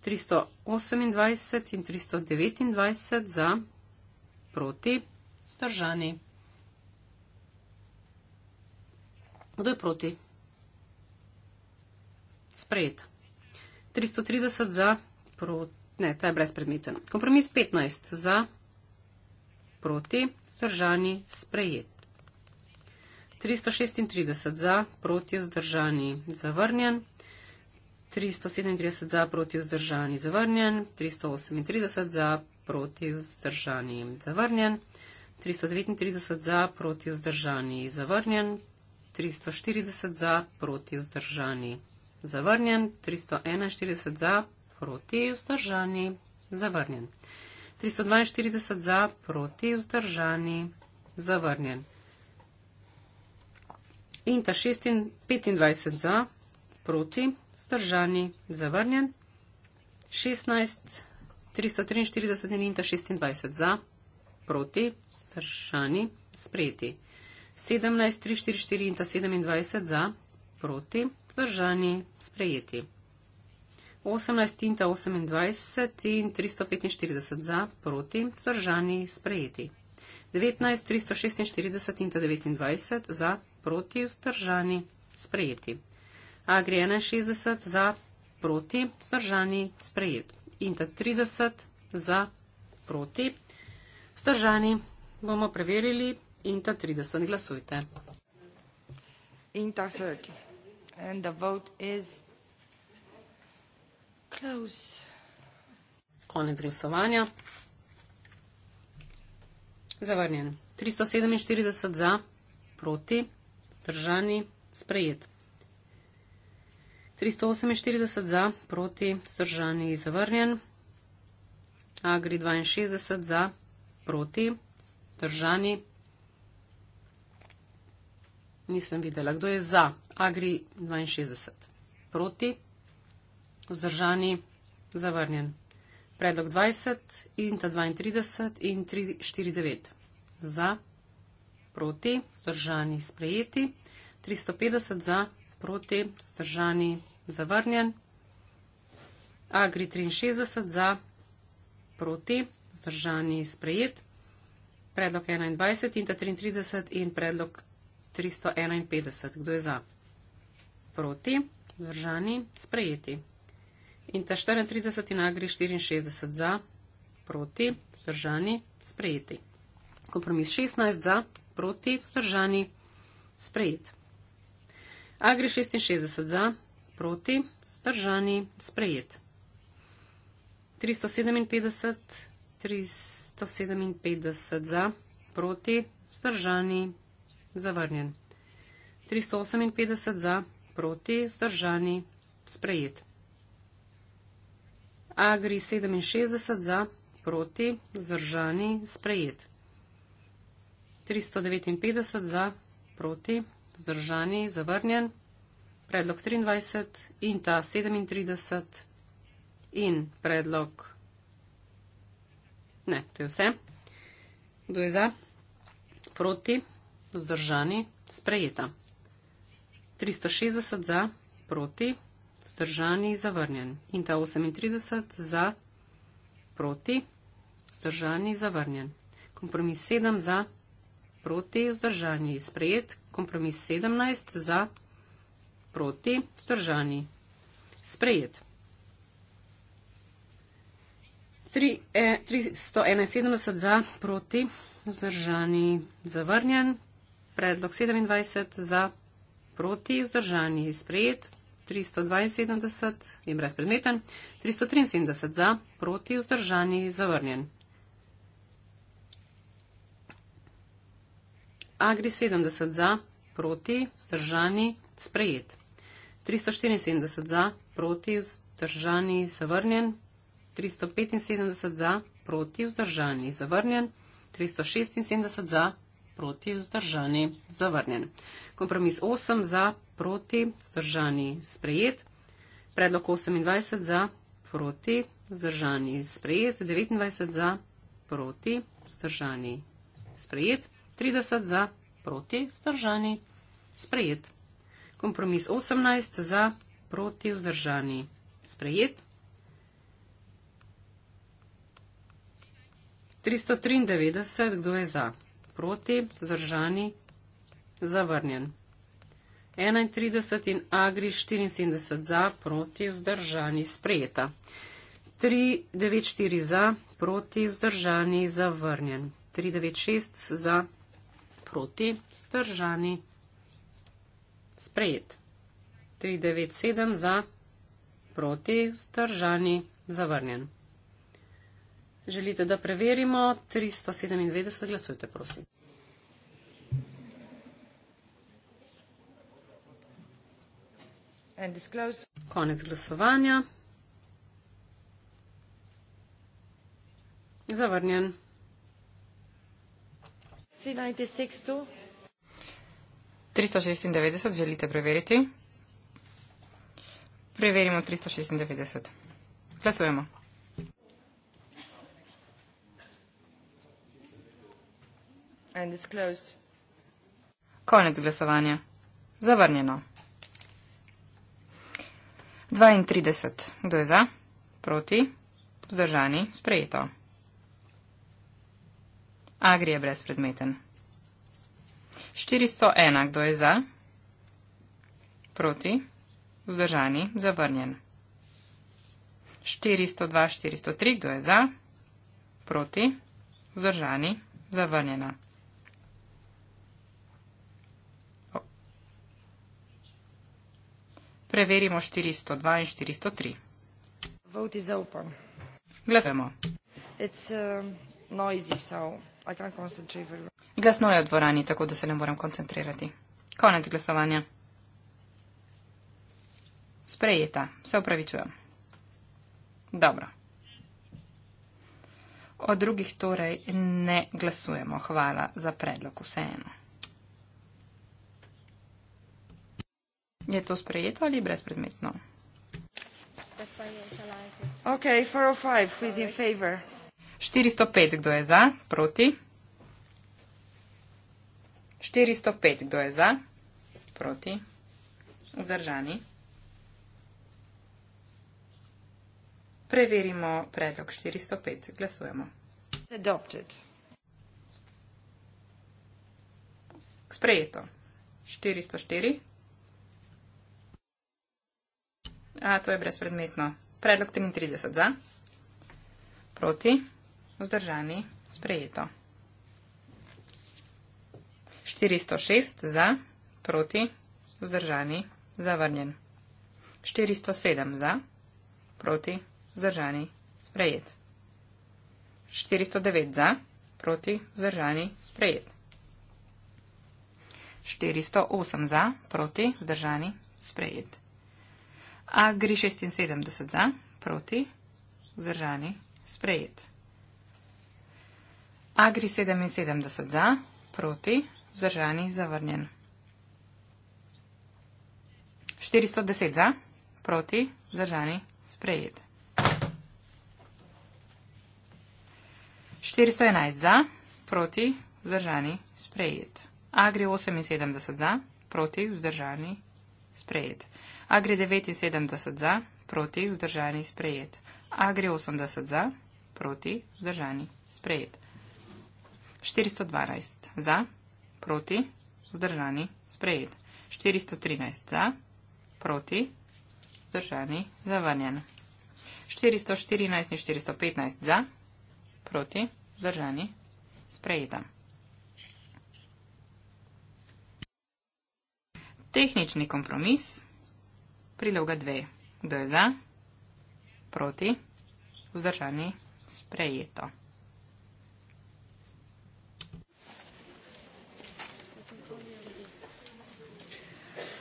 328 in 329 za, proti, stržani. Kdo je proti? Sprejet. 330 za, proti, ne, ta je brezpredmeten. Kompromis 15 za, proti, stržani, sprejet. 336 za, proti, vzdržani, zavrnjen. 337 za proti vzdržani zavrnjen, 338 za proti vzdržani zavrnjen, 339 za proti vzdržani zavrnjen, 340 za proti vzdržani zavrnjen, 341 za proti vzdržani zavrnjen, 342 za proti vzdržani zavrnjen. In ta 26 za proti vzdržani, zavrnjen, 16, 343 in ta 26 za, proti, vzdržani, sprejeti, 17, 344 in ta 27 za, proti, vzdržani, sprejeti, 18 in ta 28 in 345 za, proti, vzdržani, sprejeti, 19, 346 in ta 29 za, proti, vzdržani, sprejeti. Agri 61 za proti, vzdržani sprejet. Inta 30 za proti, vzdržani bomo preverili. Inta 30 glasujte. Inta 30. And the vote is close. Konec glasovanja. Zavrnjen. 347 za, proti, držani, sprejet. 348 za, proti, zdržani, zavrnjen. Agri 62 za, proti, zdržani. Nisem videla, kdo je za. Agri 62, proti, zdržani, zavrnjen. Predlog 20, INTA 32 in 349 za, proti, zdržani, sprejeti. 350 za, proti, zdržani, zavrnjen. Agri 63 za, proti, vzdržani sprejet. Predlog 21 in ta 33 in predlog 351. Kdo je za? Proti, vzdržani sprejeti. In ta 34 in agri 64 za, proti, vzdržani sprejeti. Kompromis 16 za, proti, vzdržani sprejet. Agri 66 za, proti, zdržani, sprejet. 357, 357 za, proti, zdržani, zavrnjen. 358 za, proti, zdržani, sprejet. Agri 67 za, proti, zdržani, sprejet. 359 za, proti, zdržani, zavrnjen predlog 23 in ta 37 in predlog. Ne, to je vse. Kdo je za? Proti, vzdržani, sprejeta. 360 za, proti, vzdržani, zavrnjen. In ta 38 za, proti, vzdržani, zavrnjen. Kompromis 7 za, proti, vzdržani, sprejet. Kompromis 17 za, proti proti stržani. Sprejet. 371 e, za, proti, vzdržani, zavrnjen. Predlog 27 za, proti, vzdržani, sprejet. 372 je brezpredmeten. 373 za, proti, vzdržani, zavrnjen. Agri 70 za, proti, vzdržani, sprejet. 374 za, proti vzdržani, zavrnjen, 375 za, proti vzdržani, zavrnjen, 376 za, proti vzdržani, zavrnjen. Kompromis 8 za, proti vzdržani, sprejet, predlog 28 za, proti vzdržani, sprejet, 29 za, proti vzdržani, sprejet, 30 za, proti vzdržani, sprejet. Kompromis 18 za proti vzdržani. Sprejet. 393, kdo je za? Proti, vzdržani, zavrnjen. 31 in agri 74 za, proti, vzdržani, sprejeta. 394 za, proti, vzdržani, zavrnjen. 396 za, proti, vzdržani, zavrnjen. Sprejet. 397 za, proti, vzdržani, zavrnjen. Želite, da preverimo? 397 glasujte, prosim. Konec glasovanja. Zavrnjen. 396 tu. 396 želite preveriti? Preverimo 396. Glasujemo. And it's closed. Konec glasovanja. Zavrnjeno. 32. Kdo je za? Proti? Zdržani? Sprejeto. Agri je brezpredmeten. 401, kdo je za? Proti? Vzdržani? Zavrnjen. 402, 403, kdo je za? Proti? Vzdržani? Zavrnjena. Preverimo 402 in 403. Vote is open. Glasujemo. It's uh, noisy, so Glasno je v dvorani, tako da se ne moram koncentrirati. Konec glasovanja. Sprejeta. Se upravičujem. Dobro. O drugih torej ne glasujemo. Hvala za predlog vseeno. Je to sprejeto ali brezpredmetno? Ok, 405, who is in favor? 405, kdo je za, proti. 405, kdo je za, proti. Vzdržani. Preverimo predlog 405. Glasujemo. Adopted. Sprejeto. 404. A, to je brezpredmetno. Predlog 33 za. Proti vzdržani, sprejeto. 406 za, proti, vzdržani, zavrnjen. 407 za, proti, vzdržani, sprejet. 409 za, proti, vzdržani, sprejet. 408 za, proti, vzdržani, sprejet. Agri 76 za, proti, vzdržani, sprejet. Agri 77 za, proti, vzdržani, zavrnjen. 410 za, proti, vzdržani, sprejet. 411 za, proti, vzdržani, sprejet. Agri 78 za, proti, vzdržani, sprejet. Agri 79 za, proti, vzdržani, sprejet. Agri 80 za, proti, vzdržani, sprejet. 412 za, proti, vzdržani, sprejet. 413 za, proti, vzdržani, zavrnjen. 414 in 415 za, proti, vzdržani, sprejeta. Tehnični kompromis, priloga 2. Kdo je za, proti, vzdržani, sprejeto.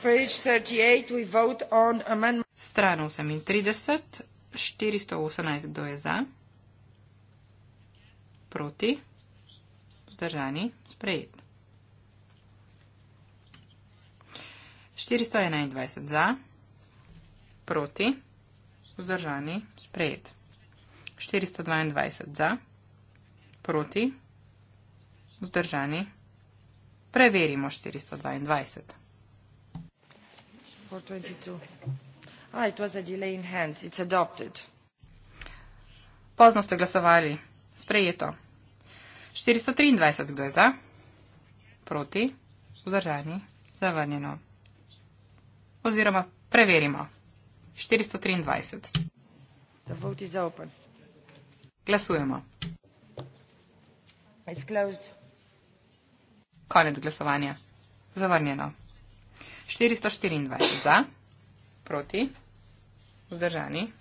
Stran 38, 418, kdo je za? Proti? Zdržani? Sprejet. 421 za, proti, vzdržani, sprejet. 422 za, proti, vzdržani, preverimo 422 for 22. Ah, it was a delay in hands. It's adopted. Pozno ste glasovali. Sprejeto. 423, kdo je za? Proti? Vzdržani? Zavrnjeno. Oziroma, preverimo. 423. The vote is open. Glasujemo. It's closed. Konec glasovanja. Zavrnjeno. 424 za, proti, vzdržani.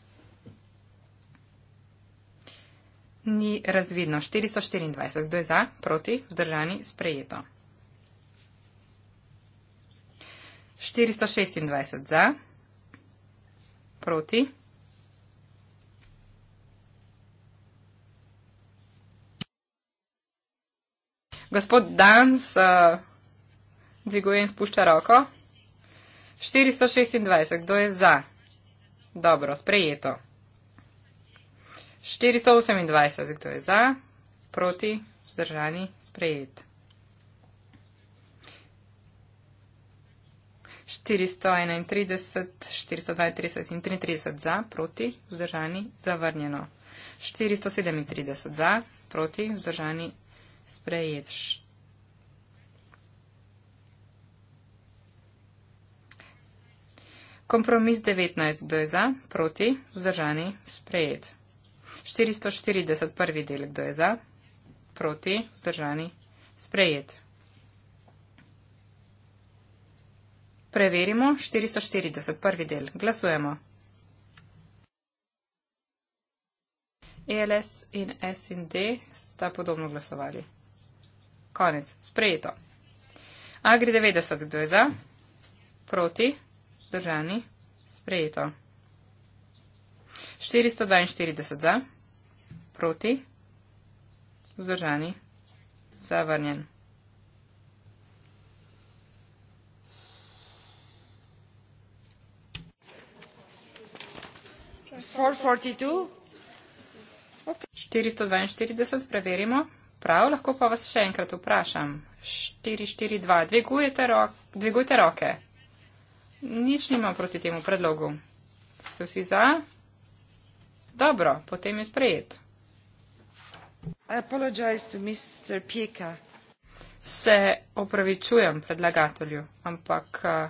Ni razvidno. 424. Kdo je za, proti, vzdržani, sprejeto. 426 za, proti. Gospod Dans uh, dviguje in spušča roko. 426, kdo je za? Dobro, sprejeto. 428, kdo je za? Proti, vzdržani, sprejet. 431, 432 in 33 za, proti, vzdržani, zavrnjeno. 437 za, proti, vzdržani, sprejet. Kompromis 19, kdo je za, proti, vzdržani, sprejet. 440, prvi del, kdo je za, proti, vzdržani, sprejet. Preverimo 440, prvi del. Glasujemo. ELS in SND sta podobno glasovali. Konec. Sprejeto. Agri 90, kdo je za? Proti. Vzdržani. Sprejeto. 442 za. Proti. Vzdržani. Zavrnjen. Okay. 442, preverimo. Prav, lahko pa vas še enkrat vprašam. 442, dvigujete, ro dvigujete roke. Nič nima proti temu predlogu. Ste vsi za? Dobro, potem je sprejet. Se opravičujem predlagatelju, ampak uh,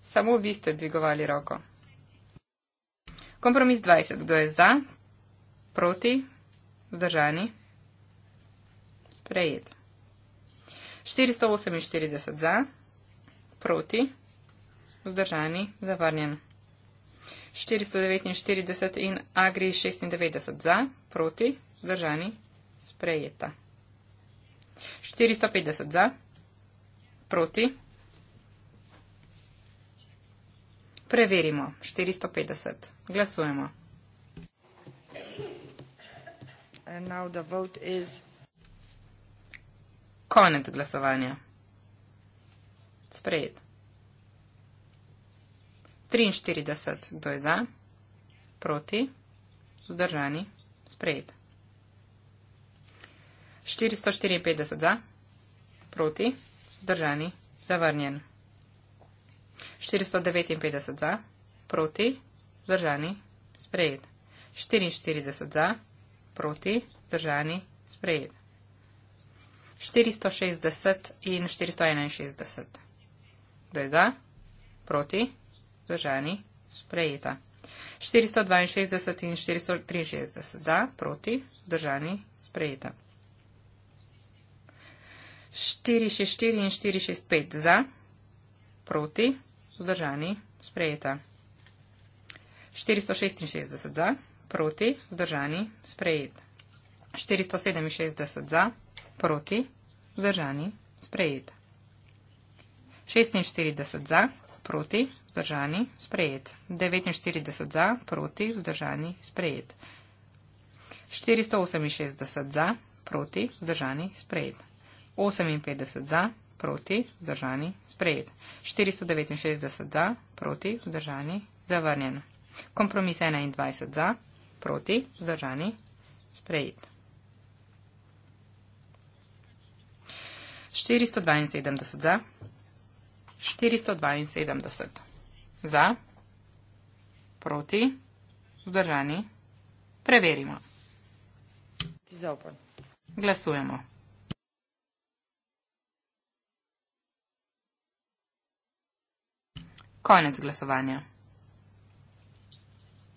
samo vi ste dvigovali roko. Kompromis 20. Kdo je za? Proti? Zdržani? Sprejet. 448 za proti, vzdržani, zavrnjen. 449 in agri 96 za, proti, vzdržani, sprejeta. 450 za, proti. Preverimo. 450. Glasujemo. Konec glasovanja. Sprejet. 43, kdo je za? Proti? Vzdržani? Sprejet. 454 za? Proti? Vzdržani? Zavrnjen. 459 za? Proti? Vzdržani? Sprejet. 44 za? Proti? Vzdržani? Sprejet. 460 in 461 kdo je za, proti, vzdržani, sprejeta. 462 in 463 za, proti, vzdržani, sprejeta. 464 in 465 za, proti, vzdržani, sprejeta. 466 za, proti, vzdržani, sprejeta. 467 za, proti, vzdržani, sprejeta. 46 za, proti, vzdržani, sprejet. 49 za, proti, vzdržani, sprejet. 468 za, proti, vzdržani, sprejet. 58 za, proti, vzdržani, sprejet. 469 za, proti, vzdržani, zavrnjen. Kompromis 21 za, proti, vzdržani, sprejet. 472 za, 472. Za, proti, vzdržani, preverimo. Glasujemo. Konec glasovanja.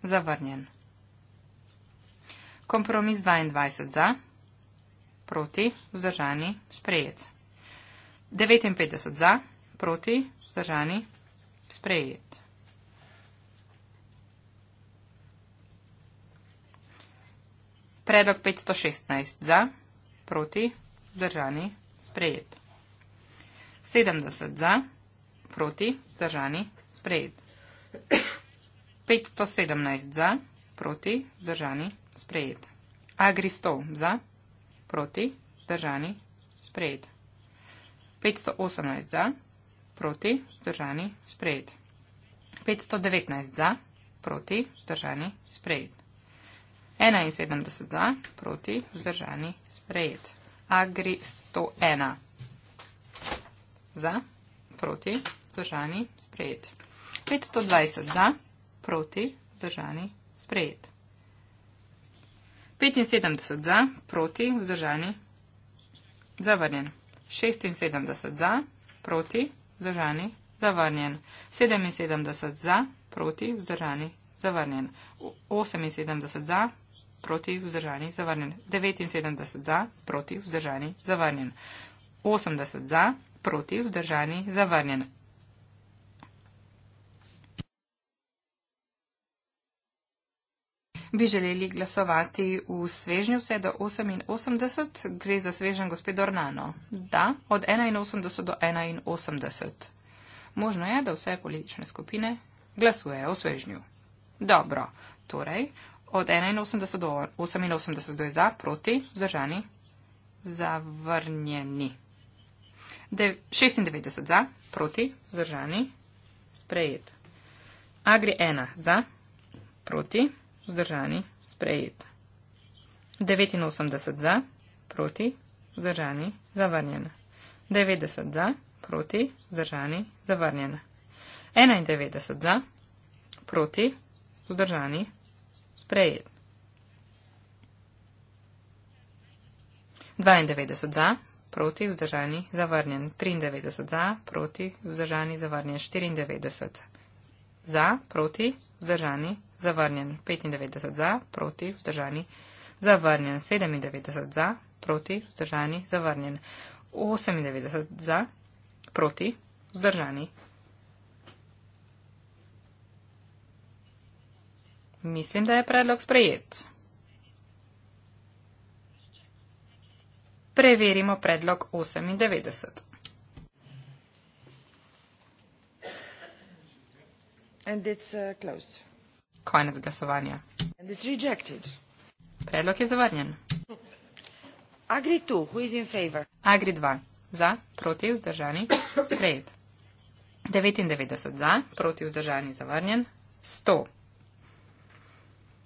Zavrnjen. Kompromis 22 za, proti, vzdržani, sprejet. 59 za, proti, vzdržani, sprejet. Proti, vzdržani, sprejet. Predlog 516 za, proti, vzdržani, sprejet. 70 za, proti, vzdržani, sprejet. 517 za, proti, vzdržani, sprejet. Agristov za, proti, vzdržani, sprejet. 518 za, proti, vzdržani, sprejet proti, vzdržani, sprejet. 519 za, proti, vzdržani, sprejet. 71 za, proti, vzdržani, sprejet. Agri 101 za, proti, vzdržani, sprejet. 520 za, proti, vzdržani, sprejet. 75 za, proti, vzdržani, zavrnjen. 76 za, proti, vzdržani, zavrnjen. 77 za, proti, vzdržani, zavrnjen. 78 za, proti, vzdržani, zavrnjen. 79 za, proti, vzdržani, zavrnjen. 80 za, proti, vzdržani, zavrnjen. bi želeli glasovati v svežnju vse do 88, gre za svežen gospod Ornano. Da, od 81 do 81. Možno je, da vse politične skupine glasujejo v svežnju. Dobro, torej od 81 do 88 do je za, proti, vzdržani, zavrnjeni. De, 96 za, proti, vzdržani, sprejet. Agri 1 za, proti vzdržani, sprejet. 89 za, proti, vzdržani, zavrnjen. 90 za, proti, vzdržani, zavrnjen. 91 za, proti, vzdržani, sprejet. 92 za, proti, vzdržani, zavrnjen. 93 za, proti, vzdržani, zavrnjen. 94 za, proti, vzdržani, zavrnjen 95 za, proti, vzdržani, zavrnjen 97 za, proti, vzdržani, zavrnjen 98 za, proti, vzdržani. Mislim, da je predlog sprejet. Preverimo predlog 98. And it's uh, closed. Konec glasovanja. Predlog je zavrnjen. Agri 2, Agri 2. za, proti vzdržani, sprejet. 99 za, proti vzdržani, zavrnjen. 100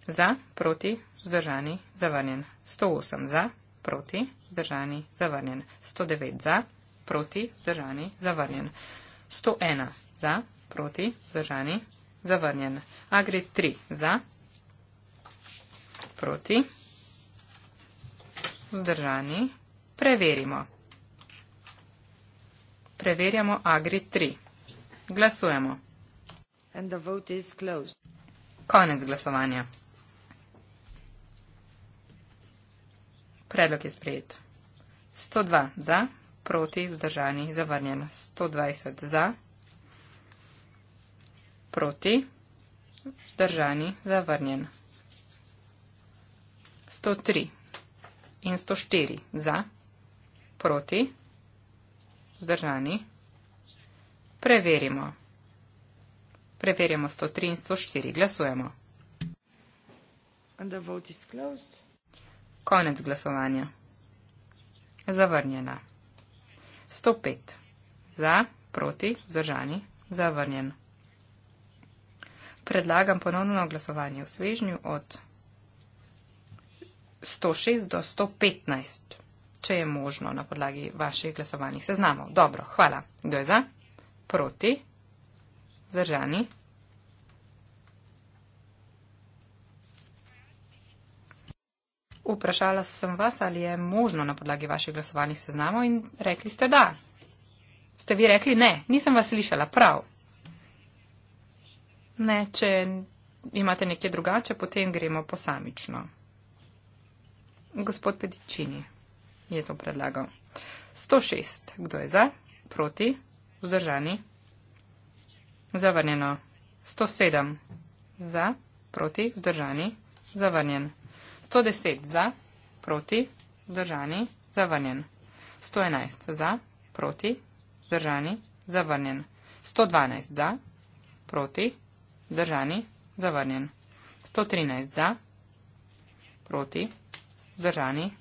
za, proti vzdržani, zavrnjen. 108 za, proti vzdržani, zavrnjen. 109 za, proti vzdržani, zavrnjen. 101 za, proti vzdržani, Zavrnjen. Agri 3 za. Proti. Vzdržani. Preverimo. Preverjamo Agri 3. Glasujemo. And the vote is closed. Konec glasovanja. Predlog je sprejet. 102 za, proti, vzdržani, zavrnjen. 120 za proti, vzdržani, zavrnjen. 103 in 104 za, proti, vzdržani. Preverimo. Preverimo 103 in 104. Glasujemo. Konec glasovanja. Zavrnjena. 105 za, proti, vzdržani, zavrnjen. 103 predlagam ponovno glasovanje v svežnju od 106 do 115, če je možno na podlagi vaših glasovalnih seznamov. Dobro, hvala. Kdo je za? Proti? Zdržani? Vprašala sem vas, ali je možno na podlagi vaših glasovalnih seznamov in rekli ste da. Ste vi rekli ne, nisem vas slišala prav. Ne, če imate nekje drugače, potem gremo posamično. Gospod Pedičini je to predlagal. 106. Kdo je za? Proti? Vzdržani? Zavrnjeno. 107. Za? Proti? Vzdržani? Zavrnjen. 110. Za? Proti? Vzdržani? Zavrnjen. 111. Za? Proti? Vzdržani? Zavrnjen. 112. Za? Proti? Vzdržani? Vzdržani. Zavrnjen. 113 za. Proti. Vzdržani.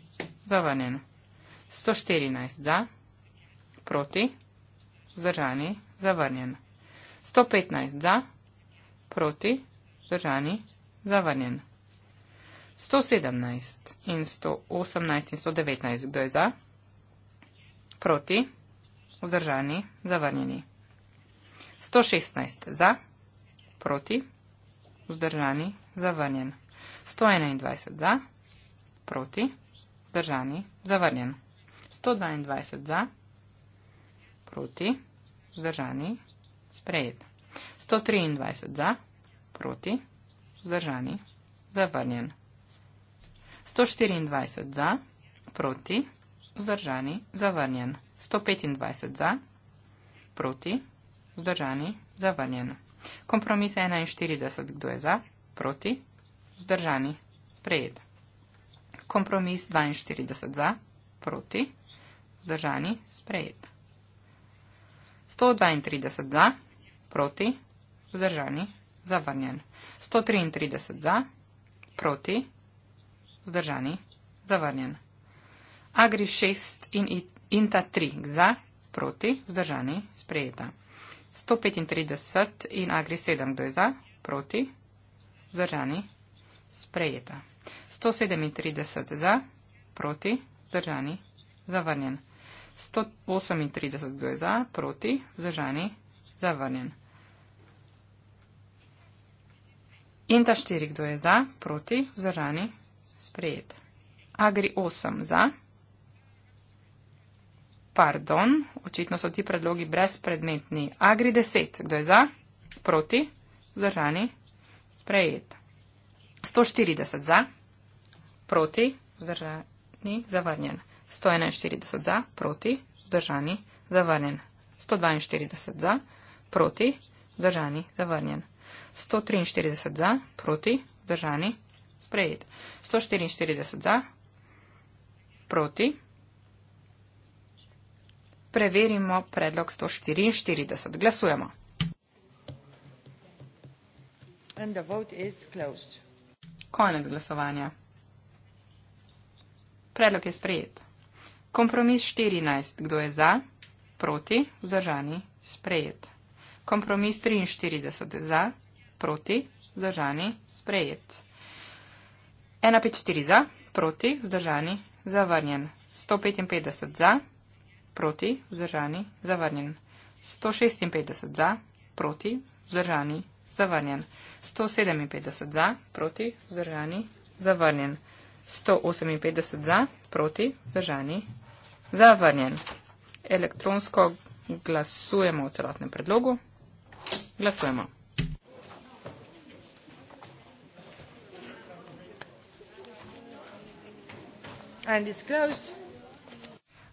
Zavrnjen. 114 za. Proti. Vzdržani. Zavrnjen. 115 za. Proti. Vzdržani. Zavrnjen. 117 in 118 in 119. Kdo je za? Proti. Vzdržani. Zavrnjeni. 116 za. Proti proti, vzdržani, zavrnjen. 121 za, proti, vzdržani, zavrnjen. 122 za, proti, vzdržani, sprejet. 123 za, proti, vzdržani, zavrnjen. 124 za, proti, vzdržani, zavrnjen. 125 za, proti, vzdržani, zavrnjen. Kompromis 41, kdo je za, proti, vzdržani, sprejet. Kompromis 42 za, proti, vzdržani, sprejet. 132 za, proti, vzdržani, zavrnjen. 133 za, proti, vzdržani, zavrnjen. Agri 6 in Inta 3 za, proti, vzdržani, sprejeta. 135 in Agri 7, kdo je za, proti, vzdržani, sprejeta. 137 za, proti, vzdržani, zavrnjen. 138, kdo je za, proti, vzdržani, zavrnjen. In ta štiri, kdo je za, proti, vzdržani, sprejet. Agri 8 za, Pardon, očitno so ti predlogi brezpredmetni. Agri 10, kdo je za? Proti? Zdržani? Sprejet. 140 za? Proti? Zdržani? Zavrnjen. 141 za? Proti? Zdržani? Zavrnjen. 142 za? Proti? Zdržani? Zavrnjen. 143 za? Proti? Zdržani? Sprejet. 144 za? Proti? Preverimo predlog 144. Glasujemo. Konec glasovanja. Predlog je sprejet. Kompromis 14. Kdo je za? Proti? Vzdržani? Sprejet. Kompromis 43. Za? Proti? Vzdržani? Sprejet. 154 za, proti, vzdržani, zavrnjen. 155 za, proti, vzdržani, zavrnjen. 156 za, proti, vzdržani, zavrnjen. 157 za, proti, vzdržani, zavrnjen. 158 za, proti, vzdržani, zavrnjen. Elektronsko glasujemo o celotnem predlogu. Glasujemo. And it's closed.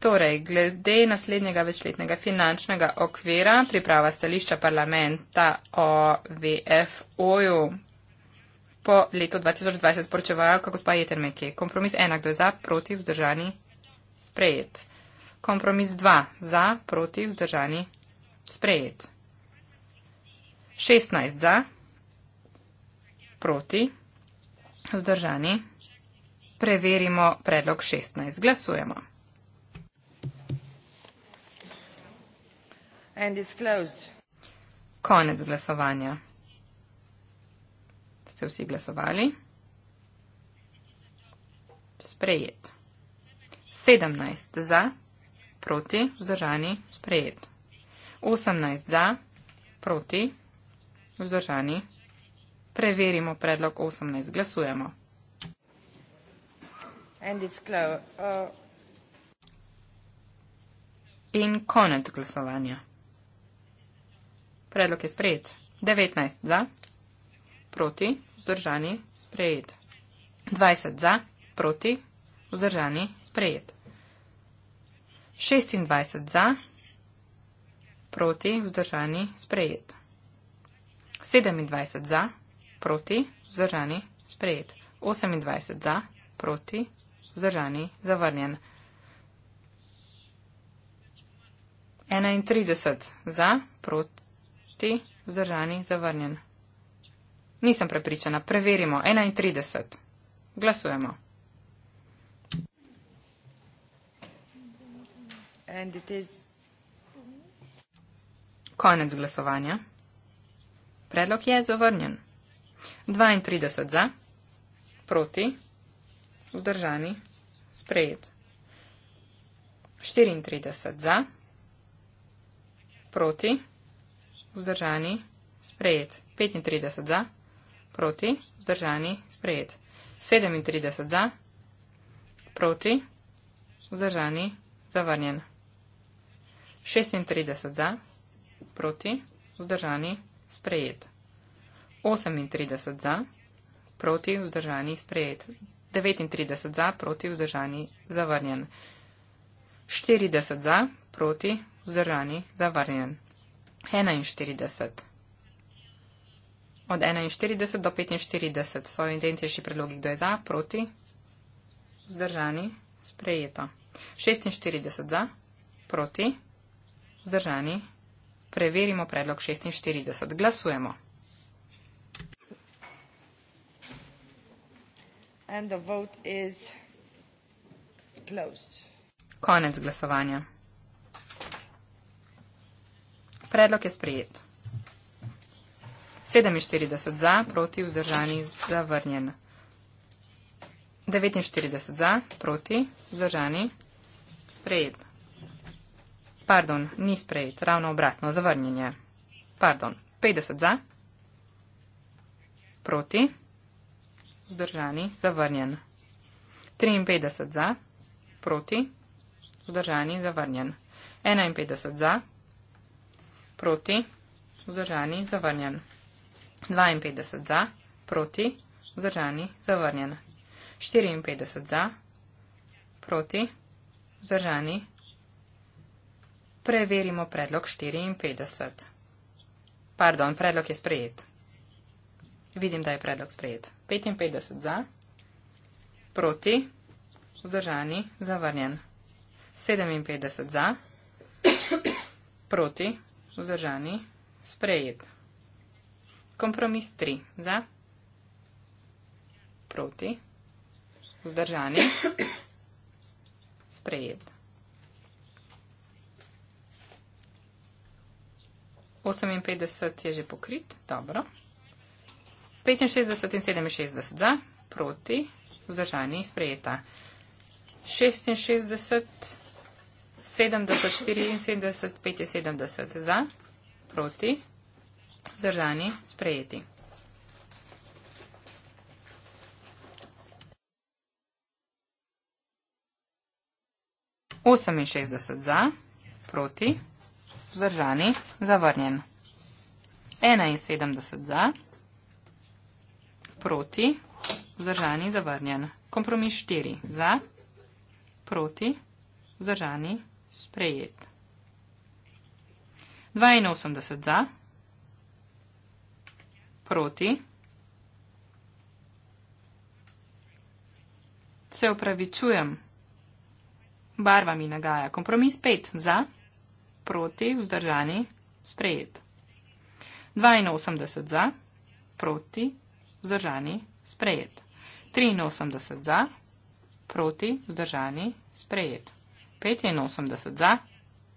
Torej, glede naslednjega večletnega finančnega okvira, priprava stališča parlamenta o VFO-ju po letu 2020 poročevajo, kako gospa Jetermeke. Kompromis ena, kdo je za, proti, vzdržani, sprejet. Kompromis dva, za, proti, vzdržani, sprejet. 16 za, proti, vzdržani, sprejet preverimo predlog 16. Glasujemo. Konec glasovanja. Ste vsi glasovali? Sprejet. 17 za, proti, vzdržani, sprejet. 18 za, proti, vzdržani. Preverimo predlog 18. Glasujemo. Uh, In konec glasovanja. Predlog je sprejet. 19 za, proti, vzdržani, sprejet. 20 za, proti, vzdržani, sprejet. 26 za, proti, vzdržani, sprejet. 27 za, proti, vzdržani, sprejet. 28 za, proti, vzdržani, zavrnjen. 31 za, proti, vzdržani, zavrnjen. Nisem prepričana, preverimo. 31. Glasujemo. Is... Konec glasovanja. Predlog je zavrnjen. 32 za, proti, vzdržani, sprejet. 34 za, proti, vzdržani, sprejet. 35 za, proti, vzdržani, sprejet. 37 za, proti, vzdržani, zavrnjen. 36 za, proti, vzdržani, sprejet. 38 za, proti, vzdržani, sprejet. 39 za, proti vzdržani, zavrnjen. 40 za, proti vzdržani, zavrnjen. 41. Od 41 do 45 so identični predlogi, kdo je za, proti, vzdržani, sprejeto. 46 za, proti, vzdržani, preverimo predlog 46. Glasujemo. and the vote is closed. Konec glasovanja. Predlog je sprejet. 47 za, proti vzdržani zavrnjen. 49 za, proti vzdržani sprejet. Pardon, ni sprejet, ravno obratno, zavrnjen je. Pardon, 50 za, proti vzdržani, zavrnjen. 53 za, proti, vzdržani, zavrnjen. 51 za, proti, vzdržani, zavrnjen. 52 za, proti, vzdržani, zavrnjen. 54 za, proti, vzdržani. Preverimo predlog 54. Pardon, predlog je sprejet. Vidim, da je predlog sprejet. 55 za, proti, vzdržani, zavrnjen. 57 za, proti, vzdržani, sprejet. Kompromis 3 za, proti, vzdržani, sprejet. 58 je že pokrit, dobro. 65 in 67 za, proti, vzdržani, sprejeta. 66, 70, 74, 75 za, proti, vzdržani, sprejeti. Oseminšestdeset za, proti, vzdržani, zavrnjen. Enainsedemdeset za proti, vzdržani, zavrnjen. Kompromis 4, za, proti, vzdržani, sprejet. 82 za, proti, se upravičujem, barva mi nagaja. Kompromis 5, za, proti, vzdržani, sprejet. 82 za, proti, vzdržani vzdržani, sprejet. 83 za, proti, vzdržani, sprejet. 85 za,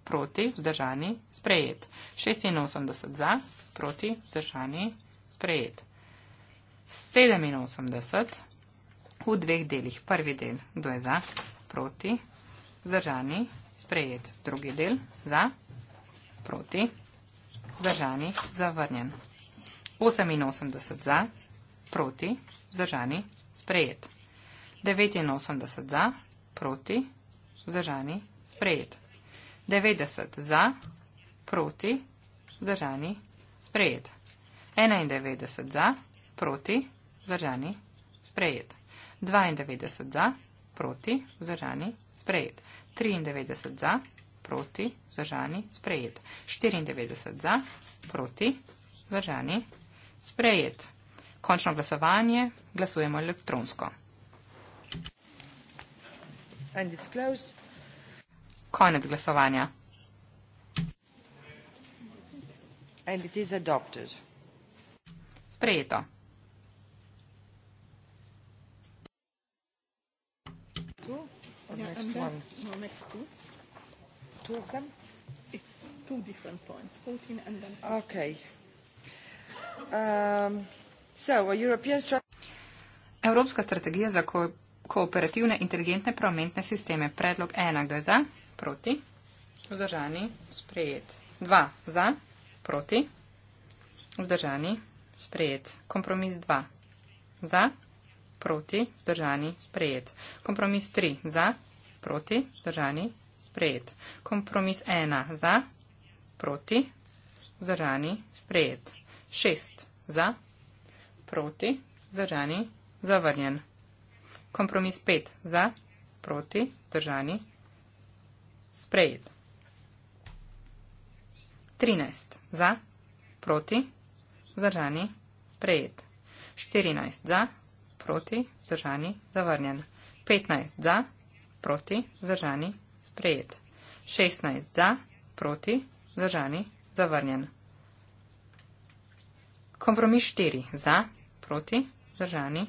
proti, vzdržani, sprejet. 86 za, proti, vzdržani, sprejet. 87 v dveh delih. Prvi del, kdo je za, proti, vzdržani, sprejet. Drugi del, za, proti, vzdržani, zavrnjen. 88 za, proti, vzdržani, sprejet proti, vzdržani, sprejet. 89 za, proti, vzdržani, sprejet. 90 za, proti, vzdržani, sprejet. 91 za, proti, vzdržani, sprejet. 92 za, proti, vzdržani, sprejet. 93 za, proti, vzdržani, sprejet. 94 za, proti, vzdržani, sprejet. Končno glasovanje. Glasujemo elektronsko. And it's close. Konec glasovanja. And it is adopted. Sprejeto. Two no, of them? It's two different points, 14 and then 14. Okay. Um. Evropska strategija za ko kooperativne inteligentne prometne sisteme. Predlog ena, kdo je za, proti, vzdržani, sprejet. Dva, za, proti, vzdržani, sprejet. Kompromis dva, za, proti, vzdržani, sprejet. Kompromis tri, za, proti, vzdržani, sprejet. Kompromis ena, za, proti, vzdržani, sprejet. Šest, za, proti proti, vzdržani, zavrnjen. Kompromis 5 za, proti, vzdržani, sprejet. 13 za, proti, vzdržani, sprejet. 14 za, proti, vzdržani, zavrnjen. 15 za, proti, vzdržani, sprejet. 16 za, proti, vzdržani, zavrnjen. Kompromis 4 za, proti, zdržani,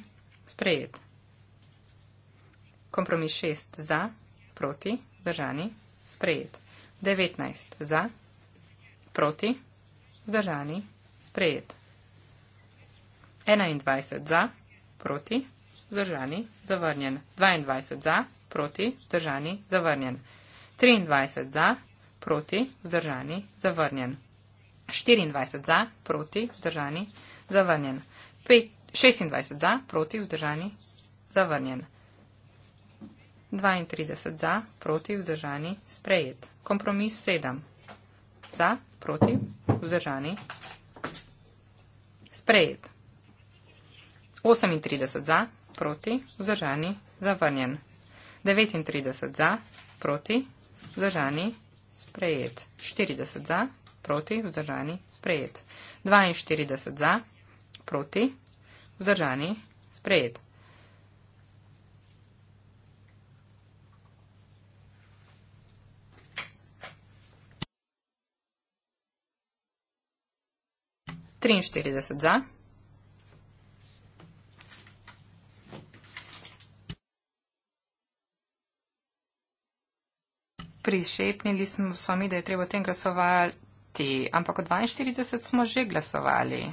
sprejet. Kompromis 6 za, proti, zdržani, sprejet. 19 za, proti, zdržani, sprejet. 21 za, proti, zdržani, zavrnjen. 22 za, proti, zdržani, zavrnjen. 23 za, proti, zdržani, zavrnjen. 24 za, proti, zdržani, zavrnjen. 5, 26 za, proti, vzdržani, zavrnjen. 32 za, proti, vzdržani, sprejet. Kompromis 7. Za, proti, vzdržani, sprejet. 38 za, proti, vzdržani, zavrnjen. 39 za, proti, vzdržani, sprejet. 40 za, proti, vzdržani, sprejet. 42 za, proti, vzdržani, sprejet proti, vzdržani, sprejet. Triinštirideset za. Prišepnili smo mi, da je treba o tem glasovati, ampak o 42 smo že glasovali.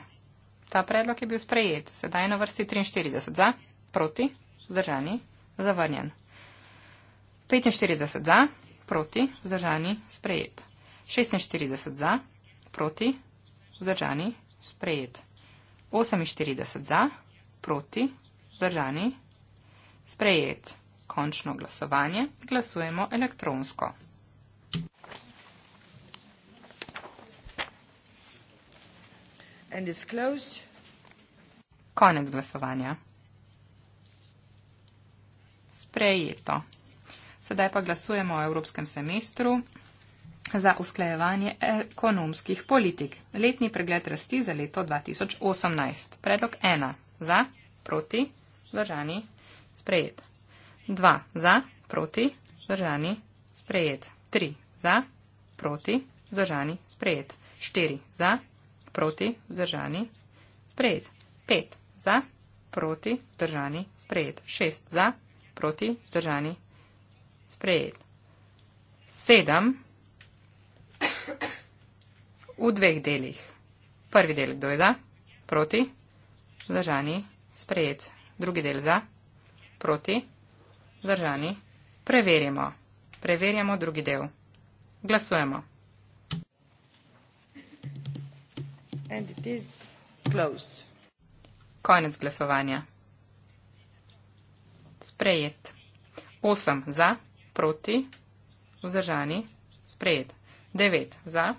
Ta predlog je bil sprejet. Sedaj na vrsti 43 za, proti, vzdržani, zavrnjen. 45 za, proti, vzdržani, sprejet. 46 za, proti, vzdržani, sprejet. 48 za, proti, vzdržani, sprejet. Končno glasovanje glasujemo elektronsko. and is closed. Konec glasovanja. Sprejeto. Sedaj pa glasujemo o Evropskem semestru za usklajevanje ekonomskih politik. Letni pregled rasti za leto 2018. Predlog 1. Za, proti, držani, sprejet. 2. Za, proti, držani, sprejet. 3. Za, proti, držani, sprejet. 4. Za, proti, vzdržani, sprejet. 5 za, proti, vzdržani, sprejet. 6 za, proti, vzdržani, sprejet. 7 v dveh delih. Prvi del, kdo je za, proti, vzdržani, sprejet. Drugi del za, proti, vzdržani, preverjamo. Preverjamo drugi del. Glasujemo. Konec glasovanja. Sprejet. 8 za, proti, vzdržani, sprejet. 9 za,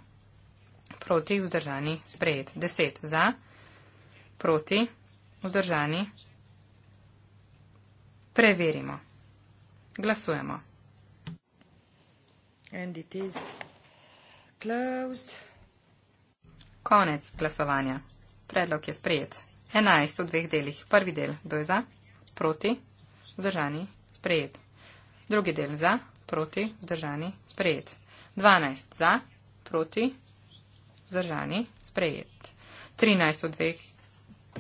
proti, vzdržani, sprejet. 10 za, proti, vzdržani. Preverimo. Glasujemo. And it is closed. Konec glasovanja. Predlog je sprejet. 11 v dveh delih. Prvi del, kdo je za? Proti. Vzdržani. Sprejet. Drugi del za, proti, vzdržani, sprejet. 12 za, proti, vzdržani, sprejet. 13 v, dveh,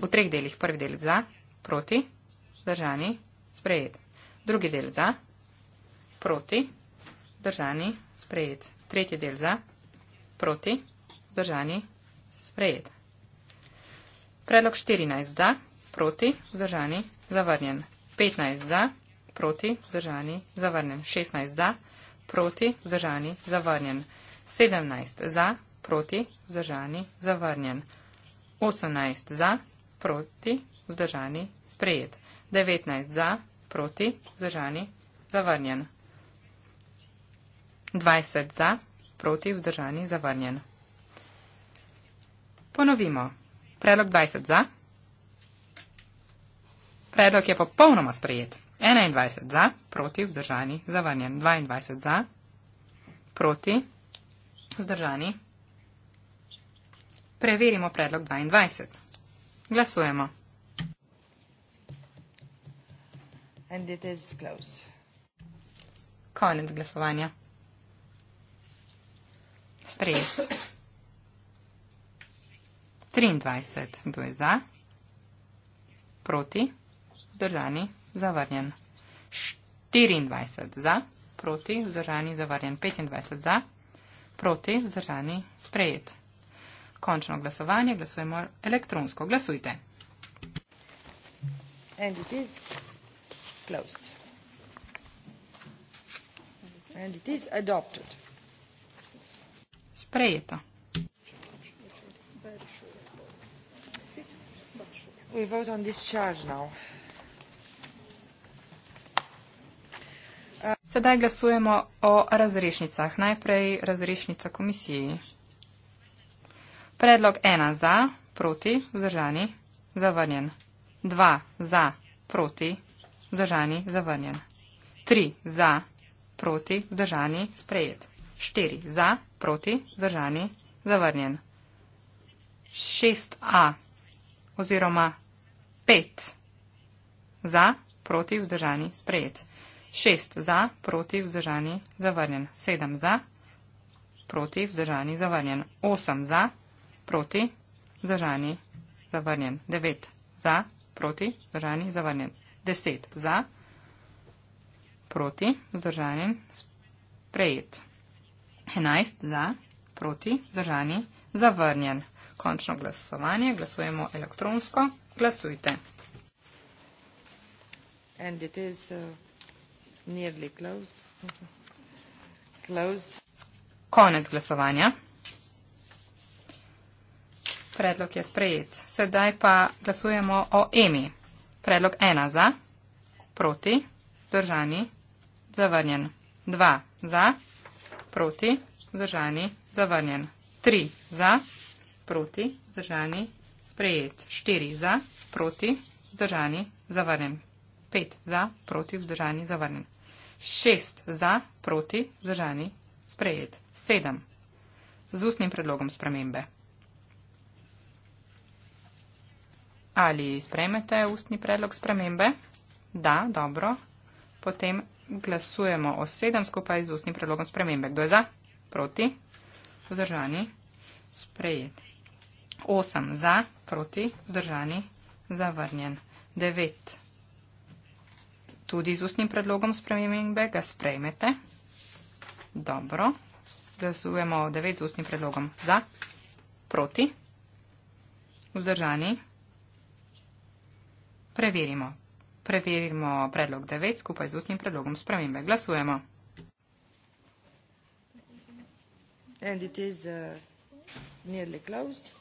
v treh delih, prvi del za, proti, vzdržani, sprejet. Drugi del za, proti, vzdržani, sprejet. Tretji del za, proti, vzdržani, Sprejet. Predlog 14 za, proti, vzdržani, zavrnjen. 15 za, proti, vzdržani, zavrnjen. 16 za, proti, vzdržani, zavrnjen. 17 za, proti, vzdržani, zavrnjen. 18 za, proti, vzdržani, sprejet. 19 za, proti, vzdržani, zavrnjen. 20 za, proti, vzdržani, zavrnjen. Ponovimo. Predlog 20 za. Predlog je popolnoma sprejet. 21 za, proti, vzdržani, zavrnjen. 22 za, proti, vzdržani. Preverimo predlog 22. Glasujemo. And it is close. Konec glasovanja. Sprejet. 23. Kdo je za? Proti? Vzdržani? Zavrnjen. 24. Za? Proti? Vzdržani? Zavrnjen. 25. Za? Proti? Vzdržani? Sprejet. Končno glasovanje. Glasujemo elektronsko. Glasujte. And it is closed. And it is adopted. Sprejeto. We vote on discharge now. Sedaj glasujemo o razrešnicah. Najprej razrešnica komisiji. Predlog 1 za, proti, vzdržani, zavrnjen. 2 za, proti, vzdržani, zavrnjen. 3 za, proti, vzdržani, sprejet. 4 za, proti, vzdržani, zavrnjen. 6a oziroma 5 za, proti, vzdržani, sprejet. 6 za, proti, vzdržani, zavrnjen. 7 za, proti, vzdržani, zavrnjen. 8 za, proti, vzdržani, zavrnjen. 9 za, proti, vzdržani, zavrnjen. 10 za, proti, vzdržani, sprejet. 11 za, proti, vzdržani, zavrnjen. Končno glasovanje, glasujemo elektronsko. Glasujte. Uh, Konec glasovanja. Predlog je sprejet. Sedaj pa glasujemo o EMI. Predlog 1 za, proti, zdržani, zavrnjen. 2 za, proti, zdržani, zavrnjen. 3 za, proti, zdržani, Sprejet. 4 za, proti, vzdržani, zavrnjen. 5 za, proti, vzdržani, zavrnjen. 6 za, proti, vzdržani, sprejet. 7. Z ustnim predlogom spremembe. Ali sprejmete ustni predlog spremembe? Da, dobro. Potem glasujemo o 7 skupaj z ustnim predlogom spremembe. Kdo je za? Proti. Vzdržani. Sprejet. 8 za, proti, vzdržani, zavrnjen. 9. Tudi z ustnim predlogom spremembe ga sprejmete. Dobro. Glasujemo 9 z ustnim predlogom za, proti, vzdržani. Preverimo. Preverimo predlog 9 skupaj z ustnim predlogom spremembe. Glasujemo. And it is uh, nearly closed.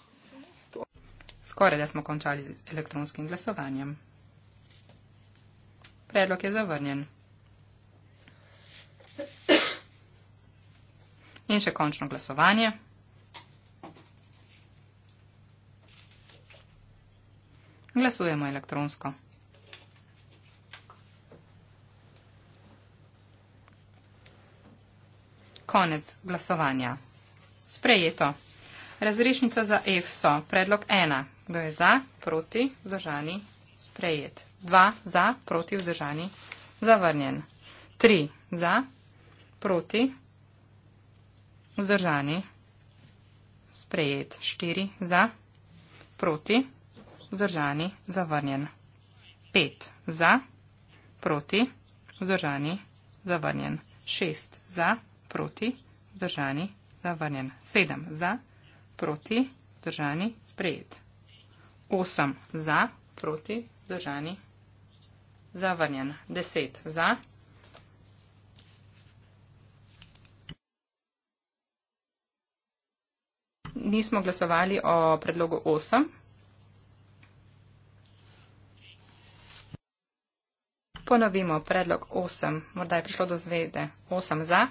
Skoraj da smo končali z elektronskim glasovanjem. Predlog je zavrnjen. In še končno glasovanje. Glasujemo elektronsko. Konec glasovanja. Sprejeto. Razrešnica za EFSO, predlog ena. Kdo je za, proti, vzdržani, sprejet. Dva za, proti, vzdržani, zavrnjen. Tri za, proti, vzdržani, sprejet. Štiri za, proti, vzdržani, zavrnjen. Pet za, proti, vzdržani, zavrnjen. Šest za, proti, vzdržani, zavrnjen. Sedem za, proti proti, držani, sprejet. 8 za, proti, držani, zavrnjen. 10 za. Nismo glasovali o predlogu 8. Ponovimo predlog 8, morda je prišlo do zvede 8 za,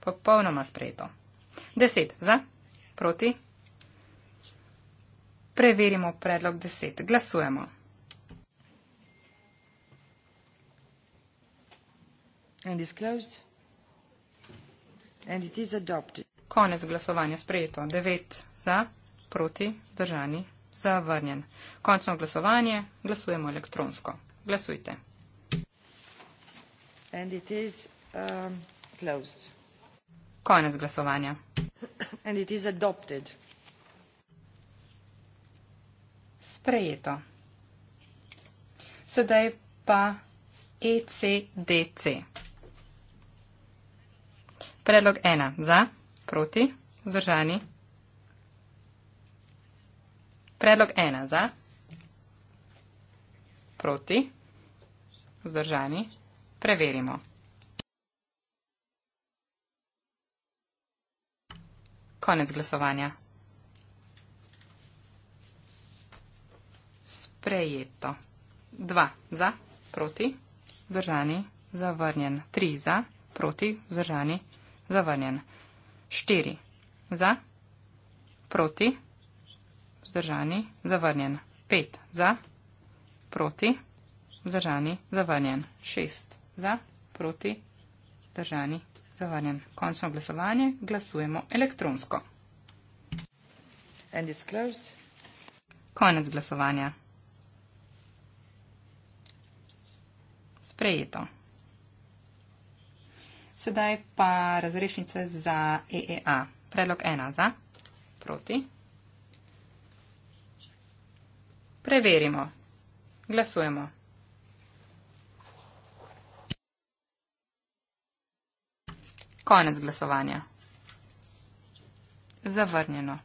popolnoma sprejeto. 10 za. Proti? Preverimo predlog deset. Glasujemo. And is closed. And it is adopted. Konec glasovanja sprejeto. Devet za, proti, držani, zavrnjen. Končno glasovanje. Glasujemo elektronsko. Glasujte. And it is um, closed. Konec glasovanja. Sprejeto. Sedaj pa ECDC. Predlog ena za, proti, vzdržani. Predlog ena za, proti, vzdržani. Preverimo. konec glasovanja. Sprejeto. Dva za, proti, vzdržani, zavrnjen. Tri za, proti, vzdržani, zavrnjen. Štiri za, proti, vzdržani, zavrnjen. Pet za, proti, vzdržani, zavrnjen. Šest za, proti, vzdržani, zavrnjen zavarjen. Končno glasovanje glasujemo elektronsko. Konec glasovanja. Sprejeto. Sedaj pa razrešnice za EEA. Predlog ena za, proti. Preverimo. Glasujemo. Konec glasovanja. Zavrnjeno.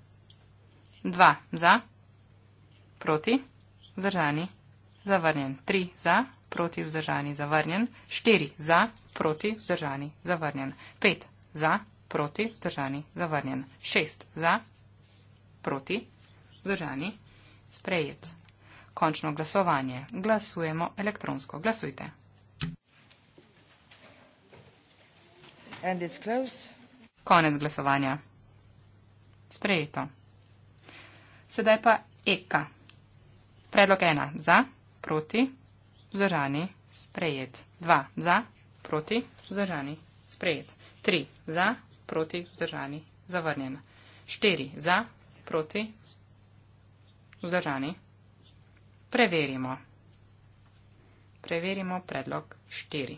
Dva za, proti, vzdržani, zavrnjen. Tri za, proti, vzdržani, zavrnjen. Štiri za, proti, vzdržani, zavrnjen. Pet za, proti, vzdržani, zavrnjen. Šest za, proti, vzdržani, sprejet. Končno glasovanje. Glasujemo elektronsko. Glasujte. Konec glasovanja. Sprejeto. Sedaj pa Eka. Predlog ena. Za, proti, vzdržani, sprejet. Dva. Za, proti, vzdržani, sprejet. Tri. Za, proti, vzdržani, zavrnjen. Štiri. Za, proti, vzdržani. Preverimo. Preverimo predlog štiri.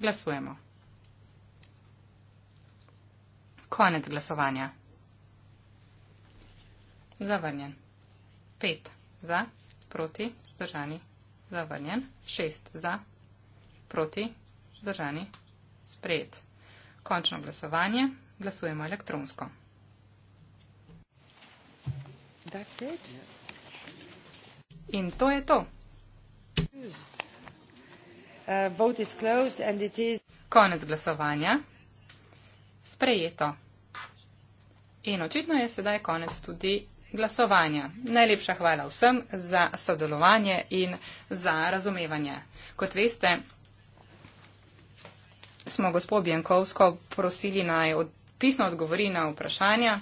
Glasujemo. Konec glasovanja. Zavrnjen. Pet za, proti, držani, zavrnjen. Šest za, proti, držani, sprejet. Končno glasovanje. Glasujemo elektronsko. In to je to. Uh, Konec glasovanja sprejeto. In očitno je sedaj konec tudi glasovanja. Najlepša hvala vsem za sodelovanje in za razumevanje. Kot veste, smo gospo Bjankovsko prosili naj od, pisno odgovori na vprašanja,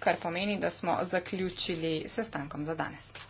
kar pomeni, da smo zaključili sestankom za danes.